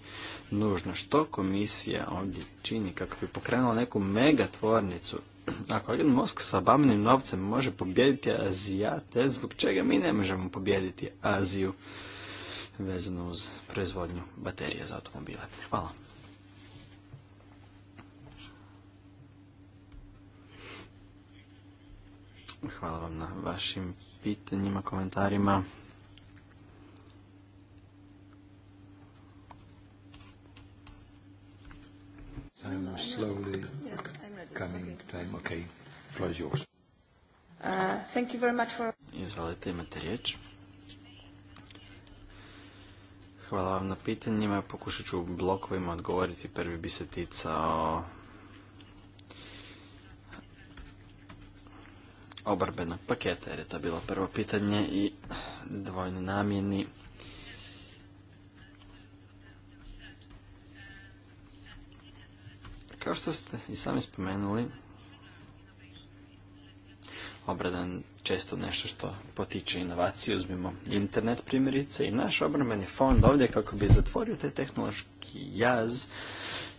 nužno. Što komisija ovdje čini kako bi pokrenula neku megatvornicu? Ako jedan mosk sa bamnim novcem može pobijediti Azijate, zbog čega mi ne možemo pobijediti Aziju vezano uz proizvodnju baterije za automobile? Hvala. Hvala vam na vašim pitanjima, komentarima. I'm Izvolite, imate riječ. Hvala vam na pitanjima. Pokušat ću blokovima odgovoriti. Prvi bi se ticao obarbenog paketa, jer je to bilo prvo pitanje i dvojne namjeni. Kao što ste i sami spomenuli, obrada često nešto što potiče inovacije. Uzmimo internet primjerice i naš obrambeni fond ovdje kako bi zatvorio taj tehnološki jaz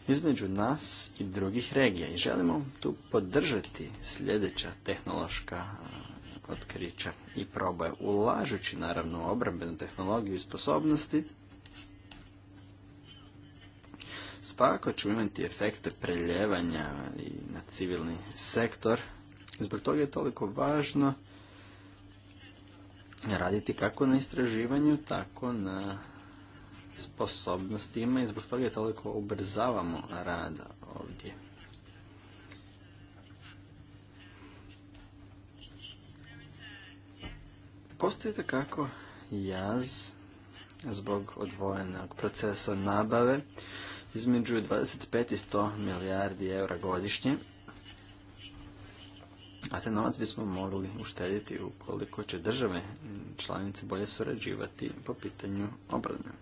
između nas i drugih regija. I želimo tu podržati sljedeća tehnološka otkrića i probaje, ulažući naravno u obrambenu tehnologiju i sposobnosti Svako pa, ću imati efekte preljevanja i na civilni sektor. Zbog toga je toliko važno raditi kako na istraživanju, tako na sposobnostima i zbog toga je toliko ubrzavamo rada ovdje. Postoji takako jaz zbog odvojenog procesa nabave između 25 i 100 milijardi eura godišnje, a te novac bismo mogli uštediti ukoliko će države članice bolje surađivati po pitanju obrane.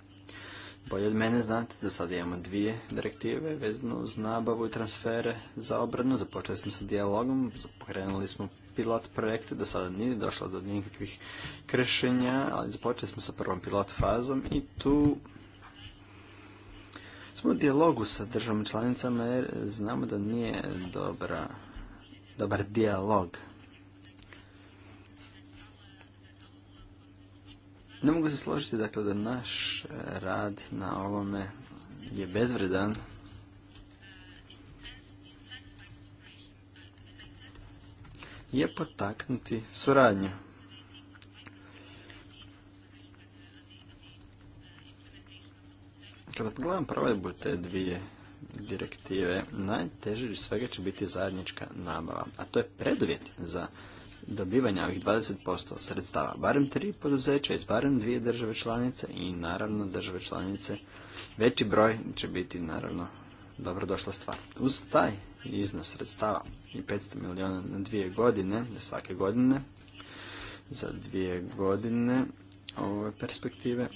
Bolje od mene znate da sad imamo dvije direktive vezano uz nabavu i transfere za obranu. Započeli smo sa dijalogom, pokrenuli smo pilot projekte, do sada nije došlo do nikakvih kršenja, ali započeli smo sa prvom pilot fazom i tu smo u dijalogu sa državama članicama jer znamo da nije dobra, dobar dijalog. Ne mogu se složiti dakle da naš rad na ovome je bezvredan. Je potaknuti suradnju. Kada pogledam provedbu te dvije direktive, najteže svega će biti zajednička nabava, a to je preduvjet za dobivanje ovih 20% sredstava, barem tri poduzeća iz barem dvije države članice i naravno države članice veći broj će biti naravno došla stvar. Uz taj iznos sredstava i 500 milijuna na dvije godine, svake godine, za dvije godine ove perspektive,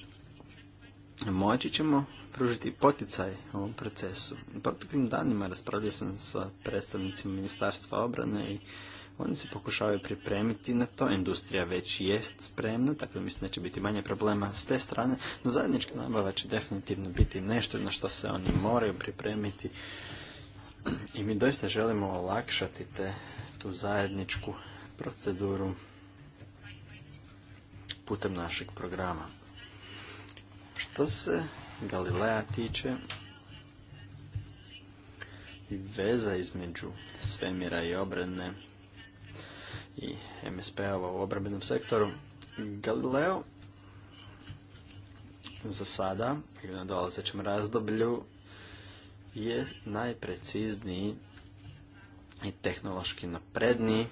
moći ćemo pružiti poticaj ovom procesu. U proteklim danima raspravljao sam sa predstavnicima Ministarstva obrane i oni se pokušavaju pripremiti na to. Industrija već jest spremna, tako mislim da će biti manje problema s te strane. No zajednička nabava će definitivno biti nešto na što se oni moraju pripremiti. I mi doista želimo olakšati te, tu zajedničku proceduru putem našeg programa. Što se Galileja tiče i veza između svemira i obrane i MSP-ova u obrambenom sektoru, Galileo za sada i na dolazećem razdoblju je najprecizniji i tehnološki napredniji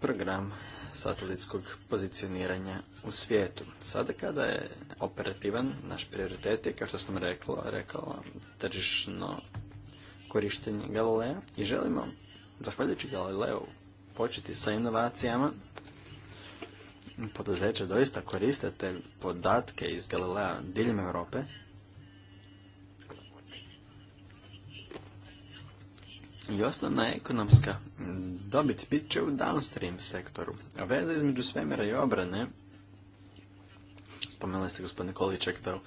program satelitskog pozicioniranja u svijetu. Sada kada je operativan, naš prioritet je, kao što sam rekla, rekao, tržišno korištenje Galileja i želimo, zahvaljujući Galileu, početi sa inovacijama. Poduzeće doista koriste podatke iz Galileo diljem Europe. I osnovna ekonomska dobit bit će u downstream sektoru. Veza između svemira i obrane spomenuli ste gospodine Količek da u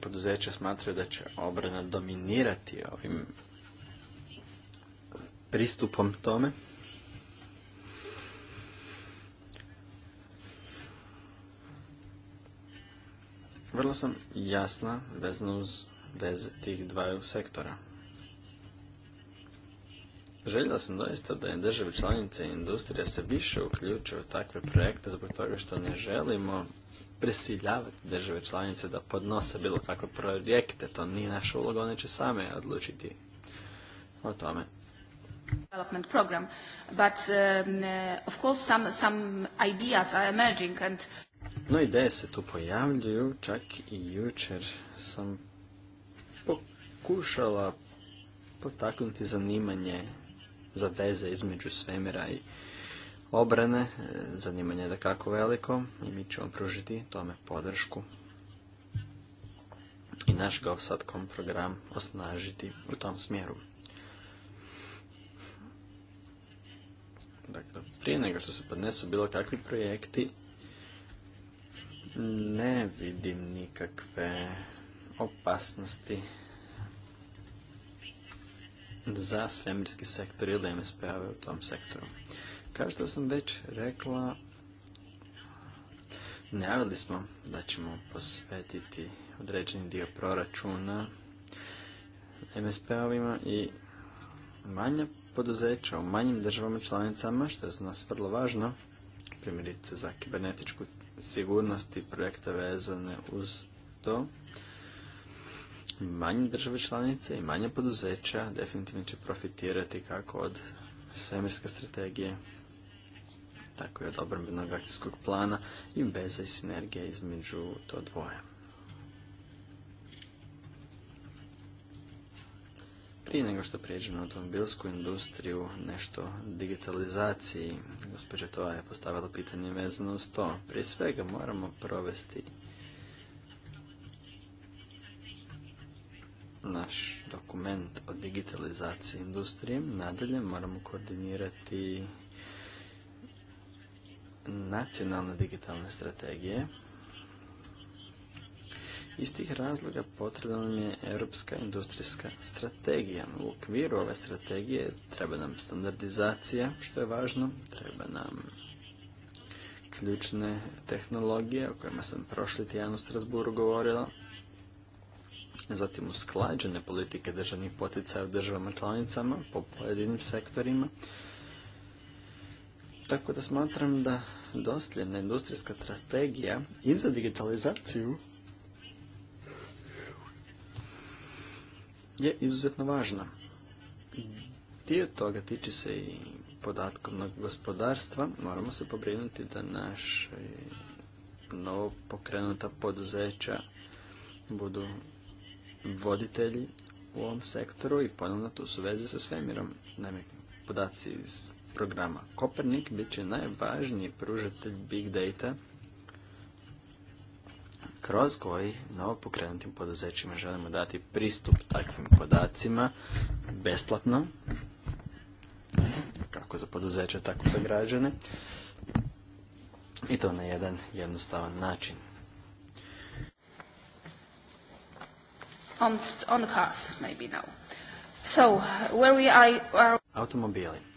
poduzeće smatraju da će obrana dominirati ovim pristupom tome. Vrlo sam jasna vezano uz veze tih dvaju sektora. Željela sam doista da je države članice i industrija se više uključuju u takve projekte zbog toga što ne želimo prisiljavati države članice da podnose bilo kakve projekte. To nije naša uloga, one će same odlučiti o tome. Development program, but um, uh, of course some, some ideas are emerging and... No ideje se tu pojavljuju, čak i jučer sam pokušala potaknuti zanimanje za veze između svemira i obrane, e, zanimanje je da kako veliko i mi ćemo pružiti tome podršku i naš GovSatcom program osnažiti u tom smjeru. Dakle, prije nego što se podnesu bilo kakvi projekti, ne vidim nikakve opasnosti za svemirski sektor ili MSP-ove u tom sektoru. Kao što sam već rekla, najavili smo da ćemo posvetiti određeni dio proračuna MSP-ovima i manja poduzeća u manjim državama članicama, što je za nas vrlo važno, primjerice za kibernetičku sigurnost i projekte vezane uz to, manje države članice i manje poduzeća definitivno će profitirati kako od svemirske strategije, tako i od obrambenog akcijskog plana i veze i sinergije između to dvoje. Prije nego što prijeđemo na automobilsku industriju, nešto o digitalizaciji, gospođa Toa je postavila pitanje vezano uz to. Prije svega moramo provesti naš dokument o digitalizaciji industrije. Nadalje moramo koordinirati nacionalne digitalne strategije. Iz tih razloga potrebna nam je europska industrijska strategija. U okviru ove strategije treba nam standardizacija, što je važno, treba nam ključne tehnologije o kojima sam prošli tjedan u Strasburu govorila, zatim usklađene politike državnih poticaja u državama članicama po pojedinim sektorima, tako da smatram da dosljedna industrijska strategija i za digitalizaciju je izuzetno važna. Dio toga tiče se i podatkovnog gospodarstva. Moramo se pobrinuti da naš e, novo pokrenuta poduzeća budu voditelji u ovom sektoru i ponovno tu su veze sa svemirom. Naime, podaci iz programa Kopernik bit će najvažniji pružatelj big data kroz koji novo pokrenutim poduzećima želimo dati pristup takvim podacima besplatno, kako za poduzeće, tako za građane, i to na jedan jednostavan način. On, on the cars, maybe So, where we are... Automobili.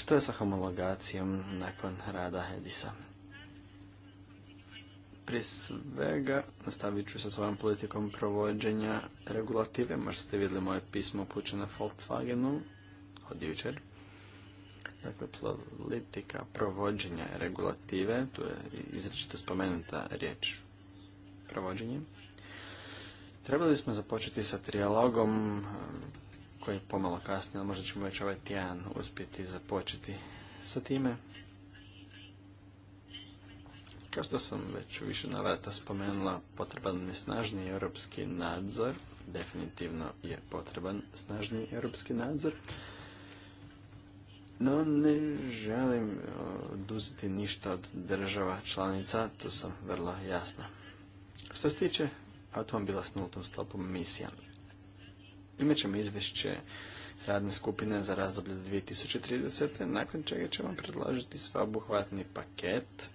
Što je sa homologacijom nakon rada Hedisa? Prije svega nastavit ću sa svojom politikom provođenja regulative. Možda ste vidjeli moje pismo upućeno Volkswagenu od jučer. Dakle, politika provođenja regulative, tu je izrečito spomenuta riječ provođenje. Trebali smo započeti sa trijalogom koji pomalo kasni, ali možda ćemo već ovaj tjedan uspjeti započeti sa time. Kao što sam već u više navrata spomenula, potreban je snažni europski nadzor. Definitivno je potreban snažni europski nadzor. No, ne želim oduzeti ništa od država članica, tu sam vrlo jasna. Što se tiče automobila s nultom stopom misija, Imat ćemo izvješće radne skupine za razdoblje do 2030. nakon čega ćemo predložiti sveobuhvatni paket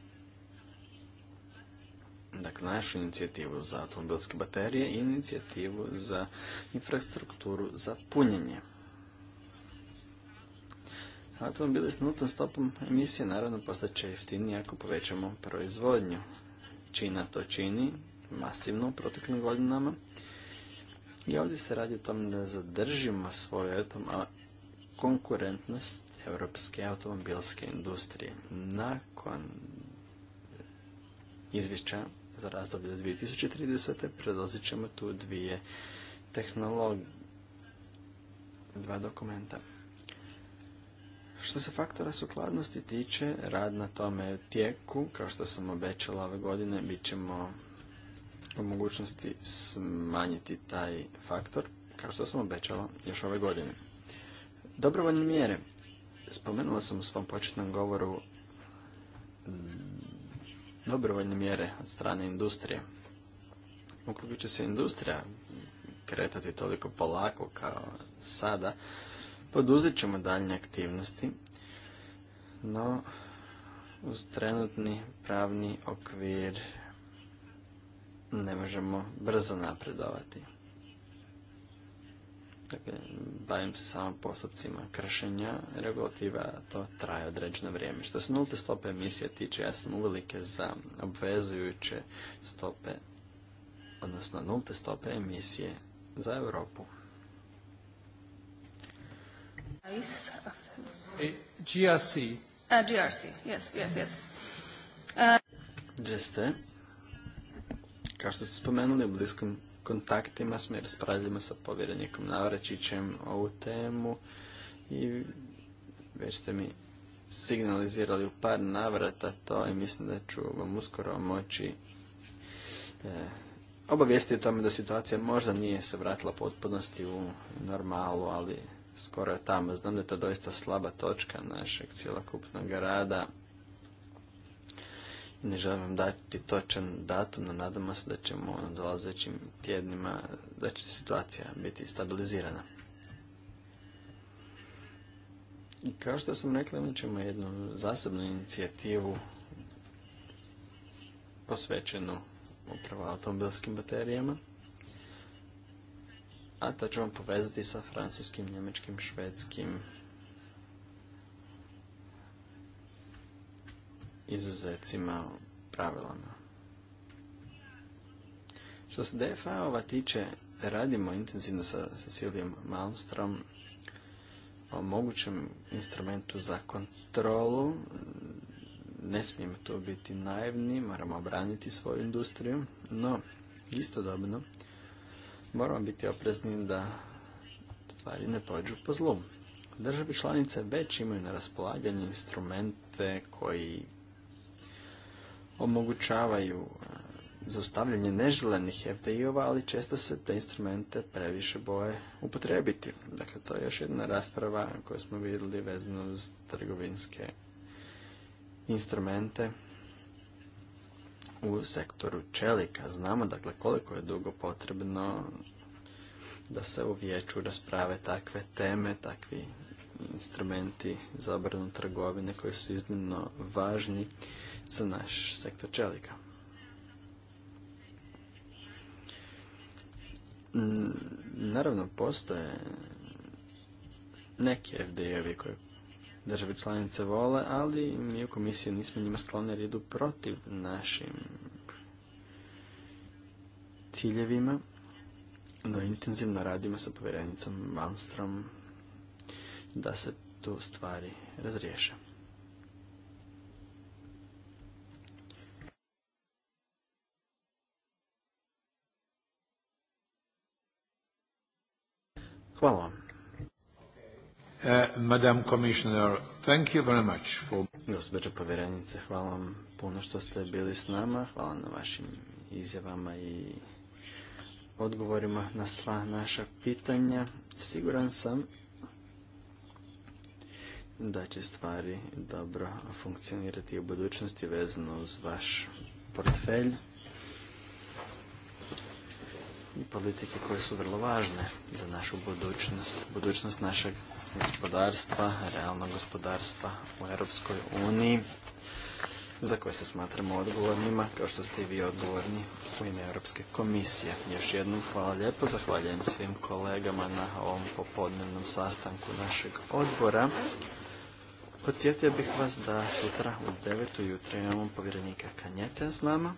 dakle našu inicijativu za automobilske baterije i inicijativu za infrastrukturu za punjenje. Automobili s nutnom stopom emisije naravno postaće jeftiniji ako povećamo proizvodnju. Čina to čini masivno u proteklim godinama i ovdje se radi o tom da zadržimo svoju konkurentnost europske automobilske industrije. Nakon izvješća za razdoblje do 2030. predozit ćemo tu dvije tehnologije, dva dokumenta. Što se faktora sukladnosti tiče, rad na tome je tijeku. Kao što sam obećala ove godine, bit ćemo u mogućnosti smanjiti taj faktor, kao što sam obećala još ove godine. Dobrovoljne mjere. Spomenula sam u svom početnom govoru dobrovoljne mjere od strane industrije. Ukoliko će se industrija kretati toliko polako kao sada, poduzet ćemo daljnje aktivnosti, no uz trenutni pravni okvir ne možemo brzo napredovati. Dakle, bavim se samo postupcima kršenja regulativa, to traje određeno vrijeme. Što se nulte stope emisije tiče, ja sam uvelike za obvezujuće stope, odnosno nulte stope emisije za Europu. E, GRC. Uh, yes, yes, yes. Uh, kao što ste spomenuli u bliskim kontaktima smo raspravljamo sa povjerenikom Navračićem ovu temu i već ste mi signalizirali u par navrata to i mislim da ću vam uskoro moći e, obavijesti o tome da situacija možda nije se vratila potpunosti u normalu, ali skoro je tamo. Znam da je to doista slaba točka našeg cjelokupnog rada ne želim vam dati točan datum, no nadamo se da ćemo u dolazećim tjednima, da će situacija biti stabilizirana. I kao što sam rekla, imat ćemo jednu zasebnu inicijativu posvećenu upravo automobilskim baterijama, a to ćemo povezati sa francuskim, njemačkim, švedskim izuzecima pravilama. Što se DFA-ova tiče, radimo intenzivno sa Cecilijom Malmstrom o mogućem instrumentu za kontrolu. Ne smijemo tu biti naivni, moramo obraniti svoju industriju, no istodobno moramo biti oprezni da stvari ne pođu po zlu. Države članice već imaju na raspolaganju instrumente koji omogućavaju e, zaustavljanje neželjenih FDI-ova, ali često se te instrumente previše boje upotrebiti. Dakle, to je još jedna rasprava koju smo vidjeli vezano uz trgovinske instrumente u sektoru čelika. Znamo, dakle, koliko je dugo potrebno da se u vijeću rasprave takve teme, takvi instrumenti za obranu trgovine koji su iznimno važni za naš sektor čelika. Mm, naravno, postoje neke fdi koje države članice vole, ali mi u komisiji nismo njima skloni jer protiv našim ciljevima, no intenzivno radimo sa povjerenicom Malmstrom da se tu stvari razriješe. Hvala vam. Uh, Madam Commissioner, thank you very povjerenice, hvala vam puno što ste bili s nama. Hvala na vašim izjavama i odgovorima na sva naša pitanja. Siguran sam da će stvari dobro funkcionirati u budućnosti vezano uz vaš portfelj i politike koje su vrlo važne za našu budućnost, budućnost našeg gospodarstva, realnog gospodarstva u Europskoj uniji, za koje se smatramo odgovornima, kao što ste i vi odgovorni u ime Europske komisije. Još jednom hvala lijepo, zahvaljujem svim kolegama na ovom popodnevnom sastanku našeg odbora. Podsjetio bih vas da sutra u 9. jutro imamo povjerenika Kanjete s nama.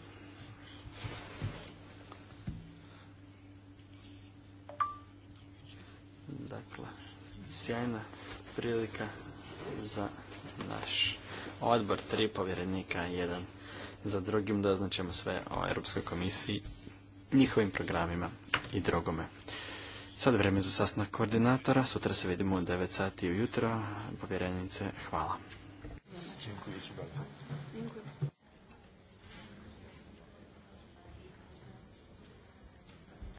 sjajna prilika za naš odbor, tri povjerenika, jedan za drugim, ćemo sve o Europskoj komisiji, njihovim programima i drugome. Sad vrijeme za sastanak koordinatora, sutra se vidimo u 9 sati ujutro, povjerenice, hvala.